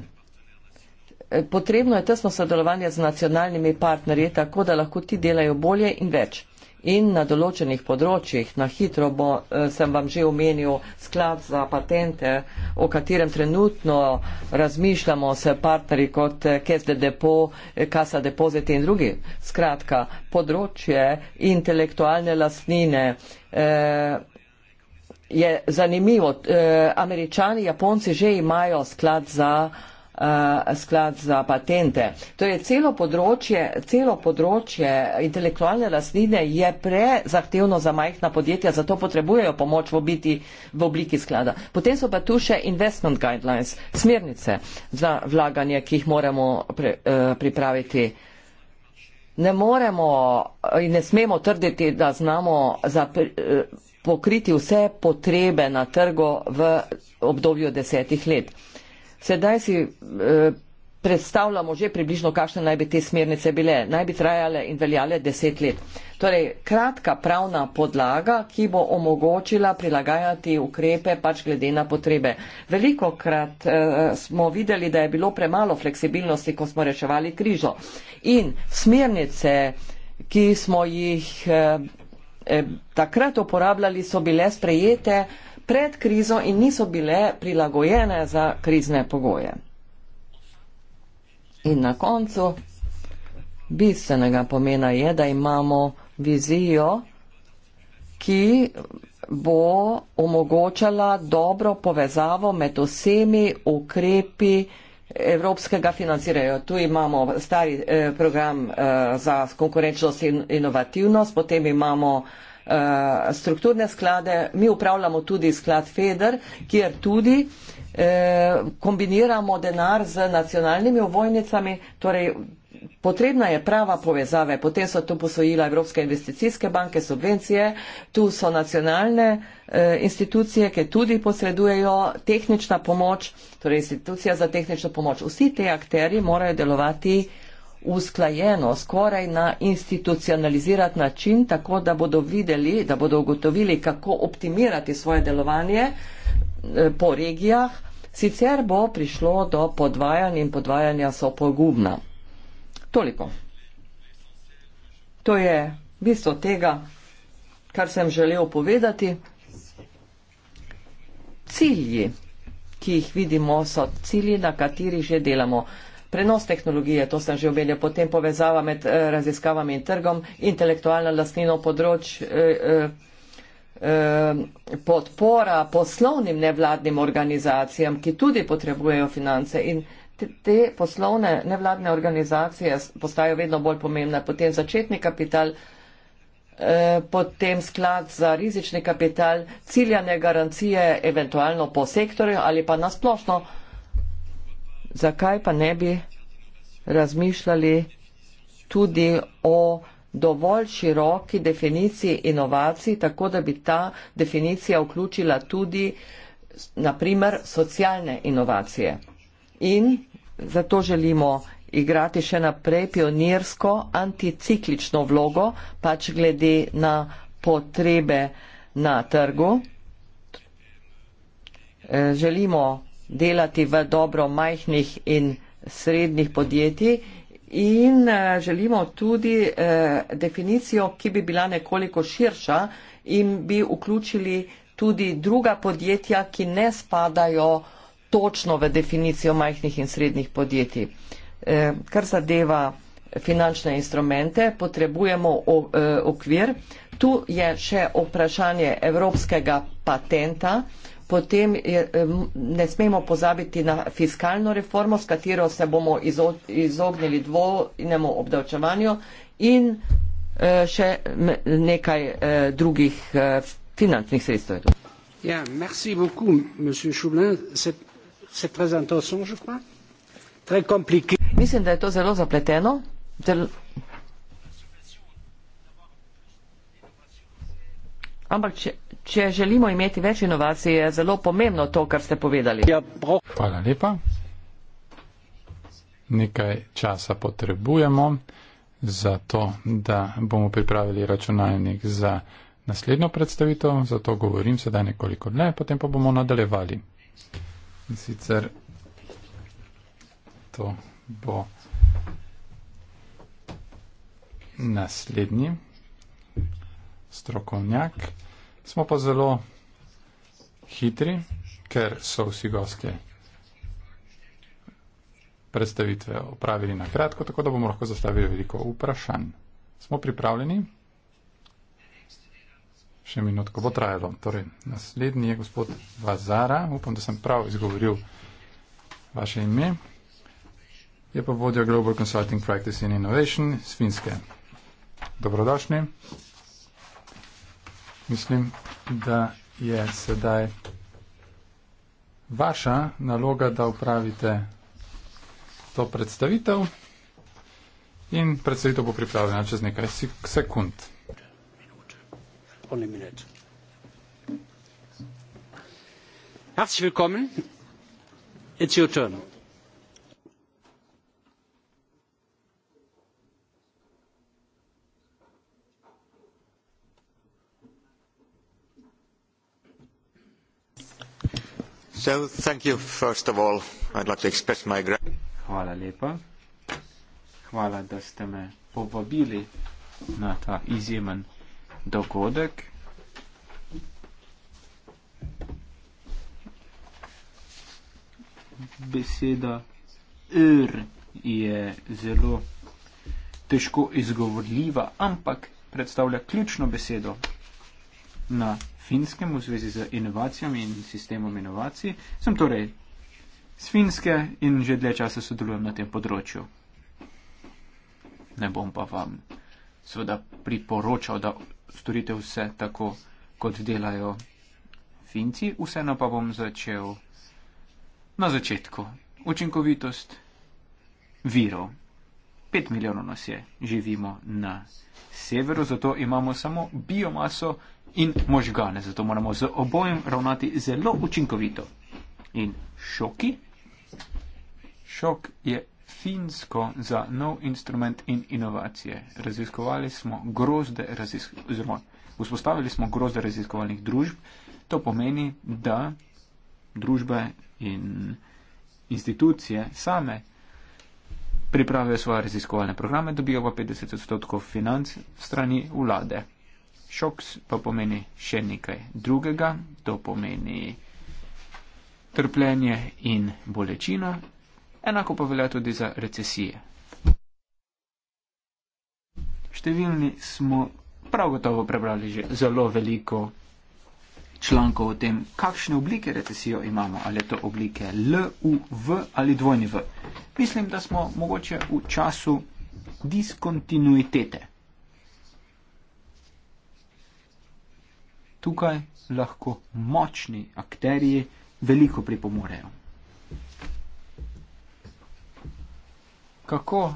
E, potrebno je tesno sodelovanje z nacionalnimi partnerji, tako da lahko ti delajo bolje in več. In na določenih področjih, na hitro bo, e, sem vam že omenil sklad za patente, o katerem trenutno razmišljamo se partnerji kot KSD e, Depo, Kasa Depozite in drugi. Skratka, področje intelektualne lastnine, je zanimivo, eh, američani, japonci že imajo sklad za, eh, sklad za patente. To je celo področje, celo področje intelektualne lastnine je prezahtevno za majhna podjetja, zato potrebujejo pomoč v, obiti, v obliki sklada. Potem so pa tu še investment guidelines, smernice za vlaganje, ki jih moramo eh, pripraviti. Ne moremo in ne smemo trditi, da znamo zapri, pokriti vse potrebe na trgu v obdobju desetih let. Sedaj si eh, predstavljamo že približno, kakšne naj bi te smernice bile. Naj bi trajale in veljale deset let. Torej, kratka pravna podlaga, ki bo omogočila prilagajati ukrepe pač glede na potrebe. Veliko krat eh, smo videli, da je bilo premalo fleksibilnosti, ko smo reševali križo. In smernice, ki smo jih eh, Eh, takrat uporabljali, so bile sprejete pred krizo in niso bile prilagojene za krizne pogoje. In na koncu bistvenega pomena je, da imamo vizijo, ki bo omogočala dobro povezavo med vsemi ukrepi, evropskega financirajo. Tu imamo stari eh, program eh, za konkurenčnost in inovativnost, potem imamo eh, strukturne sklade, mi upravljamo tudi sklad FEDER, kjer tudi eh, kombiniramo denar z nacionalnimi ovojnicami, torej potrebna je prava povezave. Potem so tu posojila Evropske investicijske banke, subvencije, tu so nacionalne eh, institucije, ki tudi posredujejo tehnična pomoč, torej institucija za tehnično pomoč. Vsi te akteri morajo delovati usklajeno, skoraj na institucionalizirat način, tako da bodo videli, da bodo ugotovili, kako optimirati svoje delovanje eh, po regijah, sicer bo prišlo do podvajanja in podvajanja so pogubna. Toliko. To je bistvo tega, kar sem želel povedati. Cilji, ki jih vidimo, so cilji, na katerih že delamo. Prenos tehnologije, to sem že obelje, potem povezava med eh, raziskavami in trgom, intelektualna lastnina področ, eh, eh, eh, podpora poslovnim nevladnim organizacijam, ki tudi potrebujejo finance in te poslovne nevladne organizacije postajajo vedno bolj pomembne, potem začetni kapital, eh, potem sklad za rizični kapital, ciljane garancije eventualno po sektorju ali pa nasplošno. Zakaj pa ne bi razmišljali tudi o dovolj široki definiciji inovacij, tako da bi ta definicija vključila tudi naprimer socialne inovacije in zato želimo igrati še naprej pionirsko anticiklično vlogo, pač glede na potrebe na trgu. E, želimo delati v dobro majhnih in srednjih podjetij in e, želimo tudi e, definicijo, ki bi bila nekoliko širša in bi vključili tudi druga podjetja, ki ne spadajo v točno v definicijo majhnih in srednjih podjetij. Eh, kar zadeva finančne instrumente, potrebujemo eh, okvir. Tu je še vprašanje evropskega patenta, potem je, ne smemo pozabiti na fiskalno reformo, s katero se bomo izognili dvojnemu obdavčevanju in eh, še nekaj drugih finančnih sredstev. Ja, merci beaucoup, monsieur Choublin. Cette se prezentosom, je pa zelo kompliciran. Mislim, da je to zelo zapleteno. Zel... Ampak, če, če želimo imeti več inovacij, je zelo pomembno to, kar ste povedali. Ja, Hvala lepa. Nekaj časa potrebujemo za to, da bomo pripravili računalnik za naslednjo predstavitev, zato govorim sedaj nekoliko dne, potem pa bomo nadaljevali. In sicer to bo naslednji strokovnjak. Smo pa zelo hitri, ker so vsi gostje predstavitve opravili na kratko, tako da bomo lahko zastavili veliko vprašanj. Smo pripravljeni? še minutko bo trajalo. Torej, naslednji je gospod Vazara, upam, da sem prav izgovoril vaše ime. Je pa vodja Global Consulting Practice in Innovation iz Finske. Dobrodošli. Mislim, da je sedaj vaša naloga, da upravite to predstavitev. In predstavitev bo pripravljena čez nekaj sekund only minute. Herzlich willkommen. It's your turn. So thank you first of all. I'd like to express my Hvala lepa. Hvala, da ste me povabili na ta izjemen dogodek. Beseda ir je zelo težko izgovorljiva, ampak predstavlja ključno besedo na finskem v zvezi z inovacijami in sistemom inovacij. Sem torej z finske in že dlje časa sodelujem na tem področju. Ne bom pa vam seveda priporočal, da storite vse tako, kot delajo finci. Vseeno pa bom začel na začetku. Učinkovitost virov. 5 milijonov nas je, živimo na severu, zato imamo samo biomaso in možgane, zato moramo z obojem ravnati zelo učinkovito. In šoki. Šok je Finsko za nov instrument in inovacije. Raziskovali smo grozde, razisk oziroma vzpostavili smo grozde raziskovalnih družb. To pomeni, da družbe in institucije same pripravijo svoje raziskovalne programe, dobijo pa 50 odstotkov financ strani vlade. Šoks pa pomeni še nekaj drugega, to pomeni trpljenje in bolečino Enako pa velja tudi za recesije. Številni smo prav gotovo prebrali že zelo veliko člankov o tem, kakšne oblike recesijo imamo, ali je to oblike L, U, V ali dvojni V. Mislim, da smo mogoče v času diskontinuitete. Tukaj lahko močni akteriji veliko pripomorejo kako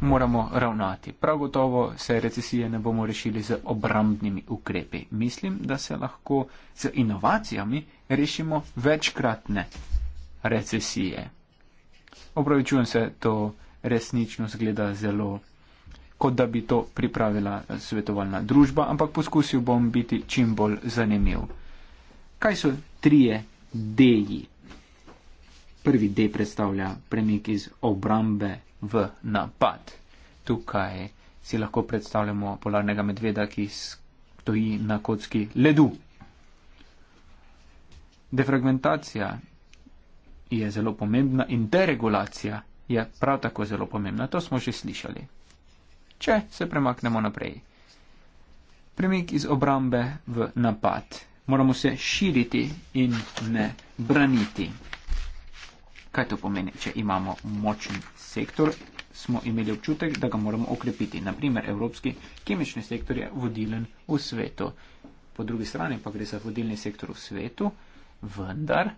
moramo ravnati. Prav gotovo se recesije ne bomo rešili z obrambnimi ukrepi. Mislim, da se lahko z inovacijami rešimo večkratne recesije. Opravičujem se, to resnično zgleda zelo, kot da bi to pripravila svetovalna družba, ampak poskusil bom biti čim bolj zanimiv. Kaj so trije deji prvi D predstavlja premik iz obrambe v napad. Tukaj si lahko predstavljamo polarnega medveda, ki stoji na kocki ledu. Defragmentacija je zelo pomembna in deregulacija je prav tako zelo pomembna. To smo že slišali. Če se premaknemo naprej. Premik iz obrambe v napad. Moramo se širiti in ne braniti. Kaj to pomeni? Če imamo močen sektor, smo imeli občutek, da ga moramo okrepiti. Naprimer, evropski kemični sektor je vodilen v svetu. Po drugi strani pa gre za vodilni sektor v svetu, vendar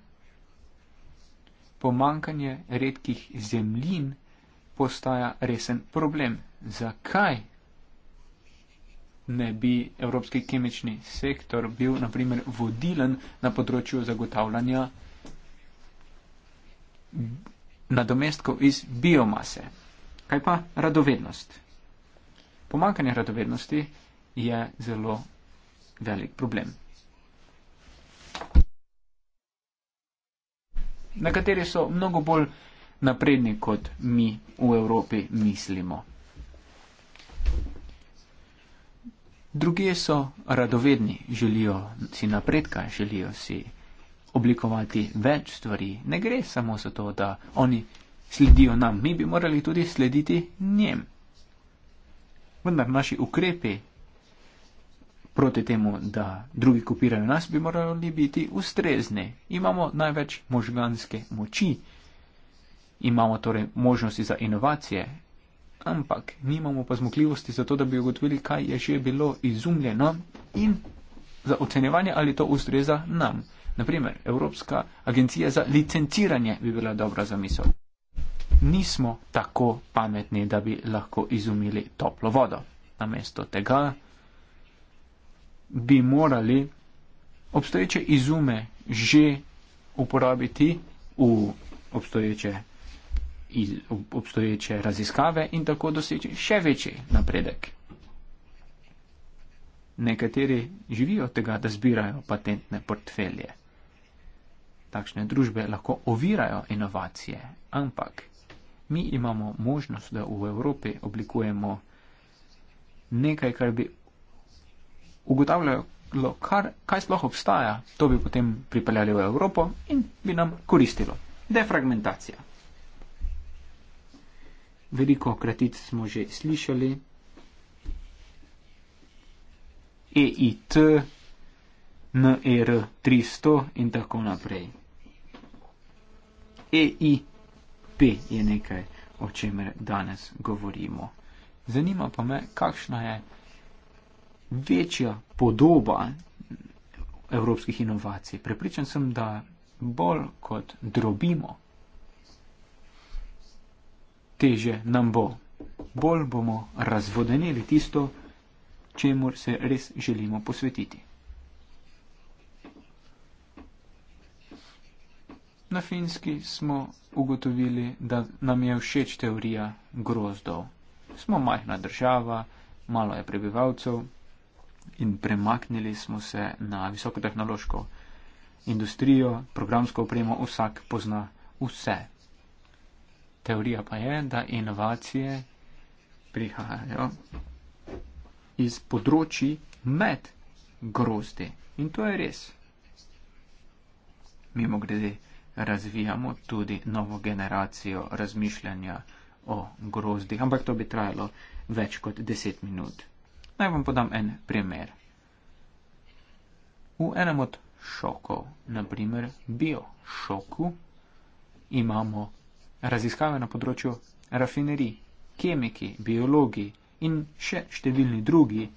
pomankanje redkih zemljin postaja resen problem. Zakaj ne bi evropski kemični sektor bil naprimer vodilen na področju zagotavljanja nadomestkov iz biomase. Kaj pa radovednost? Pomankanje radovednosti je zelo velik problem. Nekateri so mnogo bolj napredni, kot mi v Evropi mislimo. Drugi so radovedni, želijo si napredka, želijo si napredka oblikovati več stvari. Ne gre samo za to, da oni sledijo nam, mi bi morali tudi slediti njem. Vendar naši ukrepi proti temu, da drugi kopirajo nas, bi morali biti ustrezni. Imamo največ možganske moči, imamo torej možnosti za inovacije, ampak nimamo pa zmogljivosti za to, da bi ugotovili, kaj je že bilo izumljeno in za ocenjevanje, ali to ustreza nam. Naprimer, Evropska agencija za licenciranje bi bila dobra zamisel. Nismo tako pametni, da bi lahko izumili toplo vodo. Namesto tega bi morali obstoječe izume že uporabiti v obstoječe, iz, obstoječe raziskave in tako doseči še večji napredek. Nekateri živijo tega, da zbirajo patentne portfelje takšne družbe lahko ovirajo inovacije, ampak mi imamo možnost, da v Evropi oblikujemo nekaj, kar bi ugotavljalo, kar, kaj sploh obstaja, to bi potem pripeljali v Evropo in bi nam koristilo. Defragmentacija. Veliko kratic smo že slišali. EIT, NR300 e in tako naprej. EIP je nekaj, o čemer danes govorimo. Zanima pa me, kakšna je večja podoba evropskih inovacij. Prepričan sem, da bolj kot drobimo, teže nam bo, bolj bomo razvodeneli tisto, čemu se res želimo posvetiti. Na finski smo ugotovili, da nam je všeč teorija grozdov. Smo majhna država, malo je prebivalcev in premaknili smo se na visokotehnološko industrijo, programsko opremo, vsak pozna vse. Teorija pa je, da inovacije prihajajo iz področji med grozdi. In to je res. Mimo grede razvijamo tudi novo generacijo razmišljanja o grozdih, ampak to bi trajalo več kot deset minut. Naj vam podam en primer. V enem od šokov, naprimer biošoku, imamo raziskave na področju rafinerij, kemiki, biologi in še številni drugi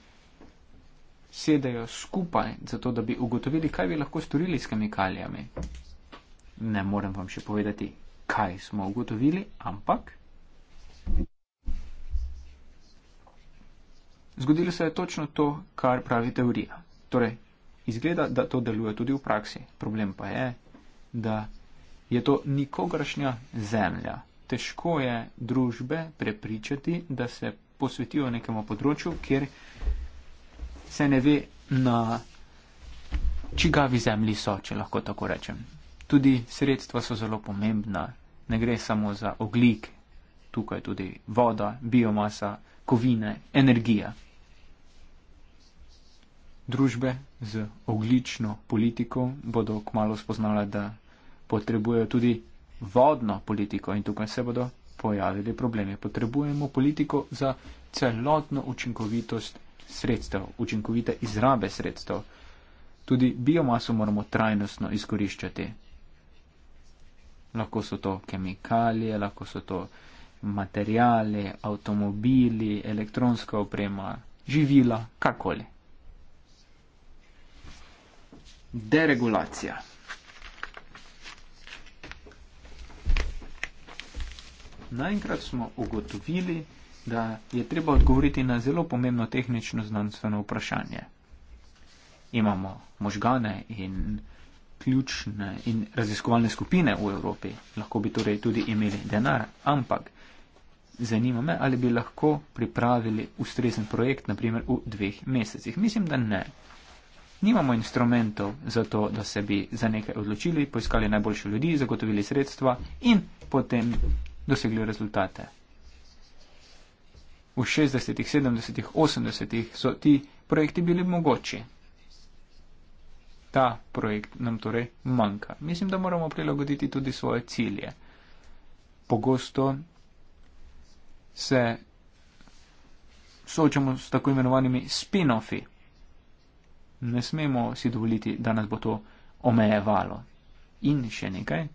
sedajo skupaj, zato da bi ugotovili, kaj bi lahko storili s kemikalijami ne morem vam še povedati, kaj smo ugotovili, ampak. Zgodilo se je točno to, kar pravi teorija. Torej, izgleda, da to deluje tudi v praksi. Problem pa je, da je to nikogaršnja zemlja. Težko je družbe prepričati, da se posvetijo nekemu področju, kjer se ne ve, na čigavi zemlji so, če lahko tako rečem tudi sredstva so zelo pomembna. Ne gre samo za oglik, tukaj tudi voda, biomasa, kovine, energija. Družbe z oglično politiko bodo kmalo spoznale, da potrebujejo tudi vodno politiko in tukaj se bodo pojavili problemi. Potrebujemo politiko za celotno učinkovitost sredstev, učinkovite izrabe sredstev. Tudi biomaso moramo trajnostno izkoriščati lahko so to kemikalije, lahko so to materijali, avtomobili, elektronska oprema, živila, kakoli. Deregulacija. Naenkrat smo ugotovili, da je treba odgovoriti na zelo pomembno tehnično znanstveno vprašanje. Imamo možgane in ključne in raziskovalne skupine v Evropi, lahko bi torej tudi imeli denar, ampak zanima me, ali bi lahko pripravili ustrezen projekt, naprimer v dveh mesecih. Mislim, da ne. Nimamo instrumentov za to, da se bi za nekaj odločili, poiskali najboljše ljudi, zagotovili sredstva in potem dosegli rezultate. V 60-ih, 70-ih, 80-ih so ti projekti bili mogoči ta projekt nam torej manjka. Mislim, da moramo prilagoditi tudi svoje cilje. Pogosto se soočamo s tako imenovanimi spin-offi. Ne smemo si dovoliti, da nas bo to omejevalo. In še nekaj,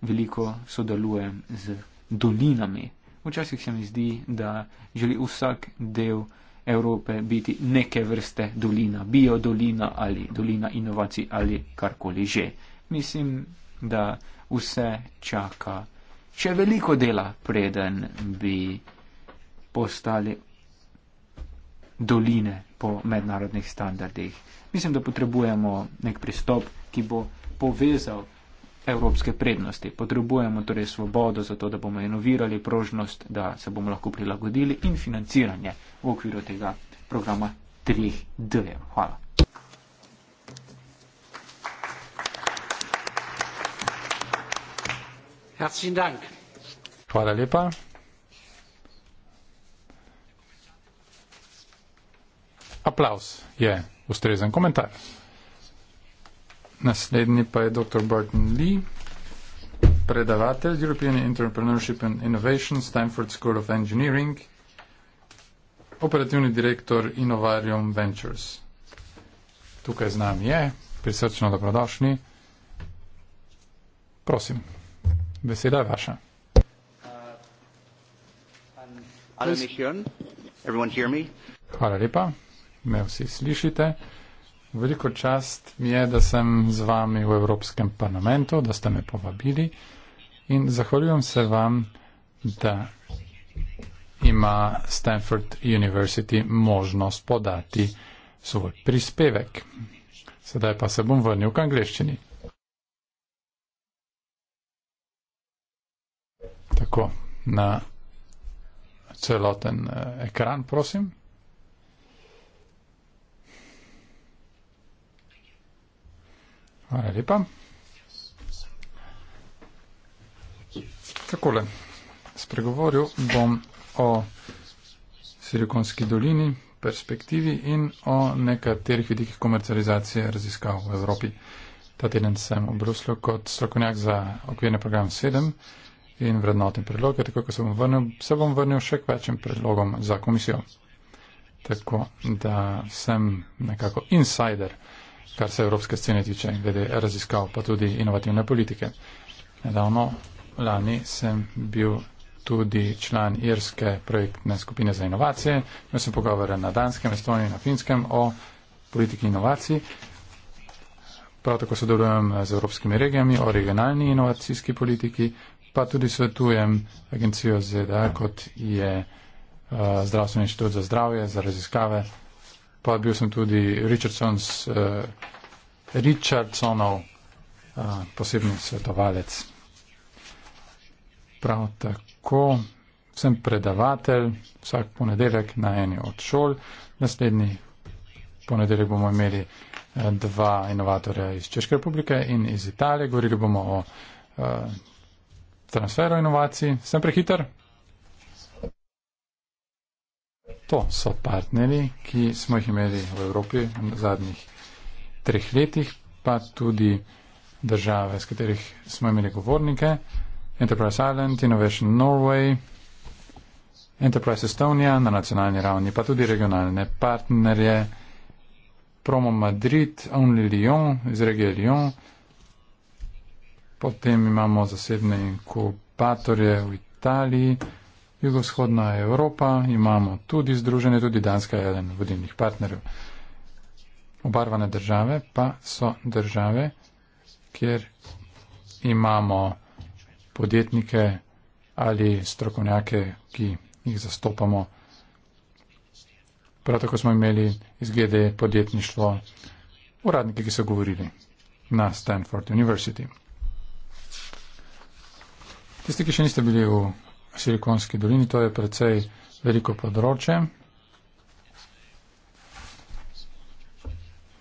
veliko sodelujem z dolinami. Včasih se mi zdi, da želi vsak del Evrope biti neke vrste dolina, biodolina ali dolina inovacij ali karkoli že. Mislim, da vse čaka še veliko dela, preden bi postali doline po mednarodnih standardih. Mislim, da potrebujemo nek pristop, ki bo povezal evropske prednosti. Potrebujemo torej svobodo za to, da bomo inovirali, prožnost, da se bomo lahko prilagodili in financiranje v okviru tega programa 3D. Hvala. Hvala lepa. Aplaus je ustrezen komentar. Naslednji pa je dr. Burton Lee, predavatelj European Entrepreneurship and Innovation, Stanford School of Engineering, operativni direktor Innovarium Ventures. Tukaj z nami je, prisrčno dobrodošli. Prosim, beseda je vaša. Hvala lepa, me vsi slišite. Veliko čast mi je, da sem z vami v Evropskem parlamentu, da ste me povabili in zahvaljujem se vam, da ima Stanford University možnost podati svoj prispevek. Sedaj pa se bom vrnil k angliščini. Tako, na celoten eh, ekran, prosim. Hvala lepa. Takole, spregovoril bom o Silikonski dolini, perspektivi in o nekaterih vidikih komercializacije raziskav v Evropi. Ta teden sem v Bruslju kot strokovnjak za okvirni program 7 in vrednotni predlog, tako kot se bom vrnil, se bom vrnil še k večjim predlogom za komisijo. Tako da sem nekako insider kar se evropske scene tiče in glede raziskav, pa tudi inovativne politike. Nedavno, lani, sem bil tudi član irske projektne skupine za inovacije. Imel sem pogovore na Danskem, Estoniji in na Finskem o politiki inovacij. Prav tako sodelujem z evropskimi regijami o regionalni inovacijski politiki, pa tudi svetujem agencijo ZDA, kot je uh, Zdravstveni inštitut za zdravje, za raziskave pa bil sem tudi Richardson's, uh, eh, Richardsonov uh, posebni svetovalec. Prav tako sem predavatelj vsak ponedeljek na eni od šol. Naslednji ponedeljek bomo imeli uh, dva inovatorja iz Češke republike in iz Italije. Govorili bomo o uh, transferu inovacij. Sem prehiter? To so partnerji, ki smo jih imeli v Evropi v zadnjih treh letih, pa tudi države, s katerih smo imeli govornike. Enterprise Island, Innovation Norway, Enterprise Estonia na nacionalni ravni, pa tudi regionalne partnerje. Promo Madrid, Only Lyon iz regije Lyon. Potem imamo zasebne inkubatorje v Italiji jugovzhodna Evropa, imamo tudi združene, tudi Danska je eden vodilnih partnerjev. Obarvane države pa so države, kjer imamo podjetnike ali strokovnjake, ki jih zastopamo. Prav tako smo imeli izglede podjetništvo uradniki, ki so govorili na Stanford University. Tisti, ki še niste bili v Silikonski dolini, to je precej veliko področje.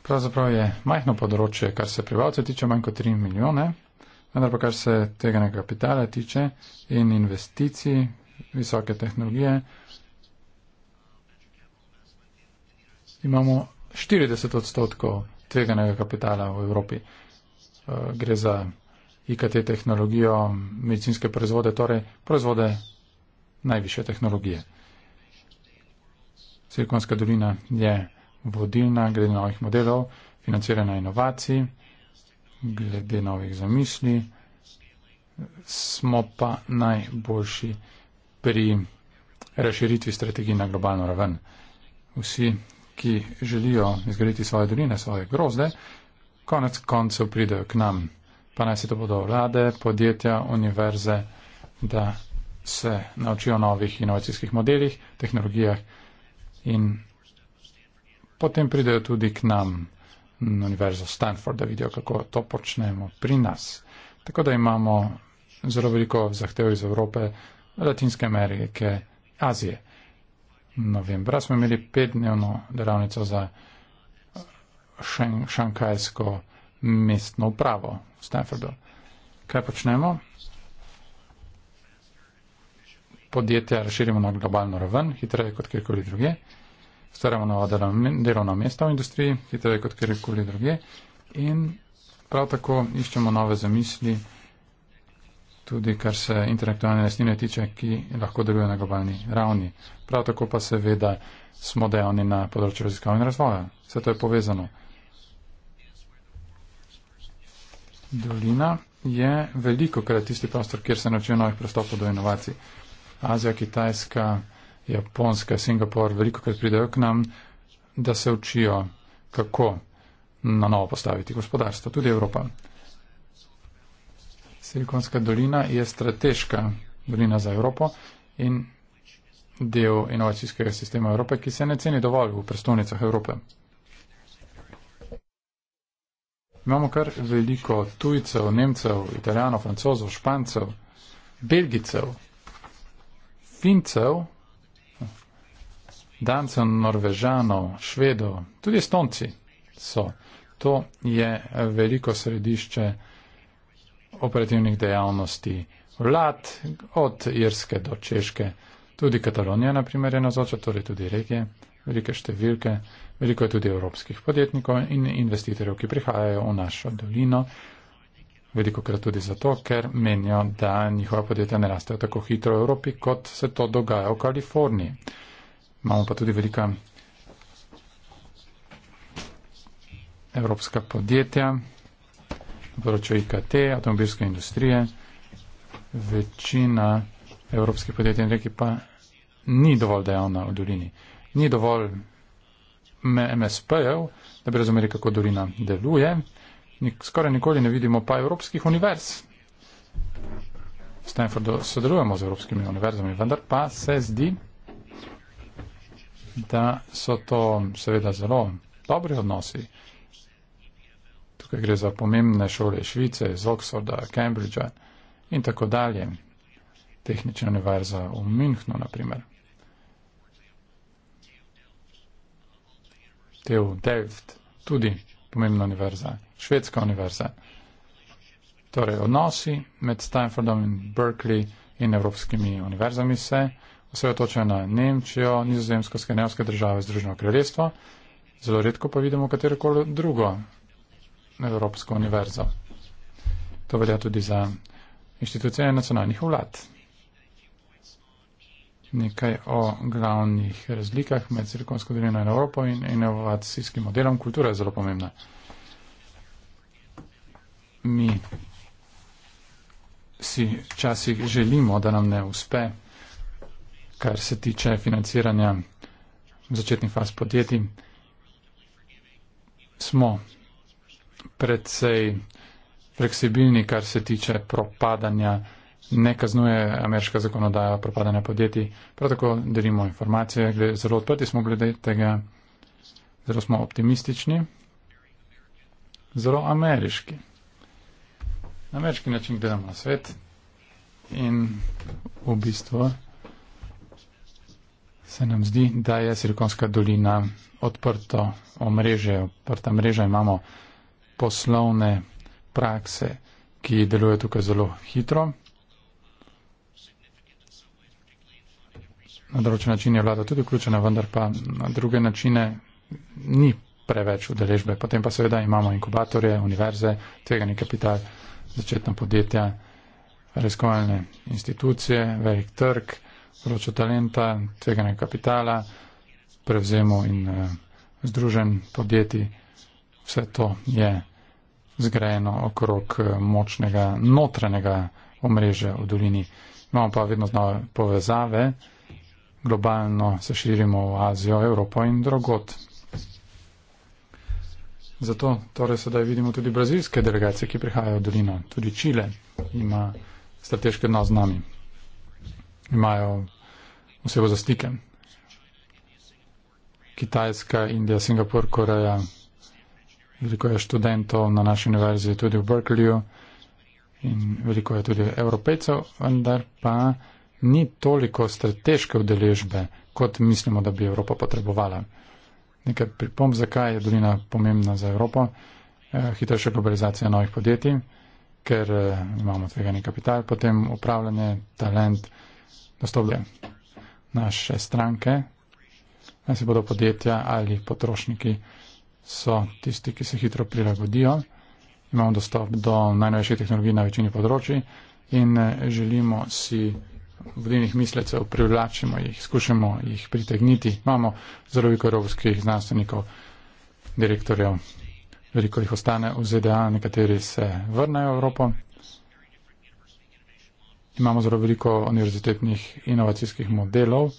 Pravzaprav je majhno področje, kar se prebivalce tiče, manj kot 3 milijone, vendar pa kar se tega na kapitala tiče in investicij, visoke tehnologije, imamo 40 odstotkov tveganega kapitala v Evropi. Eh, gre za IKT tehnologijo, medicinske proizvode, torej proizvode najviše tehnologije. Silikonska dolina je vodilna glede novih modelov, financirana inovacij, glede novih zamisli, smo pa najboljši pri razširitvi strategij na globalno raven. Vsi, ki želijo izgraditi svoje doline, svoje grozde, konec koncev pridejo k nam pa naj si to bodo vlade, podjetja, univerze, da se naučijo novih inovacijskih modelih, tehnologijah in potem pridejo tudi k nam na univerzo Stanford, da vidijo, kako to počnemo pri nas. Tako da imamo zelo veliko zahtev iz Evrope, Latinske Amerike, Azije. Novembra smo imeli petdnevno delavnico za šankajsko mestno upravo, v Stanfordu. Kaj počnemo? Podjetja razširimo na globalno raven, hitreje kot kjerkoli druge. Stvarjamo nova delovna mesta v industriji, hitreje kot kjerkoli druge. In prav tako iščemo nove zamisli, tudi kar se intelektualne lastnine tiče, ki lahko deluje na globalni ravni. Prav tako pa seveda smo dejavni na področju raziskav in razvoja. Vse to je povezano. dolina je veliko krat tisti prostor, kjer se načejo novih pristopov do inovacij. Azija, Kitajska, Japonska, Singapur veliko krat pridejo k nam, da se učijo, kako na novo postaviti gospodarstvo, tudi Evropa. Silikonska dolina je strateška dolina za Evropo in del inovacijskega sistema Evrope, ki se ne ceni dovolj v prestolnicah Evrope. Imamo kar veliko tujcev, nemcev, italijanov, francozov, špancev, belgicev, fincev, dancev, norvežanov, švedov, tudi stonci so. To je veliko središče operativnih dejavnosti vlad od Irske do Češke. Tudi Katalonija, naprimer, je nazoča, torej tudi regije, velike številke veliko je tudi evropskih podjetnikov in investitorjev, ki prihajajo v našo dolino, veliko krat tudi zato, ker menijo, da njihova podjetja ne rastejo tako hitro v Evropi, kot se to dogaja v Kaliforniji. Imamo pa tudi velika evropska podjetja na področju IKT, avtomobilske industrije, večina evropskih podjetij in reki pa ni dovolj dejavna v Dolini. Ni dovolj MSP-jev, da bi razumeli, kako dolina deluje. Nik, skoraj nikoli ne vidimo pa evropskih univerz. V Stanfordu sodelujemo z evropskimi univerzami, vendar pa se zdi, da so to seveda zelo dobri odnosi. Tukaj gre za pomembne šole Švice, iz Oxforda, Cambridgea in tako dalje. Tehnična univerza v Münchnu, na primer. del Delft, tudi pomembna univerza, švedska univerza. Torej, odnosi med Stanfordom in Berkeley in evropskimi univerzami se osredotočajo na Nemčijo, nizozemsko, skandinavske države, Združeno kraljestvo. Zelo redko pa vidimo katerokoli drugo evropsko univerzo. To velja tudi za inštitucije nacionalnih vlad nekaj o glavnih razlikah med cirkonsko delino in Evropo in inovacijskim modelom. Kultura je zelo pomembna. Mi si včasih želimo, da nam ne uspe, kar se tiče financiranja začetnih faz podjetij. Smo predvsej fleksibilni, kar se tiče propadanja ne kaznuje ameriška zakonodaja propadanja podjetij. Prav tako delimo informacije, zelo odprti smo glede tega, zelo smo optimistični, zelo ameriški. Na ameriški način gledamo na svet in v bistvu se nam zdi, da je Silikonska dolina odprto omrežje, odprta mreža imamo poslovne prakse, ki delujejo tukaj zelo hitro. na določen način je vlada tudi vključena, vendar pa na druge načine ni preveč udeležbe. Potem pa seveda imamo inkubatorje, univerze, tvegani kapital, začetna podjetja, raziskovalne institucije, velik trg, vroča talenta, tveganja kapitala, prevzemu in uh, eh, združen podjetij. Vse to je zgrajeno okrog eh, močnega notranjega omrežja v dolini. Imamo pa vedno znova povezave globalno se širimo v Azijo, Evropo in drugot. Zato torej sedaj vidimo tudi brazilske delegacije, ki prihajajo v dolino. Tudi Čile ima strateški odnos z nami. Imajo osebo za stike. Kitajska, Indija, Singapur, Koreja. Veliko je študentov na naši univerzi, tudi v Berkeleyju. In veliko je tudi evropejcev, vendar pa ni toliko strateške vdeležbe, kot mislimo, da bi Evropa potrebovala. Nekaj pripomb, zakaj je dolina pomembna za Evropo. Eh, hitrejša globalizacija novih podjetij, ker eh, imamo tvegani kapital, potem upravljanje, talent, dostop do naše stranke, nasi bodo podjetja ali potrošniki, so tisti, ki se hitro prilagodijo. Imamo dostop do najnovejših tehnologij na večini področji in eh, želimo si vodilnih mislecev, privlačimo jih, skušamo jih pritegniti. Imamo zelo veliko evropskih znanstvenikov, direktorjev, veliko jih ostane v ZDA, nekateri se vrnajo v Evropo. Imamo zelo veliko univerzitetnih inovacijskih modelov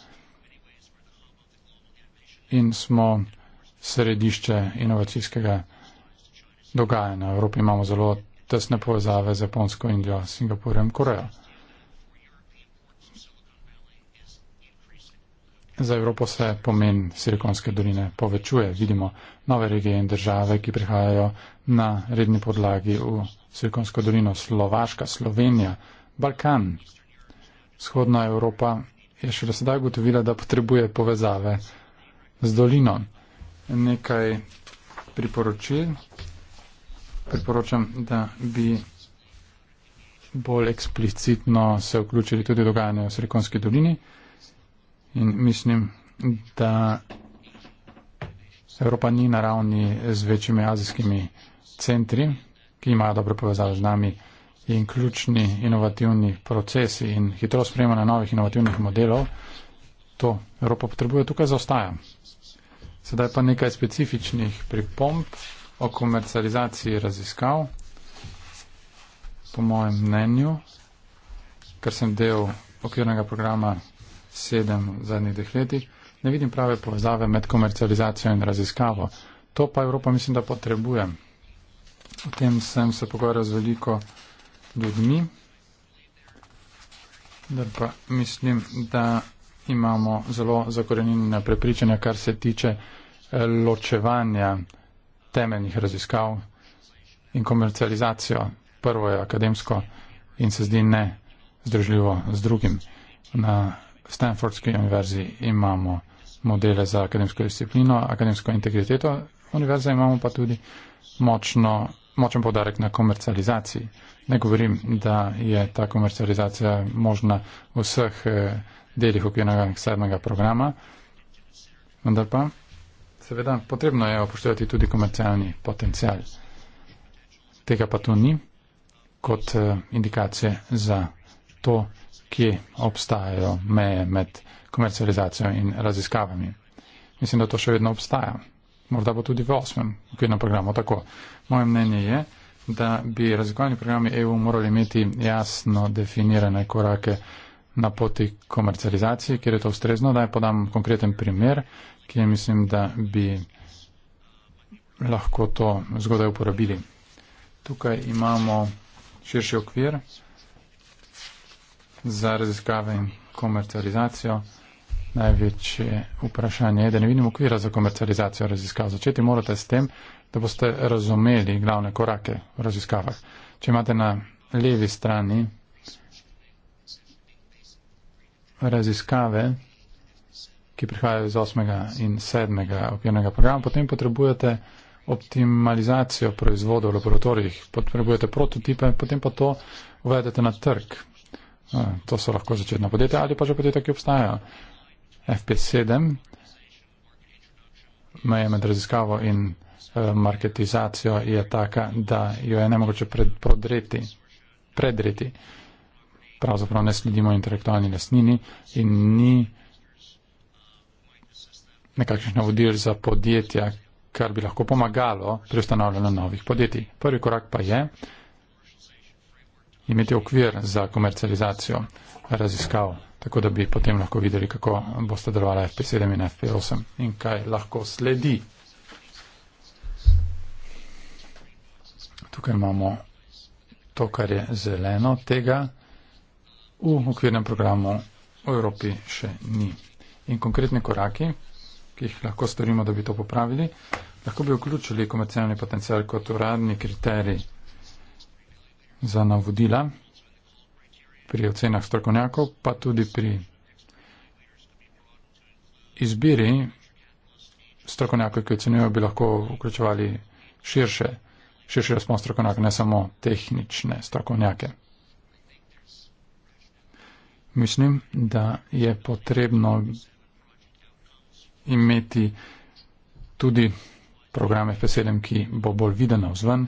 in smo središče inovacijskega dogajanja. V Evropi imamo zelo tesne povezave z Japonsko, Indijo, Singapurjem, Korejo. Za Evropo se pomen Silikonske doline povečuje. Vidimo nove regije in države, ki prihajajo na redni podlagi v Silikonsko dolino. Slovaška, Slovenija, Balkan, vzhodna Evropa je šele sedaj gotovila, da potrebuje povezave z dolino. Nekaj priporočil. Priporočam, da bi bolj eksplicitno se vključili tudi dogajanje v Silikonski dolini. In mislim, da Evropa ni na ravni z večjimi azijskimi centri, ki imajo dobre povezave z nami in ključni inovativni procesi in hitro sprejemanje novih inovativnih modelov. To Evropa potrebuje, tukaj zaostaja. Sedaj pa nekaj specifičnih pripomp o komercializaciji raziskav. Po mojem mnenju, ker sem del okvirnega programa sedem zadnjih dveh letih, ne vidim prave povezave med komercializacijo in raziskavo. To pa Evropa mislim, da potrebuje. O tem sem se pogovarjal z veliko ljudmi, da pa mislim, da imamo zelo zakorenjene prepričanja, kar se tiče eh, ločevanja temeljnih raziskav in komercializacijo. Prvo je akademsko in se zdi ne združljivo z drugim. Na v Stanfordski univerzi imamo modele za akademsko disciplino, akademsko integriteto univerze, imamo pa tudi močno, močen podarek na komercializaciji. Ne govorim, da je ta komercializacija možna v vseh eh, delih okvirnega sedmega programa, vendar pa seveda potrebno je upoštevati tudi komercialni potencial. Tega pa tu ni kot eh, indikacije za to, kje obstajajo meje med komercializacijo in raziskavami. Mislim, da to še vedno obstaja. Morda bo tudi v osmem okvirnem programu tako. Moje mnenje je, da bi raziskovalni programi EU morali imeti jasno definirane korake na poti komercializacije, kjer je to ustrezno. Da je podam konkreten primer, ki je mislim, da bi lahko to zgodaj uporabili. Tukaj imamo širši okvir za raziskave in komercializacijo. Največje vprašanje je, da ne vidim okvira za komercializacijo raziskav. Začeti morate s tem, da boste razumeli glavne korake v raziskavah. Če imate na levi strani raziskave, ki prihajajo iz 8. in 7. okvirnega programa, potem potrebujete optimalizacijo proizvodov v laboratorijih, potrebujete prototipe, potem pa to uvedete na trg, To so lahko začetna podjetja ali pa že podjetja, ki obstajajo. FP7, meja med raziskavo in eh, marketizacijo je taka, da jo je nemogoče predreti, predreti. Pravzaprav ne sledimo intelektualni lasnini in ni nekakšnih navodil za podjetja, kar bi lahko pomagalo pri ustanavljanju novih podjetij. Prvi korak pa je, imeti okvir za komercializacijo raziskav, tako da bi potem lahko videli, kako boste delovali FP7 in FP8 in kaj lahko sledi. Tukaj imamo to, kar je zeleno, tega v okvirnem programu v Evropi še ni. In konkretni koraki, ki jih lahko storimo, da bi to popravili, lahko bi vključili komercialni potencial kot uradni kriterij za navodila pri ocenah strokovnjakov, pa tudi pri izbiri strokovnjakov, ki ocenjujejo, bi lahko vključevali širše, širši razpon strokovnjakov, ne samo tehnične strokovnjake. Mislim, da je potrebno imeti tudi programe F7, ki bo bolj viden na vzven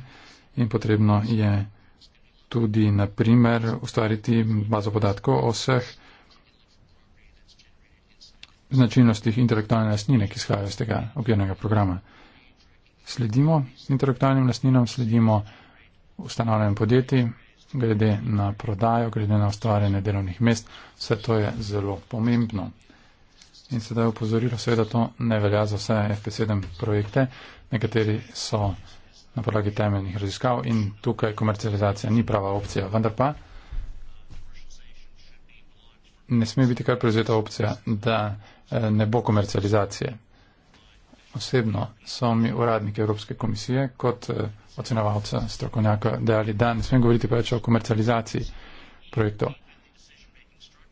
in potrebno je imeti tudi naprimer ustvariti bazo podatkov o vseh značilnostih intelektualne lastnine, ki izhajajo iz tega objemnega programa. Sledimo intelektualnim lastninam, sledimo ustanovljenim podjetji, glede na prodajo, glede na ustvarjanje delovnih mest, vse to je zelo pomembno. In sedaj je upozorilo, seveda to ne velja za vse FP7 projekte, nekateri so na podlagi temeljnih raziskav in tukaj komercializacija ni prava opcija, vendar pa ne sme biti kar prevzeta opcija, da eh, ne bo komercializacije. Osebno so mi uradniki Evropske komisije kot eh, ocenovalca strokovnjaka dejali, da ne smem govoriti preveč o komercializaciji projektov.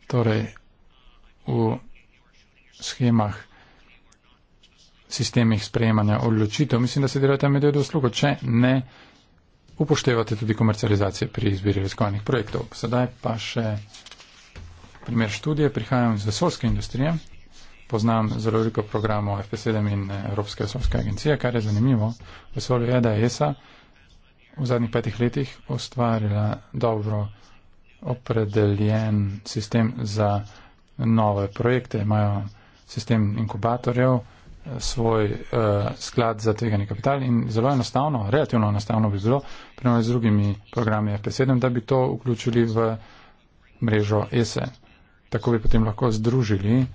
Torej, v schemah sistemih sprejemanja odločitev. Mislim, da se delate medijo do uslugo, če ne upoštevate tudi komercializacije pri izbiri raziskovalnih projektov. Sedaj pa še primer študije. Prihajam iz vesolske industrije. Poznam zelo veliko programov FP7 in Evropske vesolske agencije, kar je zanimivo. Vesolje je, da je ESA v zadnjih petih letih ustvarila dobro opredeljen sistem za nove projekte. Imajo sistem inkubatorjev, svoj uh, sklad za tveganje kapital in zelo enostavno, relativno enostavno bi bilo, primer z drugimi programi FP7, da bi to vključili v mrežo ESE. E. Tako bi potem lahko združili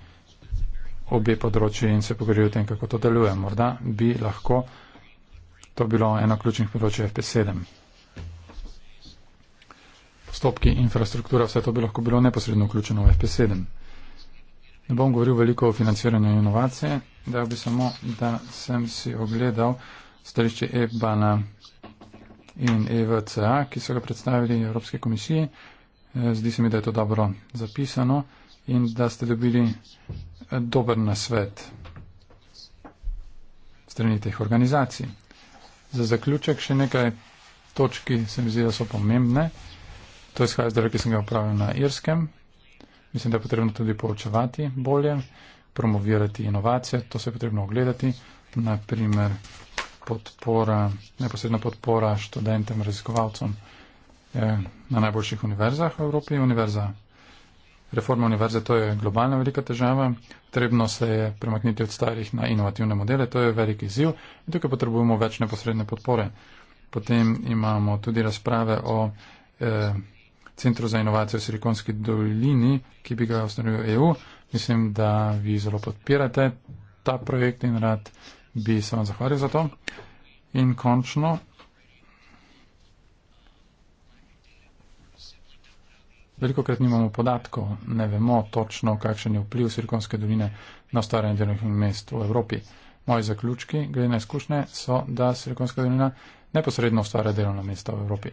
obe področji in se pogovorili o tem, kako to deluje. Morda bi lahko to bilo eno ključnih področji FP7. Postopki, infrastruktura, vse to bi lahko bilo neposredno vključeno v FP7. Ne bom govoril veliko o financiranju inovacije, da bi samo, da sem si ogledal stališče EBANA in EVCA, ki so ga predstavili Evropske komisije. Eh, zdi se mi, da je to dobro zapisano in da ste dobili eh, dober nasvet strani teh organizacij. Za zaključek še nekaj točki se mi zdi, da so pomembne. To izhaja z delo, ki sem ga upravil na Irskem, Mislim, da je potrebno tudi poučevati bolje, promovirati inovacije, to se je potrebno ogledati, naprimer podpora, neposredna podpora študentem, raziskovalcem na najboljših univerzah v Evropi. Univerza, reforma univerze, to je globalna velika težava. Trebno se je premakniti od starih na inovativne modele, to je velik izziv in tukaj potrebujemo več neposredne podpore. Potem imamo tudi razprave o eh, Centru za inovacijo v Silikonski dolini, ki bi ga ustanovil EU. Mislim, da vi zelo podpirate ta projekt in rad bi se vam zahvalil za to. In končno. Veliko krat nimamo podatkov, ne vemo točno, kakšen je vpliv Silikonske doline na staranje delovnih mest v Evropi. Moji zaključki, glede na izkušnje, so, da Silikonska dolina neposredno ustvarja delovna mesta v Evropi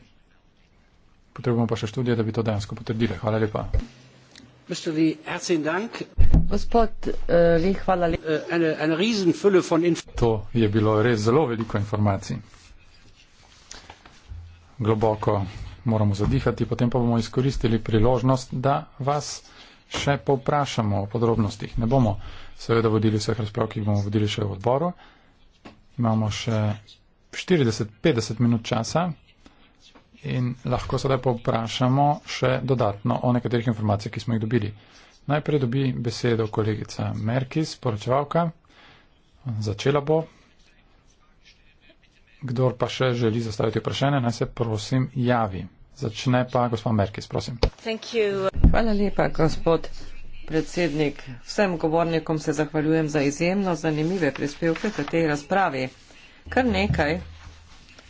potrebujemo pa še študije, da bi to dejansko potrdili. Hvala lepa. Gospod eh, Li, hvala lepa. Eh, to je bilo res zelo veliko informacij. Globoko moramo zadihati, potem pa bomo izkoristili priložnost, da vas še povprašamo o podrobnostih. Ne bomo seveda vodili vseh razprav, ki bomo vodili še v odboru. Imamo še 40-50 minut časa, in lahko sedaj povprašamo še dodatno o nekaterih informacijah, ki smo jih dobili. Najprej dobi besedo kolegica Merkis, poročevalka. Začela bo. Kdor pa še želi zastaviti vprašanje, naj se prosim javi. Začne pa gospod Merkis, prosim. Hvala lepa, gospod predsednik. Vsem govornikom se zahvaljujem za izjemno zanimive prispevke v tej razpravi. Kar nekaj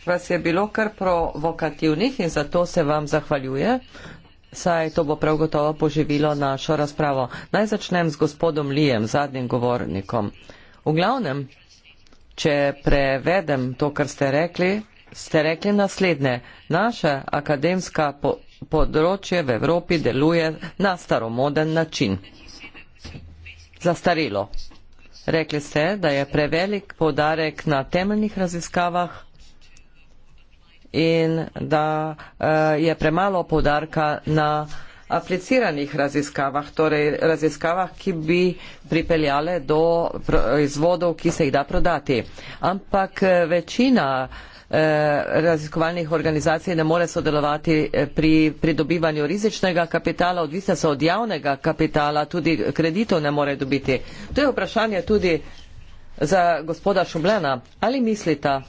vas je bilo kar provokativnih in zato se vam zahvaljuje, saj to bo prav gotovo poživilo našo razpravo. Naj začnem z gospodom Lijem, zadnjim govornikom. V glavnem, če prevedem to, kar ste rekli, ste rekli naslednje. Naša akademska po področje v Evropi deluje na staromoden način. Zastarilo. Rekli ste, da je prevelik podarek na temeljnih raziskavah in da eh, je premalo podarka na apliciranih raziskavah, torej raziskavah, ki bi pripeljale do izvodov, ki se jih da prodati. Ampak eh, večina eh, raziskovalnih organizacij ne more sodelovati pri pridobivanju rizičnega kapitala, odvisna so od javnega kapitala, tudi kreditov ne more dobiti. To je vprašanje tudi za gospoda Šumlena. Ali mislite,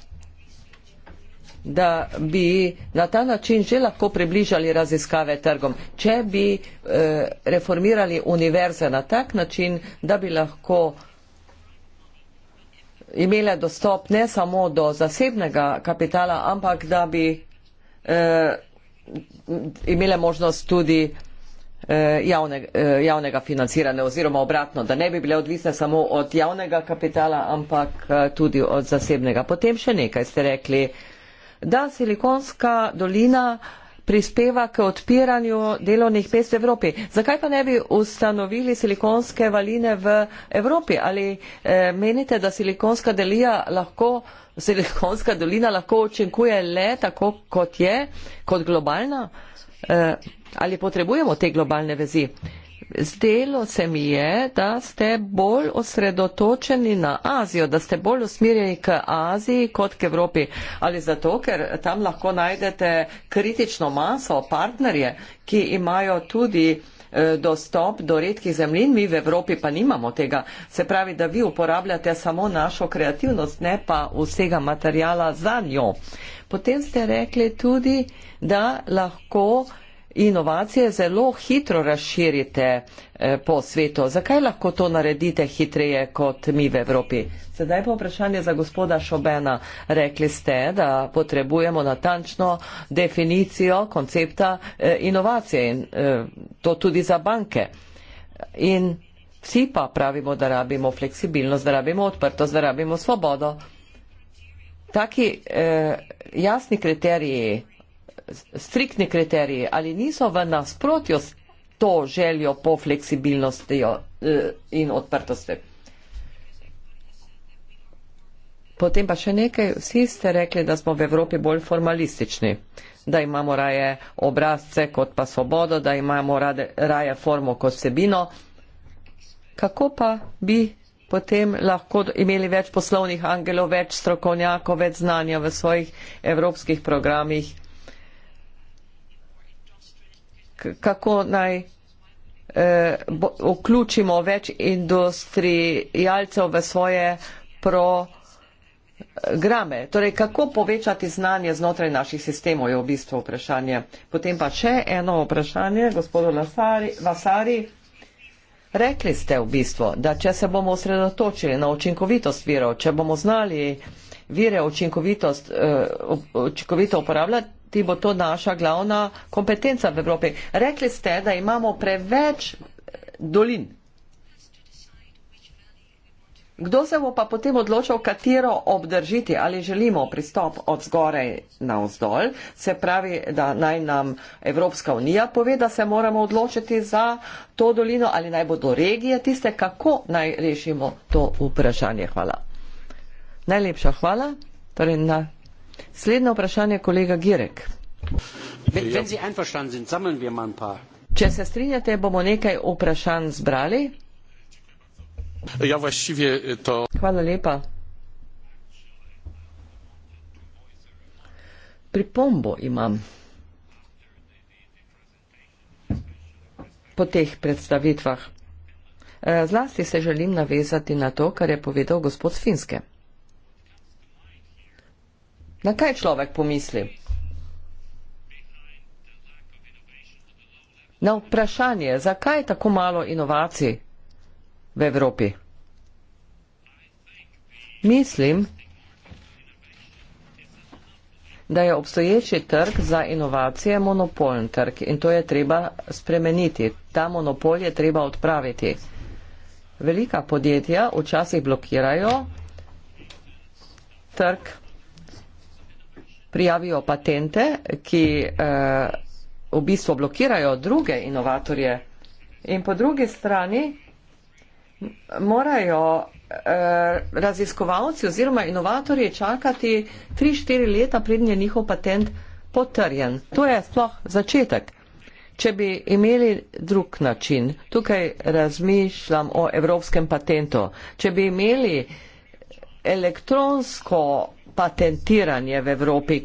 da bi na ta način že lahko približali raziskave trgom, če bi eh, reformirali univerze na tak način, da bi lahko imele dostop ne samo do zasebnega kapitala, ampak da bi eh, imele možnost tudi eh, Javne, javnega financiranja oziroma obratno, da ne bi bile odvisne samo od javnega kapitala, ampak tudi od zasebnega. Potem še nekaj ste rekli, da Silikonska dolina prispeva k odpiranju delovnih mest v Evropi. Zakaj pa ne bi ustanovili silikonske valine v Evropi? Ali eh, menite, da silikonska, lahko, silikonska dolina lahko učinkuje le tako, kot je, kot globalna? Eh, ali potrebujemo te globalne vezi? Eh, zdelo se mi je, da ste bolj osredotočeni na Azijo, da ste bolj usmirjeni k Aziji kot k Evropi. Ali zato, ker tam lahko najdete kritično maso partnerje, ki imajo tudi eh, dostop do redkih zemlin, mi v Evropi pa nimamo tega. Se pravi, da vi uporabljate samo našo kreativnost, ne pa vsega materijala za njo. Potem ste rekli tudi, da lahko inovacije zelo hitro razširite eh, po svetu. Zakaj lahko to naredite hitreje kot mi v Evropi? Sedaj pa vprašanje za gospoda Šobena. Rekli ste, da potrebujemo natančno definicijo koncepta eh, inovacije in eh, to tudi za banke. In vsi pa pravimo, da rabimo fleksibilnost, da rabimo odprtost, da rabimo svobodo. Taki eh, jasni kriteriji striktni kriteriji ali niso v nasprotju s to željo po fleksibilnosti eh, in odprtosti. Potem pa še nekaj, vsi ste rekli, da smo v Evropi bolj formalistični, da imamo raje obrazce kot pa svobodo, da imamo rade, raje formo kot vsebino. Kako pa bi potem lahko imeli več poslovnih angelov, več strokovnjakov, več znanja v svojih evropskih programih kako naj eh, bo, vključimo več industrijalcev v svoje programe. Torej, kako povečati znanje znotraj naših sistemov je v bistvu vprašanje. Potem pa še eno vprašanje, gospodo Lasari, Vasari. Rekli ste v bistvu, da če se bomo osredotočili na učinkovitost virov, če bomo znali vire učinkovitost, eh, učinkovito uporabljati, ti bo to naša glavna kompetenca v Evropi. Rekli ste, da imamo preveč eh, dolin. Kdo se bo pa potem odločil, katero obdržiti, ali želimo pristop od zgorej na vzdolj, se pravi, da naj nam Evropska unija pove, da se moramo odločiti za to dolino, ali naj bodo regije tiste, kako naj rešimo to vprašanje. Hvala. Najlepša hvala. Torej na Slednje vprašanje kolega Girek. Če se strinjate, bomo nekaj vprašanj zbrali. Ja, Hvala lepa. Pripombo imam po teh predstavitvah. Eh, zlasti se želim navezati na to, kar je povedal gospod Finske. Na kaj človek pomisli? Na vprašanje, zakaj je tako malo inovacij v Evropi? Mislim, da je obstoječi trg za inovacije monopoln trg in to je treba spremeniti. Ta monopol je treba odpraviti. Velika podjetja včasih blokirajo trg prijavijo patente, ki eh, v bistvu blokirajo druge inovatorje. In po drugi strani morajo eh, raziskovalci oziroma inovatorji čakati 3-4 leta, preden je njihov patent potrjen. To je sploh začetek. Če bi imeli drug način, tukaj razmišljam o evropskem patentu, če bi imeli elektronsko patentiranje v Evropi,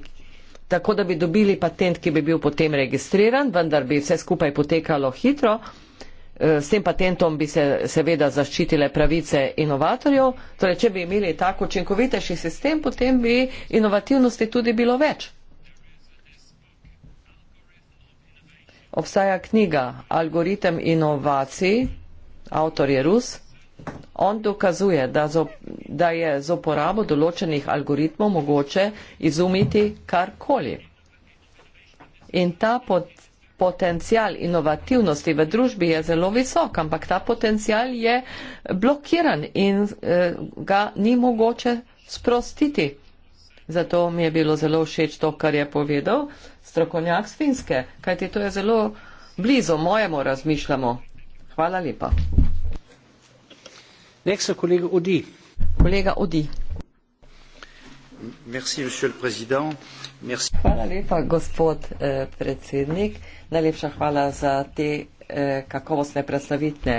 tako da bi dobili patent, ki bi bil potem registriran, vendar bi vse skupaj potekalo hitro. Eh, s tem patentom bi se seveda zaščitile pravice inovatorjev. Torej, če bi imeli tako učinkovitejši sistem, potem bi inovativnosti tudi bilo več. Obstaja knjiga Algoritem inovacij, avtor je Rus. On dokazuje, da, zo, da je z uporabo določenih algoritmov mogoče izumiti karkoli. In ta pot, potencial inovativnosti v družbi je zelo visok, ampak ta potencial je blokiran in e, ga ni mogoče sprostiti. Zato mi je bilo zelo všeč to, kar je povedal strokovnjak z Finske, kajti to je zelo blizu mojemu razmišljamo. Hvala lepa monsieur le président merci eh, eh, kakovostne predstavitve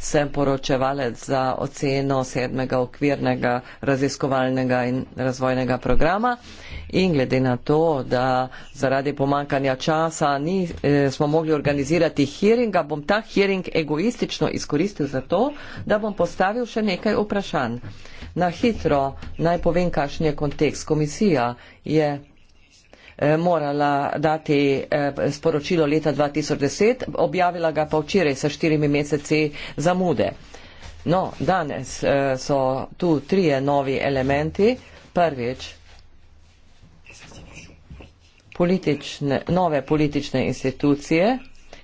sem poročevalec za oceno sedmega okvirnega raziskovalnega in razvojnega programa in seveda sem vesela da smo danes lahko govorili o in glede na to, da zaradi pomankanja časa nismo eh, mogli organizirati hearinga, bom ta hearing egoistično izkoristil za to, da bom postavil še nekaj vprašanj. Na hitro naj povem, kakšen je kontekst. Komisija je eh, morala dati eh, sporočilo leta 2010, objavila ga pa včeraj sa štirimi meseci zamude. No, danes eh, so tu trije novi elementi. Prvič, politične, nove politične institucije,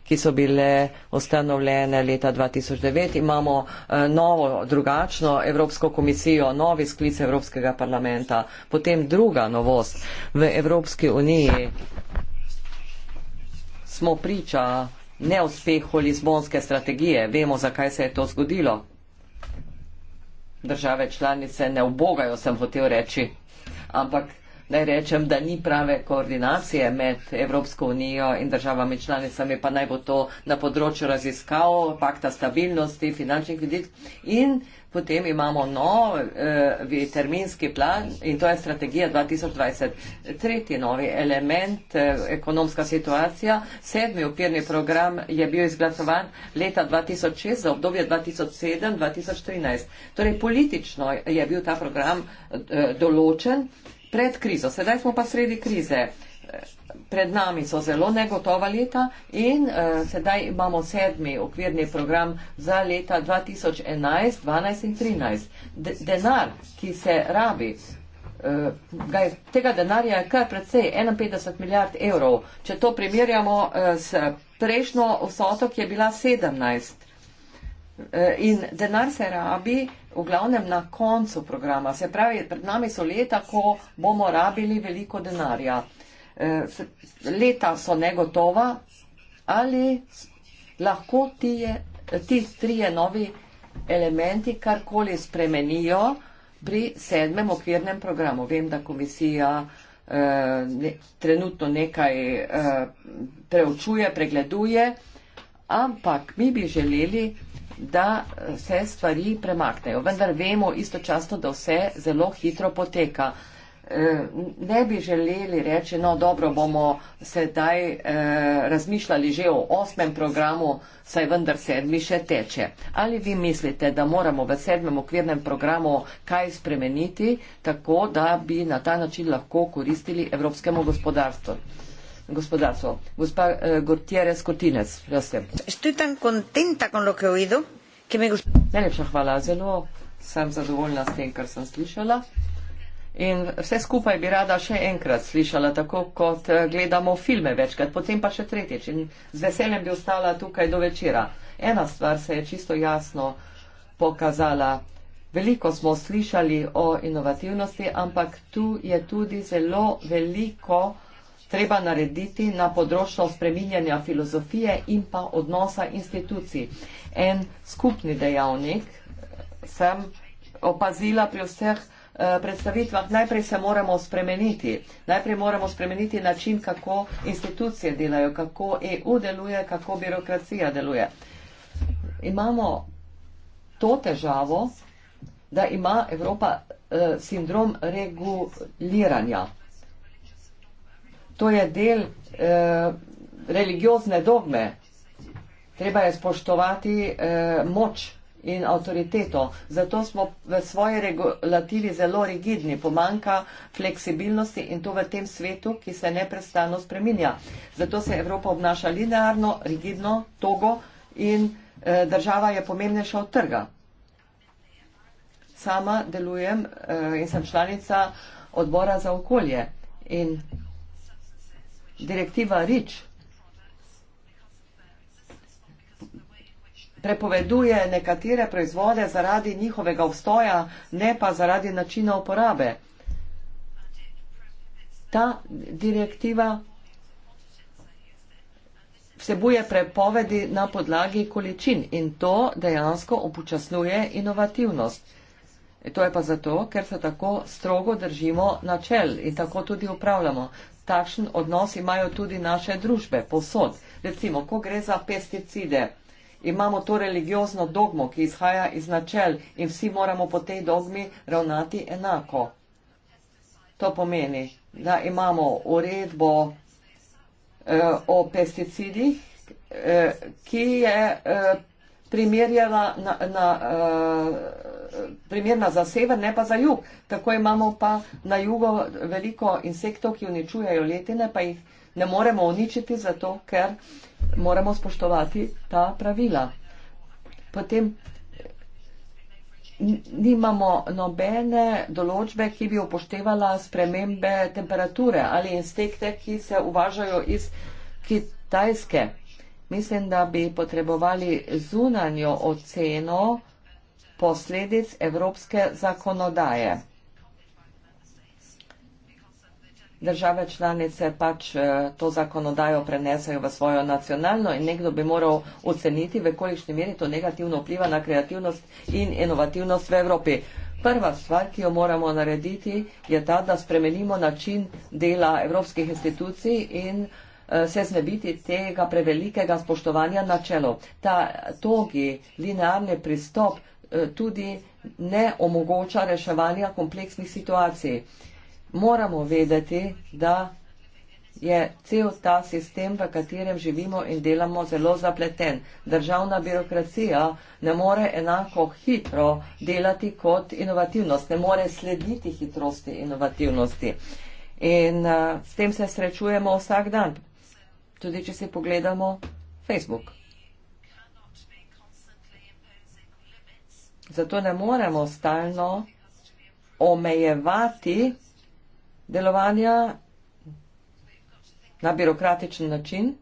ki so bile ustanovljene leta 2009. Imamo uh, novo, drugačno Evropsko komisijo, novi sklic Evropskega parlamenta. Potem druga novost. V Evropski uniji smo priča neuspehu Lizbonske strategije. Vemo, zakaj se je to zgodilo. Države članice ne obogajo, sem hotel reči. Ampak naj rečem, da ni prave koordinacije med Evropsko unijo in državami članicami, pa naj bo to na področju raziskav, pakta stabilnosti, finančnih vidik. In potem imamo novi eh, terminski plan in to je strategija 2020. Tretji novi element, eh, ekonomska situacija. Sedmi upirni program je bil izglasovan leta 2006 za obdobje 2007-2013. Torej politično je bil ta program eh, določen pred krizo, sedaj smo pa sredi krize. Pred nami so zelo negotova leta in uh, sedaj imamo sedmi okvirni program za leta 2011, 2012 in 2013. De denar, ki se rabi, uh, je, tega denarja je kar precej 51 milijard evrov. Če to primerjamo uh, s prejšnjo vsoto, ki je bila 17. Uh, in denar se rabi v glavnem na koncu programa. Se pravi, pred nami so leta, ko bomo rabili veliko denarja. E, leta so negotova, ali lahko ti, je, ti trije novi elementi karkoli spremenijo pri sedmem okvirnem programu. Vem, da komisija e, ne, trenutno nekaj e, preučuje, pregleduje, ampak mi bi želeli, da eh, se stvari premaknejo. Vendar vemo istočasno, da vse zelo hitro poteka. Eh, ne bi želeli reči, no dobro, bomo sedaj eh, razmišljali že o osmem programu, saj vendar sedmi še teče. Ali vi mislite, da moramo v sedmem okvirnem programu kaj spremeniti, tako da bi na ta način lahko koristili evropskemu gospodarstvu? gospodarstvo. Gospa eh, Gutierrez Cortines, proste. Estoy tan contenta con lo que he oído, que me gusta. Najlepša hvala, zelo sem zadovoljna s tem, kar sem slišala. In vse skupaj bi rada še enkrat slišala, tako kot eh, gledamo filme večkrat, potem pa še tretjič. In z veseljem bi ostala tukaj do večera. Ena stvar se je čisto jasno pokazala. Veliko smo slišali o inovativnosti, ampak tu je tudi zelo veliko treba narediti na področju spreminjanja filozofije in pa odnosa institucij. En skupni dejavnik eh, sem opazila pri vseh eh, predstavitvah, najprej se moramo spremeniti, najprej moramo spremeniti način, kako institucije delajo, kako EU deluje, kako birokracija deluje. Imamo to težavo, da ima Evropa eh, sindrom reguliranja to je del eh, religiozne dogme. Treba je spoštovati eh, moč in avtoriteto. Zato smo v svoji regulativi zelo rigidni, pomanka fleksibilnosti in to v tem svetu, ki se neprestano spreminja. Zato se Evropa obnaša linearno, rigidno, togo in eh, država je pomembnejša od trga. Sama delujem eh, in sem članica odbora za okolje in direktiva REACH. prepoveduje nekatere proizvode zaradi njihovega obstoja, ne pa zaradi načina uporabe. Ta direktiva vsebuje prepovedi na podlagi količin in to dejansko upočasnjuje inovativnost. To je pa zato, ker se tako strogo držimo načel in tako tudi upravljamo takšen odnos imajo tudi naše družbe, posod. Recimo, ko gre za pesticide, imamo to religiozno dogmo, ki izhaja iz načel in vsi moramo po tej dogmi ravnati enako. To pomeni, da imamo uredbo eh, o pesticidih, eh, ki je. Eh, primerjala na, na, uh, primerna za sever, ne pa za jug. Tako imamo pa na jugo veliko insektov, ki uničujejo letine, pa jih ne moremo uničiti zato, ker moramo spoštovati ta pravila. Potem nimamo nobene določbe, ki bi upoštevala spremembe temperature ali insekte, ki se uvažajo iz Kitajske. Mislim, da bi potrebovali zunanjo oceno posledic evropske zakonodaje. Države članice pač eh, to zakonodajo prenesajo v svojo nacionalno in nekdo bi moral oceniti, v kolikšni meri to negativno vpliva na kreativnost in inovativnost v Evropi. Prva stvar, ki jo moramo narediti, je ta, da spremenimo način dela evropskih institucij in uh, Eh, se znebiti tega prevelikega spoštovanja načelov. Ta togi, linearni pristop eh, tudi ne omogoča reševanja kompleksnih situacij. Moramo vedeti, da je cel ta sistem, v katerem živimo in delamo, zelo zapleten. Državna birokracija ne more enako hitro delati kot inovativnost, ne more slediti hitrosti inovativnosti. In uh, s tem se srečujemo vsak dan tudi če si pogledamo Facebook. Zato ne moremo stalno omejevati delovanja na birokratičen način.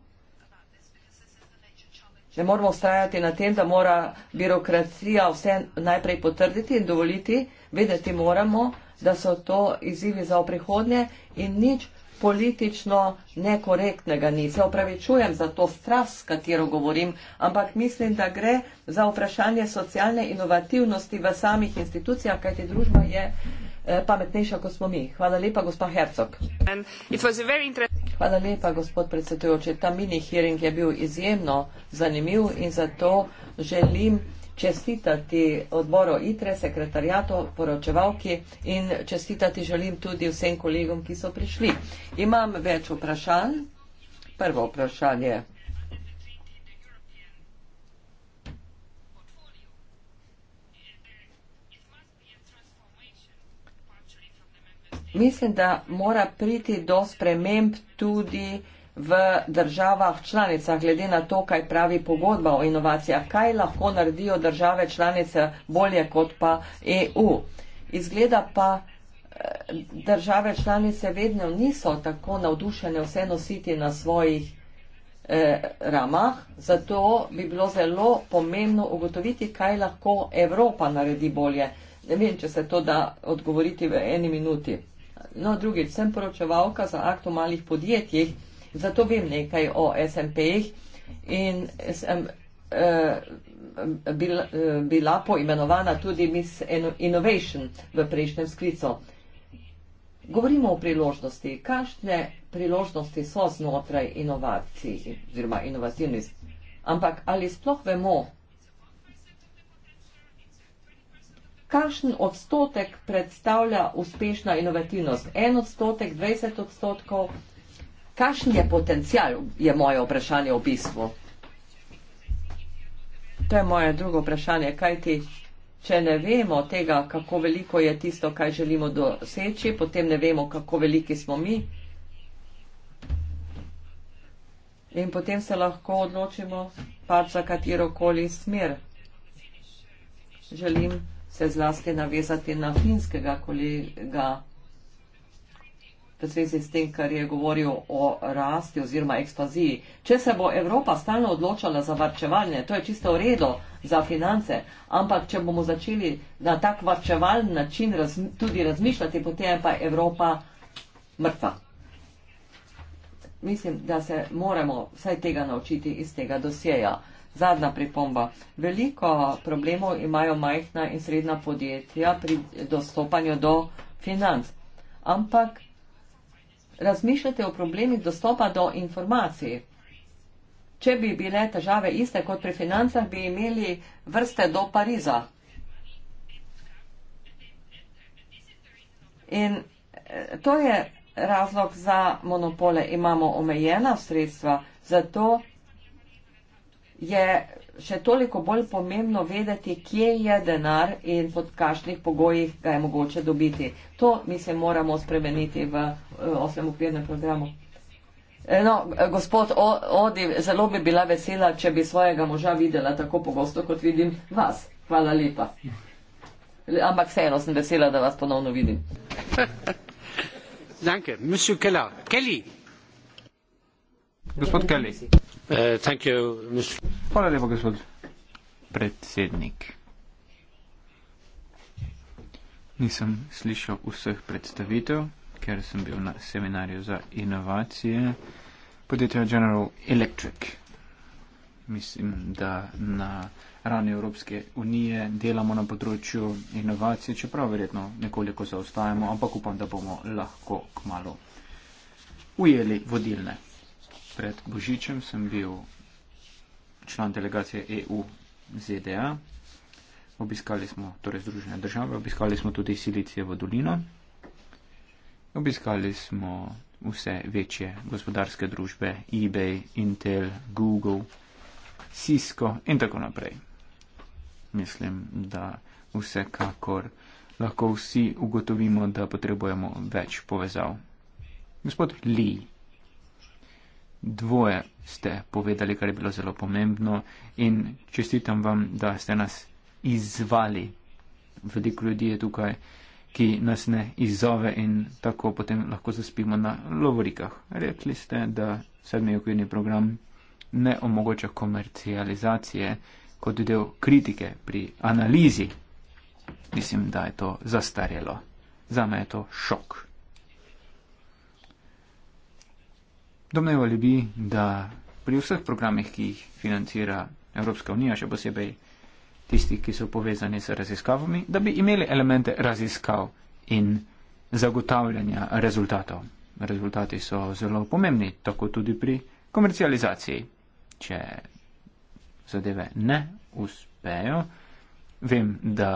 Ne moramo ustrajati na tem, da mora birokracija vse najprej potrditi in dovoliti. Vedeti moramo, da so to izzivi za prihodnje in nič politično nekorektnega ni. Se opravičujem za to strast, s katero govorim, ampak mislim, da gre za vprašanje socialne inovativnosti v samih institucijah, kajti družba je eh, pametnejša, kot smo mi. Hvala lepa, gospa Hercog. Hvala lepa, gospod predsedujoči. Ta mini hearing je bil izjemno zanimiv in zato želim čestitati odboru ITRE, sekretarjatu, poročevalki in čestitati želim tudi vsem kolegom, ki so prišli. Imam več vprašanj. Prvo vprašanje. Mislim, da mora priti do sprememb tudi v državah članicah, glede na to, kaj pravi pogodba o inovacijah, kaj lahko naredijo države članice bolje kot pa EU. Izgleda pa, eh, države članice vedno niso tako navdušene vse nositi na svojih eh, ramah, zato bi bilo zelo pomembno ugotoviti, kaj lahko Evropa naredi bolje. Ne vem, če se to da odgovoriti v eni minuti. No, drugič, sem poročevalka za akt o malih podjetjih. Zato vem nekaj o SMP-jih in sem uh, eh, bila, uh, eh, bila poimenovana tudi Miss Innovation v prejšnjem sklicu. Govorimo o priložnosti. Kakšne priložnosti so znotraj inovacij oziroma inovativnih? Ampak ali sploh vemo, kakšen odstotek predstavlja uspešna inovativnost? En odstotek, 20 odstotkov, Kakšen je potencial, je moje vprašanje v bistvu? To je moje drugo vprašanje, kaj ti, če ne vemo tega, kako veliko je tisto, kaj želimo doseči, potem ne vemo, kako veliki smo mi. In potem se lahko odločimo pač za katero koli smer. Želim se zlasti navezati na finskega kolega v zvezi s tem, kar je govoril o rasti oziroma ekspaziji. Če se bo Evropa stalno odločala za varčevanje, to je čisto v redu za finance, ampak če bomo začeli na tak varčevalen način raz, tudi razmišljati, potem pa je Evropa mrtva. Mislim, da se moramo vsaj tega naučiti iz tega dosjeja. Zadnja pripomba. Veliko problemov imajo majhna in srednja podjetja pri dostopanju do financ. Ampak razmišljate o problemih dostopa do informacij. Če bi bile težave iste kot pri financah, bi imeli vrste do Pariza. In eh, to je razlog za monopole. Imamo omejena sredstva, zato je še toliko bolj pomembno vedeti, kje je denar in pod kakšnih pogojih ga je mogoče dobiti. To mi se moramo spremeniti v eh, osem okvirnem programu. Eh, no, eh, gospod Odi, zelo bi bila vesela, če bi svojega moža videla tako pogosto, kot vidim vas. Hvala lepa. Ampak vseeno sem vesela, da vas ponovno vidim. Danke, monsieur Keller. Kelly. Gospod Kelly. Uh, Hvala lepa, gospod predsednik. Nisem slišal vseh predstavitev, ker sem bil na seminarju za inovacije podjetja General Electric. Mislim, da na ravni Evropske unije delamo na področju inovacije, čeprav verjetno nekoliko zaostajamo, ampak upam, da bomo lahko kmalo ujeli vodilne pred Božičem sem bil član delegacije EU ZDA. Obiskali smo torej Združene države, obiskali smo tudi Silicijevo dolino, obiskali smo vse večje gospodarske družbe, eBay, Intel, Google, Cisco in tako naprej. Mislim, da vsekakor lahko vsi ugotovimo, da potrebujemo več povezav. Gospod Lee dvoje ste povedali, kar je bilo zelo pomembno in čestitam vam, da ste nas izvali. Veliko ljudi je tukaj, ki nas ne izzove in tako potem lahko zaspimo na lovorikah. Rekli ste, da sedmi okvirni program ne omogoča komercializacije kot del kritike pri analizi. Mislim, da je to zastarjelo. Za me je to šok. Domnevali bi, da pri vseh programih, ki jih financira Evropska unija, še posebej tisti, ki so povezani z raziskavami, da bi imeli elemente raziskav in zagotavljanja rezultatov. Rezultati so zelo pomembni, tako tudi pri komercializaciji. Če zadeve ne uspejo, vem, da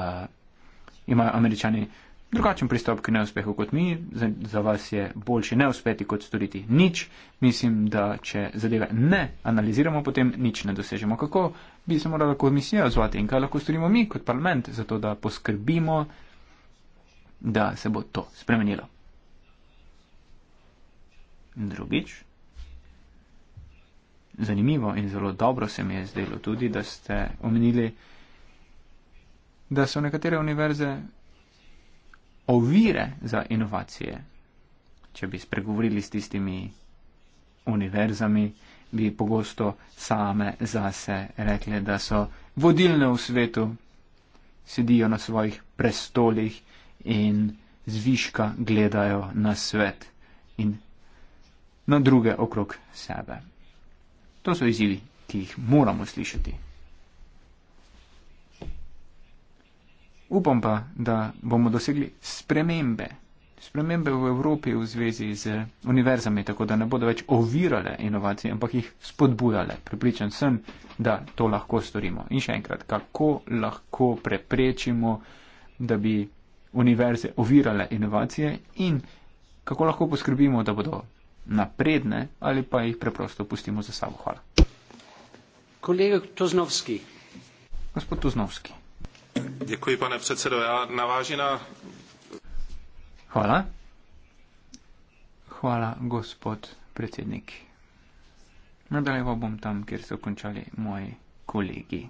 imajo američani drugačen pristop k neuspehu kot mi, za, za vas je boljše ne uspeti kot storiti nič. Mislim, da če zadeve ne analiziramo, potem nič ne dosežemo. Kako bi se morala komisija odzvati in kaj lahko storimo mi kot parlament, zato da poskrbimo, da se bo to spremenilo. Drugič. Zanimivo in zelo dobro se mi je zdelo tudi, da ste omenili, da so nekatere univerze ovire za inovacije. Če bi spregovorili s tistimi univerzami, bi pogosto same zase rekli, da so vodilne v svetu, sedijo na svojih prestolih in zviška gledajo na svet in na druge okrog sebe. To so izzivi, ki jih moramo slišati. Upam pa, da bomo dosegli spremembe. Spremembe v Evropi v zvezi z univerzami, tako da ne bodo več ovirale inovacije, ampak jih spodbujale. Pripričan sem, da to lahko storimo. In še enkrat, kako lahko preprečimo, da bi univerze ovirale inovacije in kako lahko poskrbimo, da bodo napredne ali pa jih preprosto pustimo za sabo. Hvala. Kolega Tuznovski. Gospod Tuznovski. Děkuji, pane předsedo. Já navážu na... Hvala. Hvala, gospod predsednik. Nadaljevo bom tam, kjer so končali moji kolegi.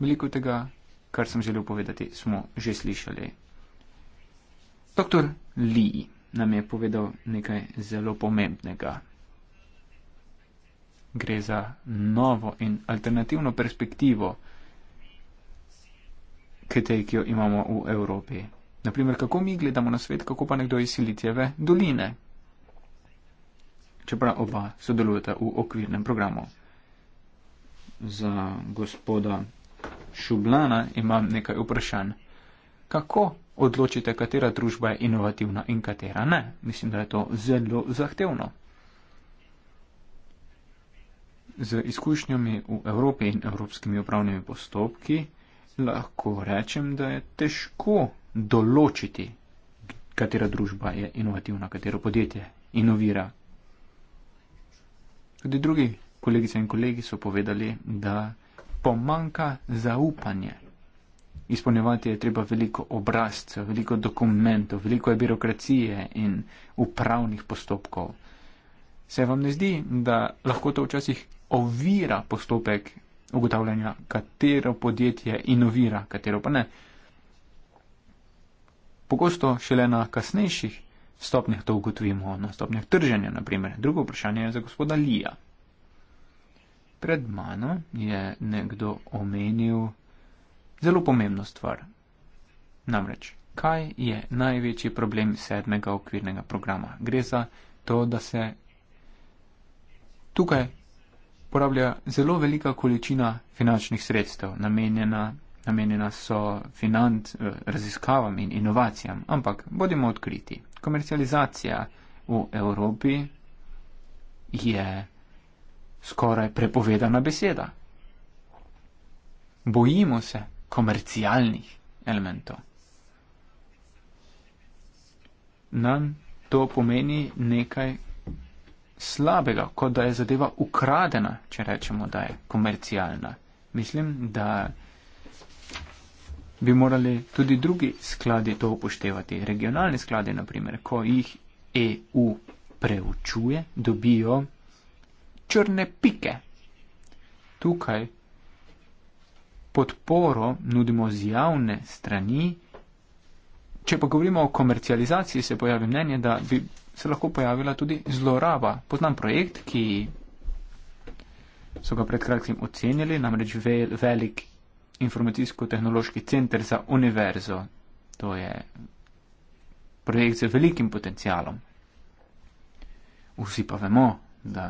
Veliko tega, kar sem želel povedati, smo že slišali. Doktor Lee nam je povedal nekaj zelo pomembnega. Gre za novo in alternativno perspektivo kete, ki jo imamo v Evropi. Naprimer, kako mi gledamo na svet, kako pa nekdo iz Silitjeve doline. Čeprav oba sodelujeta v okvirnem programu. Za gospoda Šublana imam nekaj vprašanj. Kako odločite, katera družba je inovativna in katera ne? Mislim, da je to zelo zahtevno. Z izkušnjami v Evropi in evropskimi upravnimi postopki lahko rečem, da je težko določiti, katera družba je inovativna, katero podjetje inovira. Tudi drugi kolegice in kolegi so povedali, da pomanka zaupanje. Izpolnjevati je treba veliko obrazcev, veliko dokumentov, veliko je birokracije in upravnih postopkov. Se vam ne zdi, da lahko to včasih ovira postopek ugotavljanja, katero podjetje inovira, katero pa ne. Pogosto šele na kasnejših stopnjah to ugotovimo, na stopnjah trženja, naprimer. Drugo vprašanje je za gospoda Lija. Pred mano je nekdo omenil zelo pomembno stvar. Namreč, kaj je največji problem sedmega okvirnega programa? Gre za to, da se tukaj porablja zelo velika količina finančnih sredstev, namenjena, namenjena so financ, eh, raziskavam in inovacijam. Ampak bodimo odkriti. Komercializacija v Evropi je skoraj prepovedana beseda. Bojimo se komercialnih elementov. Nam to pomeni nekaj, slabega, kot da je zadeva ukradena, če rečemo, da je komercialna. Mislim, da bi morali tudi drugi skladi to upoštevati. Regionalni skladi, naprimer, ko jih EU preučuje, dobijo črne pike. Tukaj podporo nudimo z javne strani. Če pa govorimo o komercializaciji, se pojavi mnenje, da bi se lahko pojavila tudi zloraba. Poznam projekt, ki so ga pred kratkim ocenili, namreč vel, velik informacijsko-tehnološki center za univerzo. To je projekt z velikim potencialom. Vsi pa vemo, da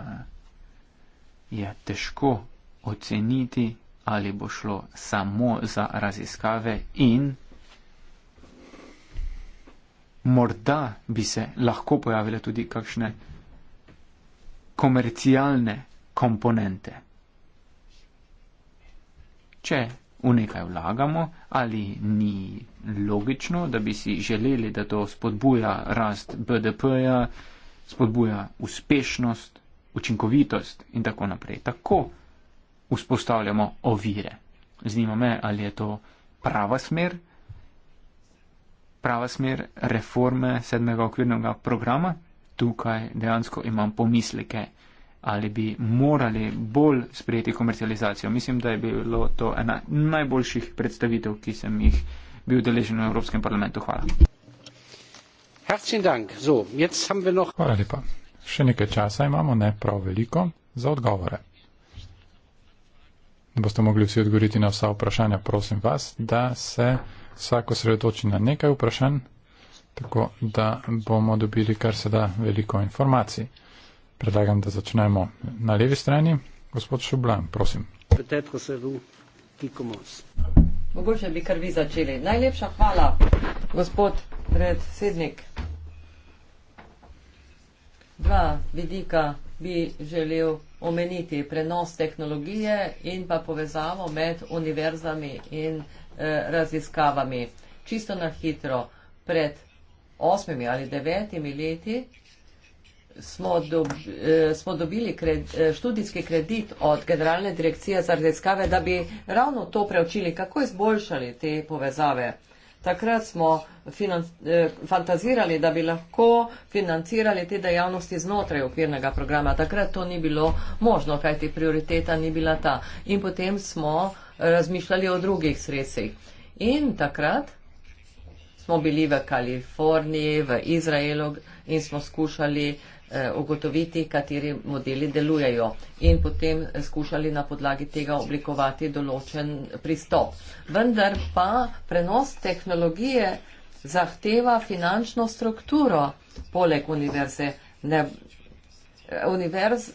je težko oceniti, ali bo šlo samo za raziskave in morda bi se lahko pojavile tudi kakšne komercialne komponente. Če v nekaj vlagamo, ali ni logično, da bi si želeli, da to spodbuja rast BDP-ja, spodbuja uspešnost, učinkovitost in tako naprej. Tako vzpostavljamo ovire. Zanima me, ali je to prava smer prava smer reforme sedmega okvirnega programa. Tukaj dejansko imam pomisleke, ali bi morali bolj sprejeti komercializacijo. Mislim, da je bilo to ena najboljših predstavitev, ki sem jih bil deležen v Evropskem parlamentu. Hvala. Hvala lepa. Še nekaj časa imamo, ne prav veliko, za odgovore. Da boste mogli vsi odgovoriti na vsa vprašanja, prosim vas, da se vsak osredotoči na nekaj vprašanj, tako da bomo dobili kar se da veliko informacij. Predlagam, da začnemo na levi strani. Gospod Šublan, prosim. Mogoče bi kar vi začeli. Najlepša hvala, gospod predsednik. Dva vidika bi želel omeniti. Prenos tehnologije in pa povezavo med univerzami in Eh, raziskavami, čisto na hitro, pred osmimi ali devetimi leti smo, dobi, eh, smo dobili kred, eh, študijski kredit od Generalne direkcije za raziskave, da bi ravno to preučili, kako izboljšali te povezave. Takrat smo finan, fantazirali, da bi lahko financirali te dejavnosti znotraj okvirnega programa. Takrat to ni bilo možno, kajti prioriteta ni bila ta. In potem smo uh, razmišljali o drugih sredstvih. In takrat smo bili v Kaliforniji, v Izraelu in smo skušali eh, ugotoviti, kateri modeli delujejo in potem skušali na podlagi tega oblikovati določen pristop. Vendar pa prenos tehnologije zahteva finančno strukturo poleg univerze. Ne, univerz,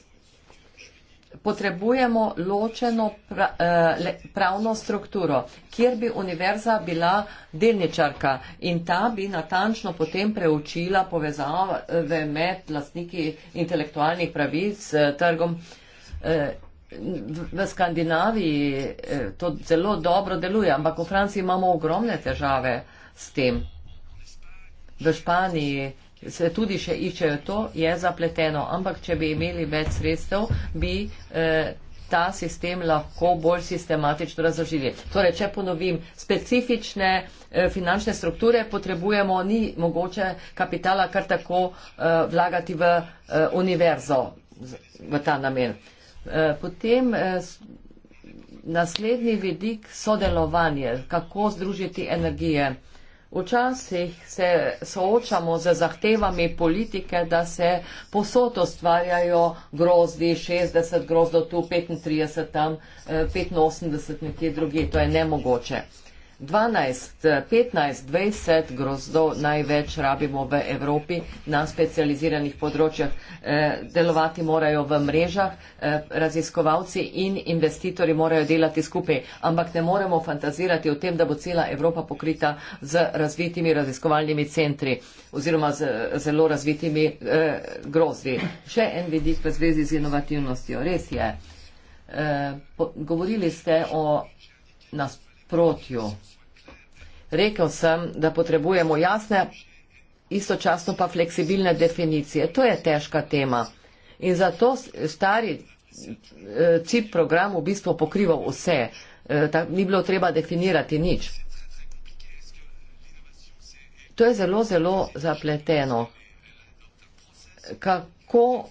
potrebujemo ločeno pra, eh, le, pravno strukturo, kjer bi univerza bila delničarka in ta bi natančno potem preučila povezave med lastniki intelektualnih pravic s eh, trgom. Eh, v Skandinaviji eh, to zelo dobro deluje, ampak v Franciji imamo ogromne težave s tem. V Španiji se tudi še iščejo, to je zapleteno, ampak če bi imeli več sredstev, bi eh, ta sistem lahko bolj sistematično razložili. Torej, če ponovim, specifične eh, finančne strukture potrebujemo, ni mogoče kapitala kar tako eh, vlagati v univerzo v ta namen. Potem naslednji vidik sodelovanje, kako združiti energije. Včasih se soočamo z zahtevami politike, da se posod ustvarjajo grozdi, 60 grozdov tu, 35 tam, 85 eh, nekje drugi, to je nemogoče. 12, 15, 20 grozdov največ rabimo v Evropi na specializiranih področjah. Eh, delovati morajo v mrežah, eh, raziskovalci in investitori morajo delati skupaj, ampak ne moremo fantazirati o tem, da bo cela Evropa pokrita z razvitimi raziskovalnimi centri oziroma z zelo razvitimi eh, grozdi. Še en vidik v zvezi z inovativnostjo. Res je. Govorili ste o nas nasprotju. Rekel sem, da potrebujemo jasne, istočasno pa fleksibilne definicije. To je težka tema. In zato stari eh, CIP program v bistvu pokrival vse. Eh, ta, ni bilo treba definirati nič. To je zelo, zelo zapleteno. Kako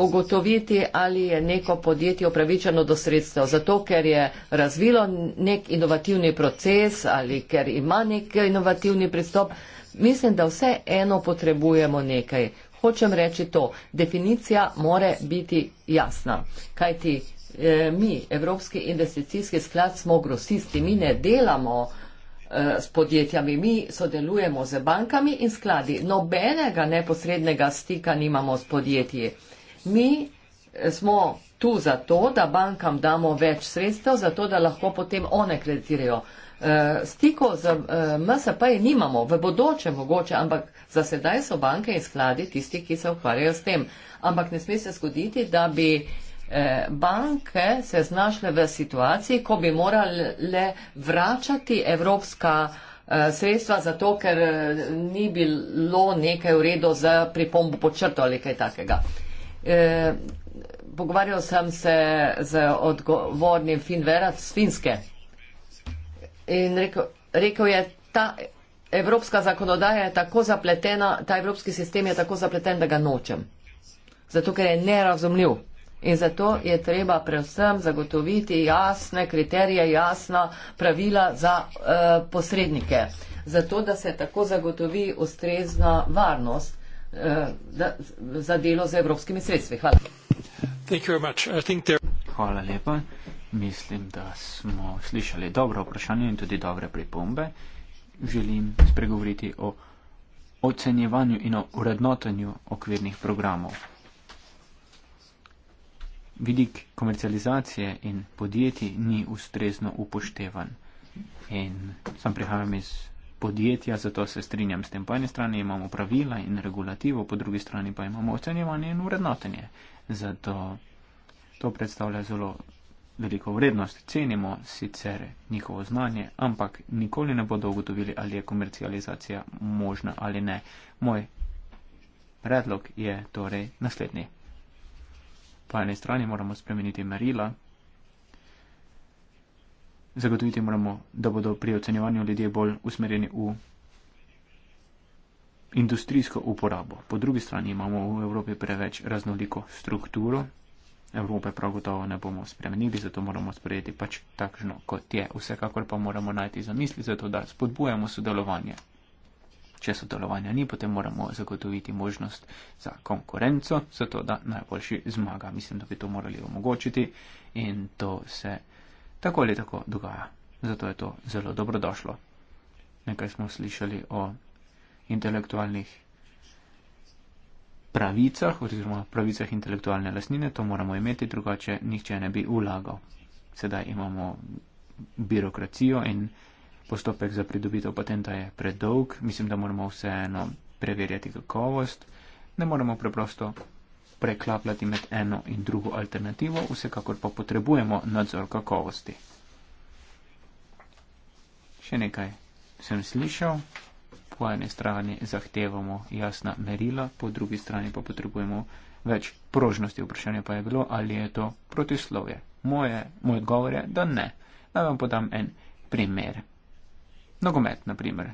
ugotoviti, ali je neko podjetje upravičeno do sredstev. Zato, ker je razvilo nek inovativni proces ali ker ima nek inovativni pristop, mislim, da vse eno potrebujemo nekaj. Hočem reči to, definicija more biti jasna. Kajti eh, mi, Evropski investicijski sklad, smo grosisti, mi ne delamo eh, s podjetjami. Mi sodelujemo z bankami in skladi. Nobenega neposrednega stika nimamo s podjetji. Uh, Mi smo tu zato, da bankam damo več sredstev, zato da lahko potem one kreditirajo. Eh, Stiko z eh, MSP nimamo, v bodoče mogoče, ampak za sedaj so banke in skladi tisti, ki se ukvarjajo s tem. Ampak ne sme se zgoditi, da bi eh, banke se znašle v situaciji, ko bi morale vračati evropska sredstva zato, ker ni bilo nekaj v redu za pripombo počrto ali kaj takega. E, pogovarjal sem se z odgovornim Finvera z Finske in rekel, rekel je, ta evropska zakonodaja je tako zapletena, ta evropski sistem je tako zapleten, da ga nočem. Zato, ker je nerazumljiv. In zato je treba predvsem zagotoviti jasne kriterije, jasna pravila za uh, posrednike. Zato, da se tako zagotovi ustrezna varnost Eh, da, za delo z evropskimi sredstvi. Hvala. Hvala lepa. Mislim, da smo slišali dobro vprašanje in tudi dobre pripombe. Želim spregovoriti o ocenjevanju in o urednotenju okvirnih programov. Vidik komercializacije in podjetij ni ustrezno upoštevan. In sam prihajam iz podjetja, zato se strinjam s tem. Po eni strani imamo pravila in regulativo, po drugi strani pa imamo ocenjevanje in urednotenje. Zato to predstavlja zelo veliko vrednost. Cenimo sicer njihovo znanje, ampak nikoli ne bodo ugotovili, ali je komercializacija možna ali ne. Moj predlog je torej naslednji. Po eni strani moramo spremeniti merila, zagotoviti moramo, da bodo pri ocenjevanju ljudje bolj usmerjeni v industrijsko uporabo. Po drugi strani imamo v Evropi preveč raznoliko strukturo. Evrope prav gotovo ne bomo spremenili, zato moramo sprejeti pač takšno, kot je. Vsekakor pa moramo najti zamisli za to, da spodbujamo sodelovanje. Če sodelovanja ni, potem moramo zagotoviti možnost za konkurenco, zato da najboljši zmaga. Mislim, da bi to morali omogočiti in to se tako ali tako dogaja. Zato je to zelo dobrodošlo. Nekaj smo slišali o intelektualnih pravicah oziroma pravicah intelektualne lasnine, to moramo imeti, drugače nihče ne bi ulagal. Sedaj imamo birokracijo in postopek za pridobitev patenta je predolg, mislim, da moramo vseeno preverjati kakovost, ne moremo preprosto preklapljati med eno in drugo alternativo, vsekakor pa potrebujemo nadzor kakovosti. Še nekaj sem slišal. Po eni strani zahtevamo jasna merila, po drugi strani pa potrebujemo več prožnosti. Vprašanje pa je bilo, ali je to protislovje. Moje, moj odgovor je, da ne. Naj vam podam en primer. Nogomet, na primer.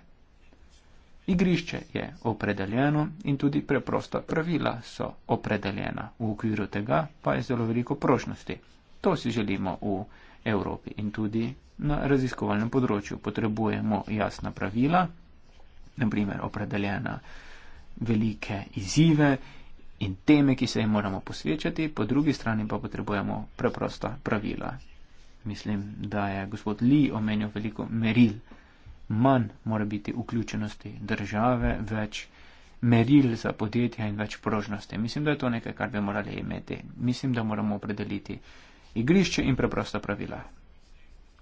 Igrišče je opredeljeno in tudi preprosta pravila so opredeljena. V okviru tega pa je zelo veliko prošnosti. To si želimo v Evropi in tudi na raziskovalnem področju. Potrebujemo jasna pravila, naprimer opredeljena velike izzive in teme, ki se jim moramo posvečati, po drugi strani pa potrebujemo preprosta pravila. Mislim, da je gospod Lee omenil veliko meril manj mora biti vključenosti države, več meril za podjetja in več prožnosti. Mislim, da je to nekaj, kar bi morali imeti. Mislim, da moramo opredeliti igrišče in preprosta pravila.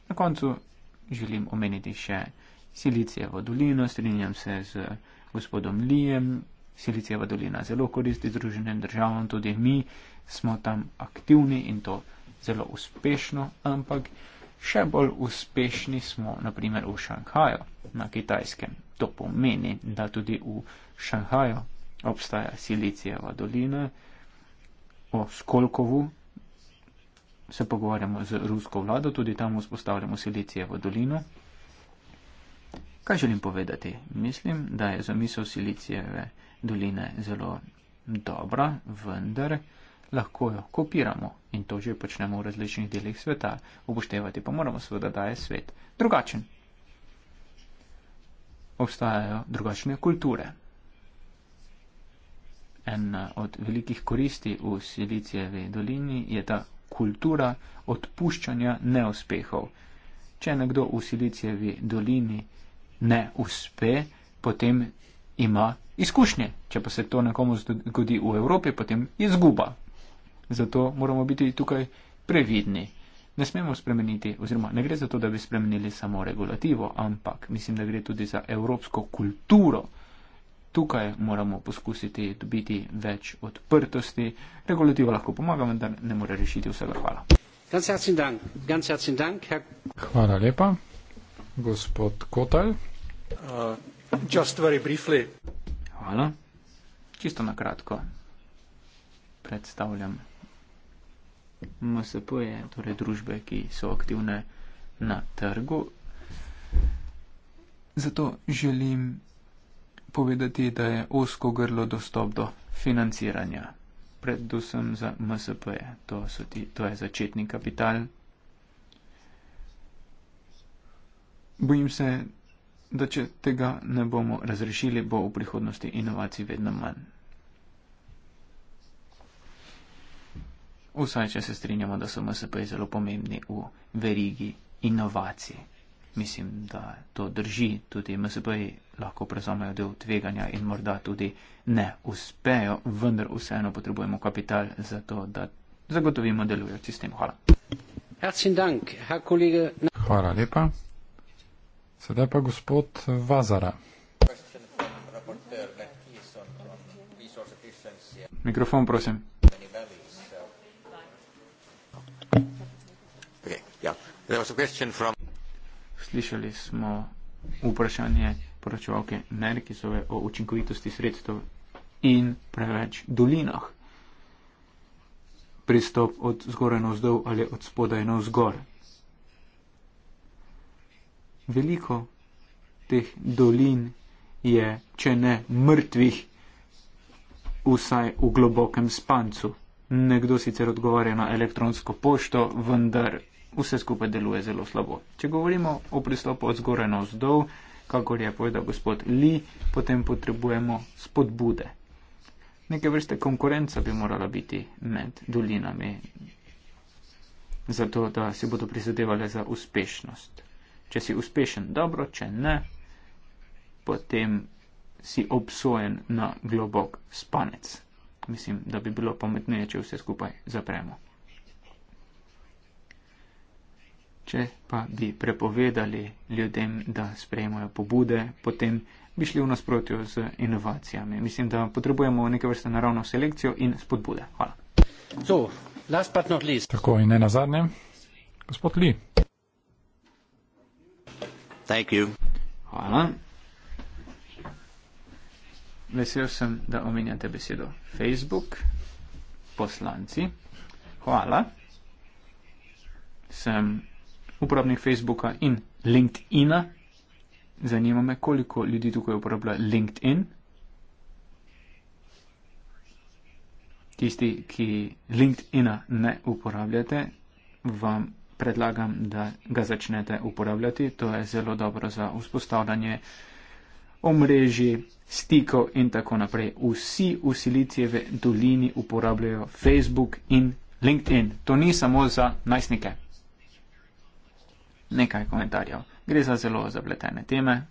Na koncu želim omeniti še Silicijevo dolino, strinjam se z gospodom Lijem. Silicijeva dolina zelo koristi združenim državam, tudi mi smo tam aktivni in to zelo uspešno, ampak še bolj uspešni smo, naprimer, v Šanghaju na kitajskem. To pomeni, da tudi v Šanghaju obstaja Silicijeva dolina, o Skolkovu se pogovarjamo z rusko vlado, tudi tam vzpostavljamo Silicijevo dolino. Kaj želim povedati? Mislim, da je zamisel Silicijeve doline zelo dobra, vendar lahko jo kopiramo in to že počnemo v različnih delih sveta. Upoštevati pa moramo seveda, da je svet drugačen. Obstajajo drugačne kulture. Ena od velikih koristi v Silicijevi dolini je ta kultura odpuščanja neuspehov. Če nekdo v Silicijevi dolini ne uspe, potem ima izkušnje. Če pa se to nekomu zgodi v Evropi, potem izguba. Zato moramo biti tukaj previdni. Ne smemo spremeniti, oziroma ne gre za to, da bi spremenili samo regulativo, ampak mislim, da gre tudi za evropsko kulturo. Tukaj moramo poskusiti dobiti več odprtosti. Regulativa lahko pomaga, vendar ne more rešiti vsega. Hvala. Hvala lepa. Gospod Kotal. Uh, Hvala. Čisto na kratko predstavljam MSP-je, torej družbe, ki so aktivne na trgu. Zato želim povedati, da je osko grlo dostop do financiranja, predvsem za MSP-je, to, to je začetni kapital. Bojim se, da če tega ne bomo razrešili, bo v prihodnosti inovacij vedno manj. vsaj če se strinjamo, da so MSP zelo pomembni v verigi inovacij. Mislim, da to drži, tudi MSP lahko prezamejo del tveganja in morda tudi ne uspejo, vendar vseeno potrebujemo kapital za to, da zagotovimo delujoč sistem. Hvala. Hvala lepa. Sedaj pa gospod Vazara. Mikrofon, prosim. Slišali smo vprašanje poročevalke Merkisove o učinkovitosti sredstev in preveč dolinah. Pristop od zgoraj na vzdolj ali od spodaj na vzgor. Veliko teh dolin je, če ne mrtvih, vsaj v globokem spancu. Nekdo sicer odgovarja na elektronsko pošto, vendar vse skupaj deluje zelo slabo. Če govorimo o pristopu od zgoraj na vzdolj, kakor je povedal gospod Li, potem potrebujemo spodbude. Neke vrste konkurenca bi morala biti med dolinami, zato da si bodo prizadevali za uspešnost. Če si uspešen, dobro, če ne, potem si obsojen na globok spanec. Mislim, da bi bilo pametneje, če vse skupaj zapremo. Če pa bi prepovedali ljudem, da sprejemajo pobude, potem bi šli v nasprotju z inovacijami. Mislim, da potrebujemo neke vrste naravno selekcijo in spodbude. Hvala. So, last but not least. Tako in ne nazadnje. Gospod Li. Thank you. Hvala. Vesel sem, da omenjate besedo Facebook, poslanci. Hvala. Sem uporabnik Facebooka in LinkedIna. Zanima me, koliko ljudi tukaj uporablja LinkedIn. Tisti, ki LinkedIna ne uporabljate, vam predlagam, da ga začnete uporabljati. To je zelo dobro za vzpostavljanje omrežji, stikov in tako naprej. Vsi v Silicijeve dolini uporabljajo Facebook in LinkedIn. To ni samo za najstnike nekaj komentarjev. Gre za zelo zapletene teme.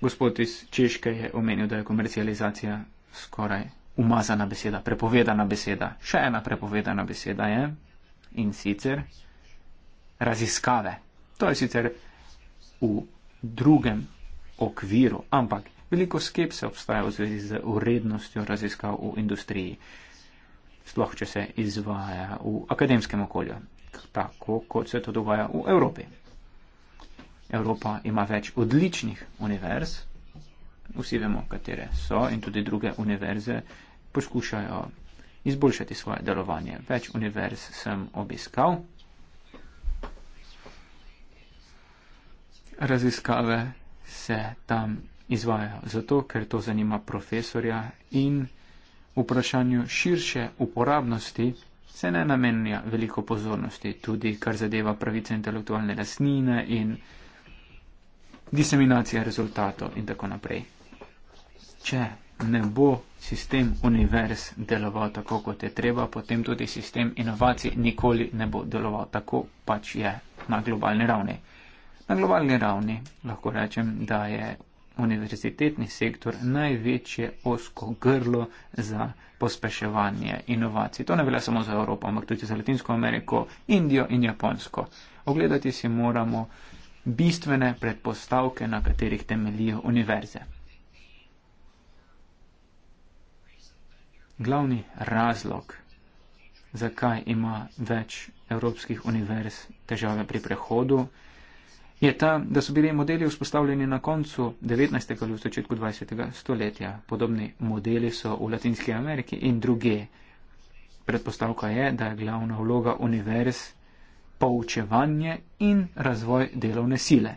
Gospod iz Češke je omenil, da je komercializacija skoraj umazana beseda, prepovedana beseda. Še ena prepovedana beseda je in sicer raziskave. To je sicer v drugem okviru, ampak veliko skepse obstaja v zvezi z urednostjo raziskav v industriji. Uh, sploh če se izvaja v akademskem okolju, tako kot se to dogaja v Evropi. Evropa ima več odličnih univerz, vsi vemo, katere so in tudi druge univerze poskušajo izboljšati svoje delovanje. Več univerz sem obiskal, raziskave se tam izvajajo zato, ker to zanima profesorja in profesorja vprašanju širše uporabnosti se ne namenja veliko pozornosti, tudi kar zadeva pravice intelektualne lasnine in diseminacije rezultatov in tako naprej. Če ne bo sistem univerz deloval tako, kot je treba, potem tudi sistem inovacij nikoli ne bo deloval tako, pač je na globalni ravni. Na globalni ravni lahko rečem, da je univerzitetni sektor največje osko grlo za pospeševanje inovacij. To ne velja samo za Evropo, ampak tudi za Latinsko Ameriko, Indijo in Japonsko. Ogledati si moramo bistvene predpostavke, na katerih temelijo univerze. Glavni razlog, zakaj ima več evropskih univerz težave pri prehodu, je ta, da so bili modeli vzpostavljeni na koncu 19. ali v začetku 20. stoletja. Podobni modeli so v Latinski Ameriki in druge. Predpostavka je, da je glavna vloga univerz poučevanje in razvoj delovne sile.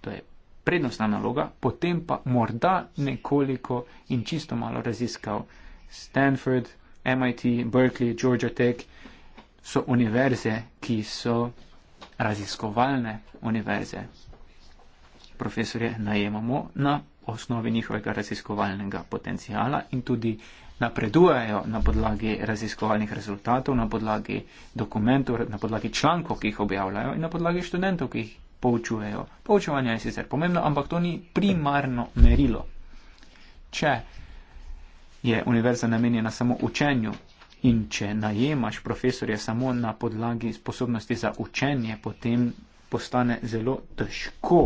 To je prednostna naloga, potem pa morda nekoliko in čisto malo raziskav. Stanford, MIT, Berkeley, Georgia Tech so univerze, ki so raziskovalne univerze. Profesorje najemamo na osnovi njihovega raziskovalnega potencijala in tudi napredujejo na podlagi raziskovalnih rezultatov, na podlagi dokumentov, na podlagi člankov, ki jih objavljajo in na podlagi študentov, ki jih poučujejo. Poučevanje je sicer pomembno, ampak to ni primarno merilo. Če je univerza namenjena samo učenju In če najemaš profesorja samo na podlagi sposobnosti za učenje, potem postane zelo težko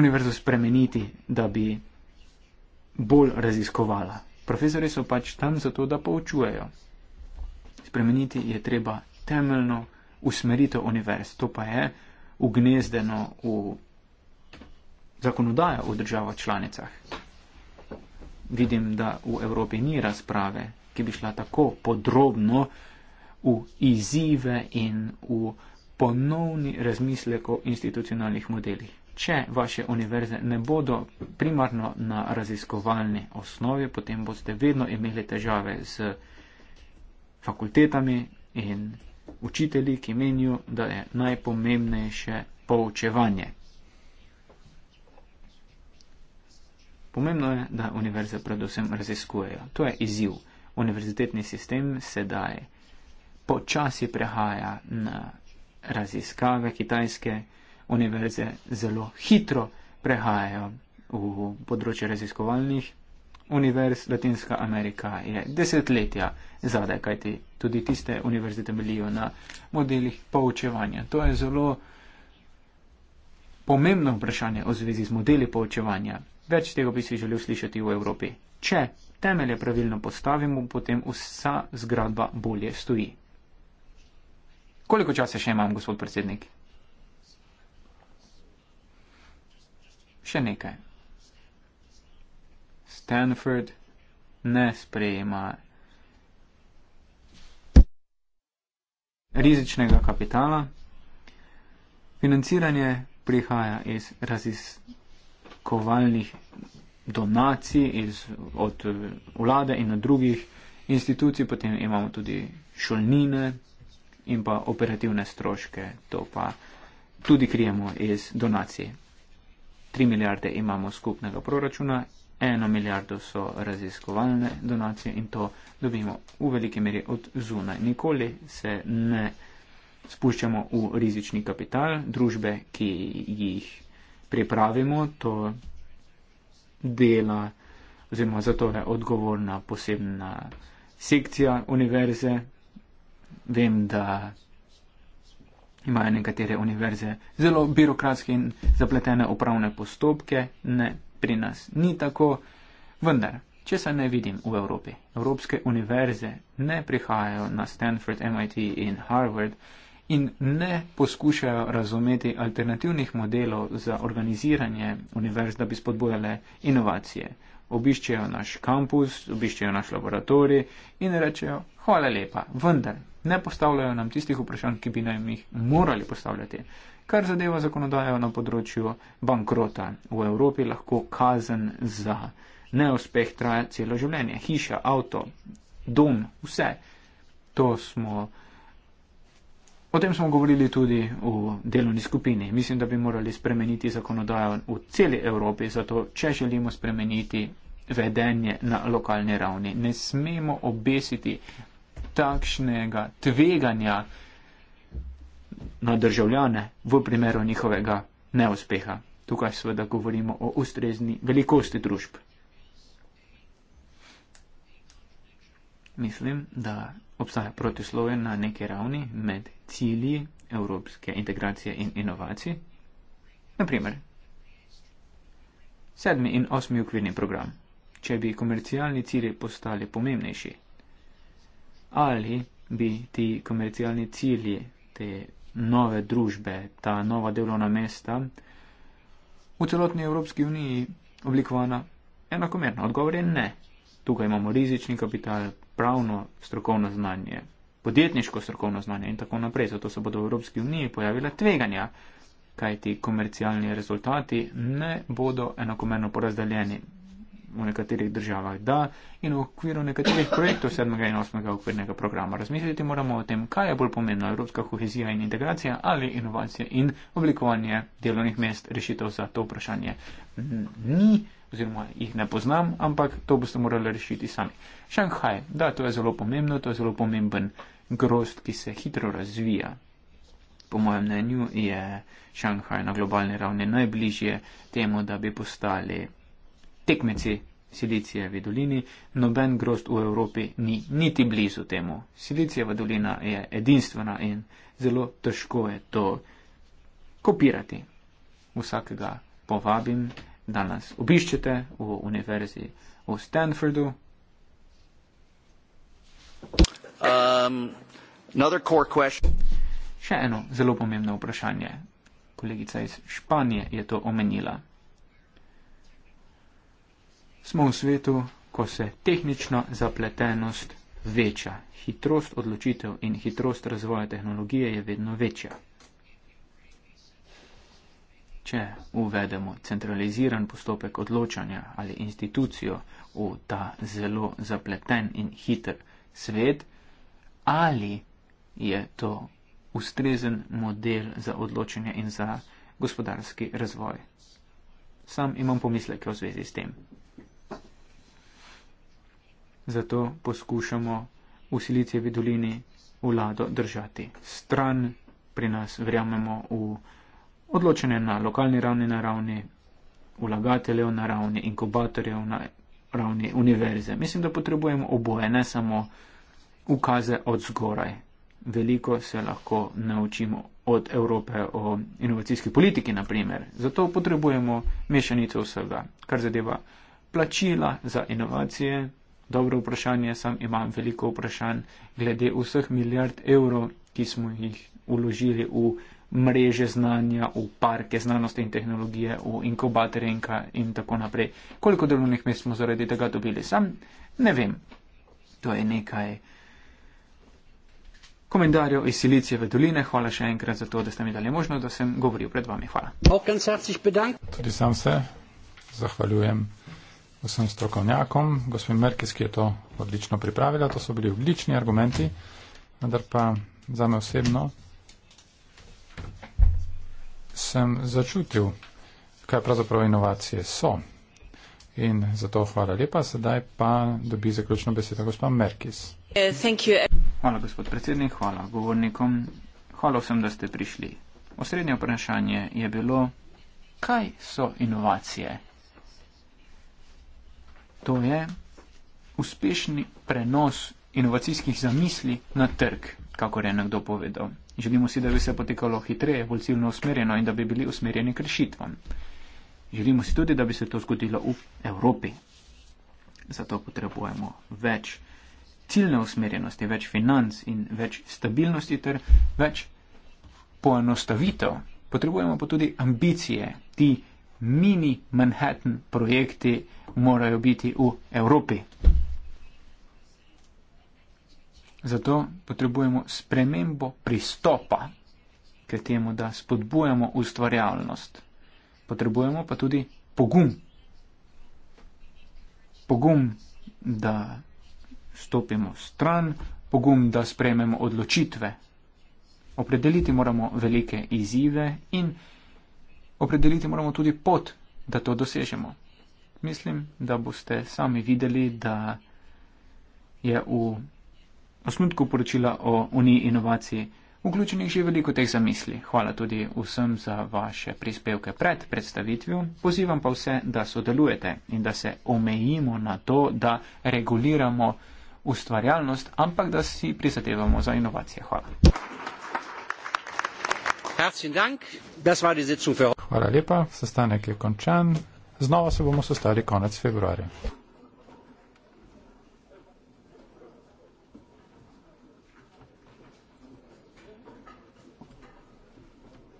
univerzo spremeniti, da bi bolj raziskovala. Profesori so pač tam zato, da poučujejo. Spremeniti je treba temeljno usmeritev univerz. To pa je ugnezdeno v zakonodajo v državah članicah vidim, da v Evropi ni razprave, ki bi šla tako podrobno v izzive in v ponovni razmislek o institucionalnih modelih. Če vaše univerze ne bodo primarno na raziskovalni osnovi, potem boste vedno imeli težave z fakultetami in učitelji, ki menijo, da je najpomembnejše poučevanje. Pomembno je, da univerze predvsem raziskujejo. To je izziv. Univerzitetni sistem sedaj počasi prehaja na raziskave kitajske. Univerze zelo hitro prehajajo v področje raziskovalnih. Univerz Latinska Amerika je desetletja zadaj, kajti tudi tiste univerze temeljijo na modelih poučevanja. To je zelo pomembno vprašanje v zvezi z modeli poučevanja. Več tega bi si želel slišati v Evropi. Če temelje pravilno postavimo, potem vsa zgradba bolje stoji. Koliko časa še imam, gospod predsednik? Še nekaj. Stanford ne sprejema rizičnega kapitala. Financiranje prihaja iz raziskav kovalnih donacij iz, od eh, vlade in od drugih institucij, potem imamo tudi šolnine in pa operativne stroške, to pa tudi krijemo iz donacij. 3 milijarde imamo skupnega proračuna, 1 milijardo so raziskovalne donacije in to dobimo v veliki meri od zunaj. Nikoli se ne spuščamo v rizični kapital družbe, ki jih pripravimo, to dela oziroma za to je odgovorna posebna sekcija univerze. Vem, da imajo nekatere univerze zelo birokratske in zapletene upravne postopke, ne pri nas ni tako, vendar. Če se ne vidim v Evropi, evropske univerze ne prihajajo na Stanford, MIT in Harvard, in ne poskušajo razumeti alternativnih modelov za organiziranje univerz, da bi spodbojale inovacije. Obiščejo naš kampus, obiščejo naš laboratorij in rečejo, hvala lepa, vendar ne postavljajo nam tistih vprašanj, ki bi nam jih morali postavljati. Kar zadeva zakonodajo na področju bankrota. V Evropi lahko kazen za neuspeh traja celo življenje. Hiša, avto, dom, vse. To smo. O tem smo govorili tudi v delovni skupini. Mislim, da bi morali spremeniti zakonodajo v celi Evropi, zato če želimo spremeniti vedenje na lokalni ravni, ne smemo obesiti takšnega tveganja na državljane v primeru njihovega neuspeha. Tukaj seveda govorimo o ustrezni velikosti družb. Mislim, da obstaja protislovje na neki ravni med cilji evropske integracije in inovacij. Naprimer, sedmi in osmi okvirni program, če bi komercialni cilji postali pomembnejši, ali bi ti komercialni cilji te nove družbe, ta nova delovna mesta v celotni Evropski uniji oblikovana enakomerno. Odgovor je ne. Tukaj imamo rizični kapital, pravno, strokovno znanje, podjetniško strokovno znanje in tako naprej. Zato se bodo v Evropski uniji pojavila tveganja, kajti komercialni rezultati ne bodo enakomerno porazdeljeni v nekaterih državah, da in v okviru nekaterih projektov 7. in 8. okvirnega programa. Razmisliti moramo o tem, kaj je bolj pomembno, evropska kohezija in integracija ali inovacije in oblikovanje delovnih mest. Rešitev za to vprašanje ni oziroma jih ne poznam, ampak to boste morali rešiti sami. Šanghaj, da, to je zelo pomembno, to je zelo pomemben uh, grozd, ki se hitro razvija. Po mojem mnenju je Šanghaj na globalni ravni najbližje temu, da bi postali tekmeci Silicijevi dolini. Noben grozd v Evropi ni niti blizu temu. Silicijeva dolina je edinstvena in zelo težko je to kopirati. Vsakega povabim, da nas obiščete v univerzi v Stanfordu. Um. Še eno zelo pomembno vprašanje. Kolegica iz Španije je to omenila. Smo v svetu, ko se tehnična zapletenost veča. Hitrost odločitev in hitrost razvoja tehnologije je vedno večja. Če uvedemo centraliziran postopek odločanja ali institucijo v ta zelo zapleten in hiter svet, ali je to ustrezen model za odločanje in za gospodarski razvoj. Sam imam pomisleke v zvezi s tem. Zato poskušamo v Silicijevi dolini vlado držati stran. Pri nas verjamemo v odločanje na lokalni ravni, na ravni vlagateljev, na ravni inkubatorjev, na ravni univerze. Mislim, da potrebujemo oboje, ne samo ukaze od zgoraj veliko se lahko naučimo od Evrope o inovacijski politiki, naprimer. Zato potrebujemo mešanico vsega, kar zadeva plačila za inovacije. Dobro vprašanje, sam imam veliko vprašanj glede vseh milijard evrov, ki smo jih uložili v mreže znanja, v parke znanosti in tehnologije, v inkubatorje in tako naprej. Koliko delovnih mest smo zaradi tega dobili? Sam ne vem. To je nekaj komentarjev iz Silicije v Doline. Hvala še enkrat za to, da ste mi dali možnost, da sem govoril pred vami. Hvala. Tudi sam se zahvaljujem vsem strokovnjakom, gospod Merkis, ki je to odlično pripravila. To so bili odlični argumenti, vendar pa za me osebno sem začutil, kaj pravzaprav inovacije so. In zato hvala lepa, sedaj pa dobi zaključno besedo gospod Merkis. Eh, hvala gospod predsednik, hvala govornikom, hvala vsem, da ste prišli. Osrednje vprašanje je bilo, kaj so inovacije? To je uspešni prenos inovacijskih zamisli na trg, kako je nekdo povedal. Želimo si, da bi se potekalo hitreje, bolj ciljno usmerjeno in da bi bili usmerjeni k rešitvam. Želimo si tudi, da bi se to zgodilo v Evropi. Zato potrebujemo več ciljne usmerjenosti, več financ in več stabilnosti ter več poenostavitev. Potrebujemo pa tudi ambicije. Ti mini Manhattan projekti morajo biti v Evropi. Zato potrebujemo spremembo pristopa k temu, da spodbujamo ustvarjalnost potrebujemo pa tudi pogum. Pogum, da stopimo stran, pogum, da sprejmemo odločitve. Opredeliti moramo velike izzive in opredeliti moramo tudi pot, da to dosežemo. Mislim, da boste sami videli, da je v osnutku poročila o uniji inovaciji. Vključenih že veliko teh zamisli. Hvala tudi vsem za vaše prispevke pred predstavitvijo. Pozivam pa vse, da sodelujete in da se omejimo na to, da reguliramo ustvarjalnost, ampak da si prizadevamo za inovacije. Hvala. Hvala lepa, sestanek je končan. Znova se bomo sestali konec februarja.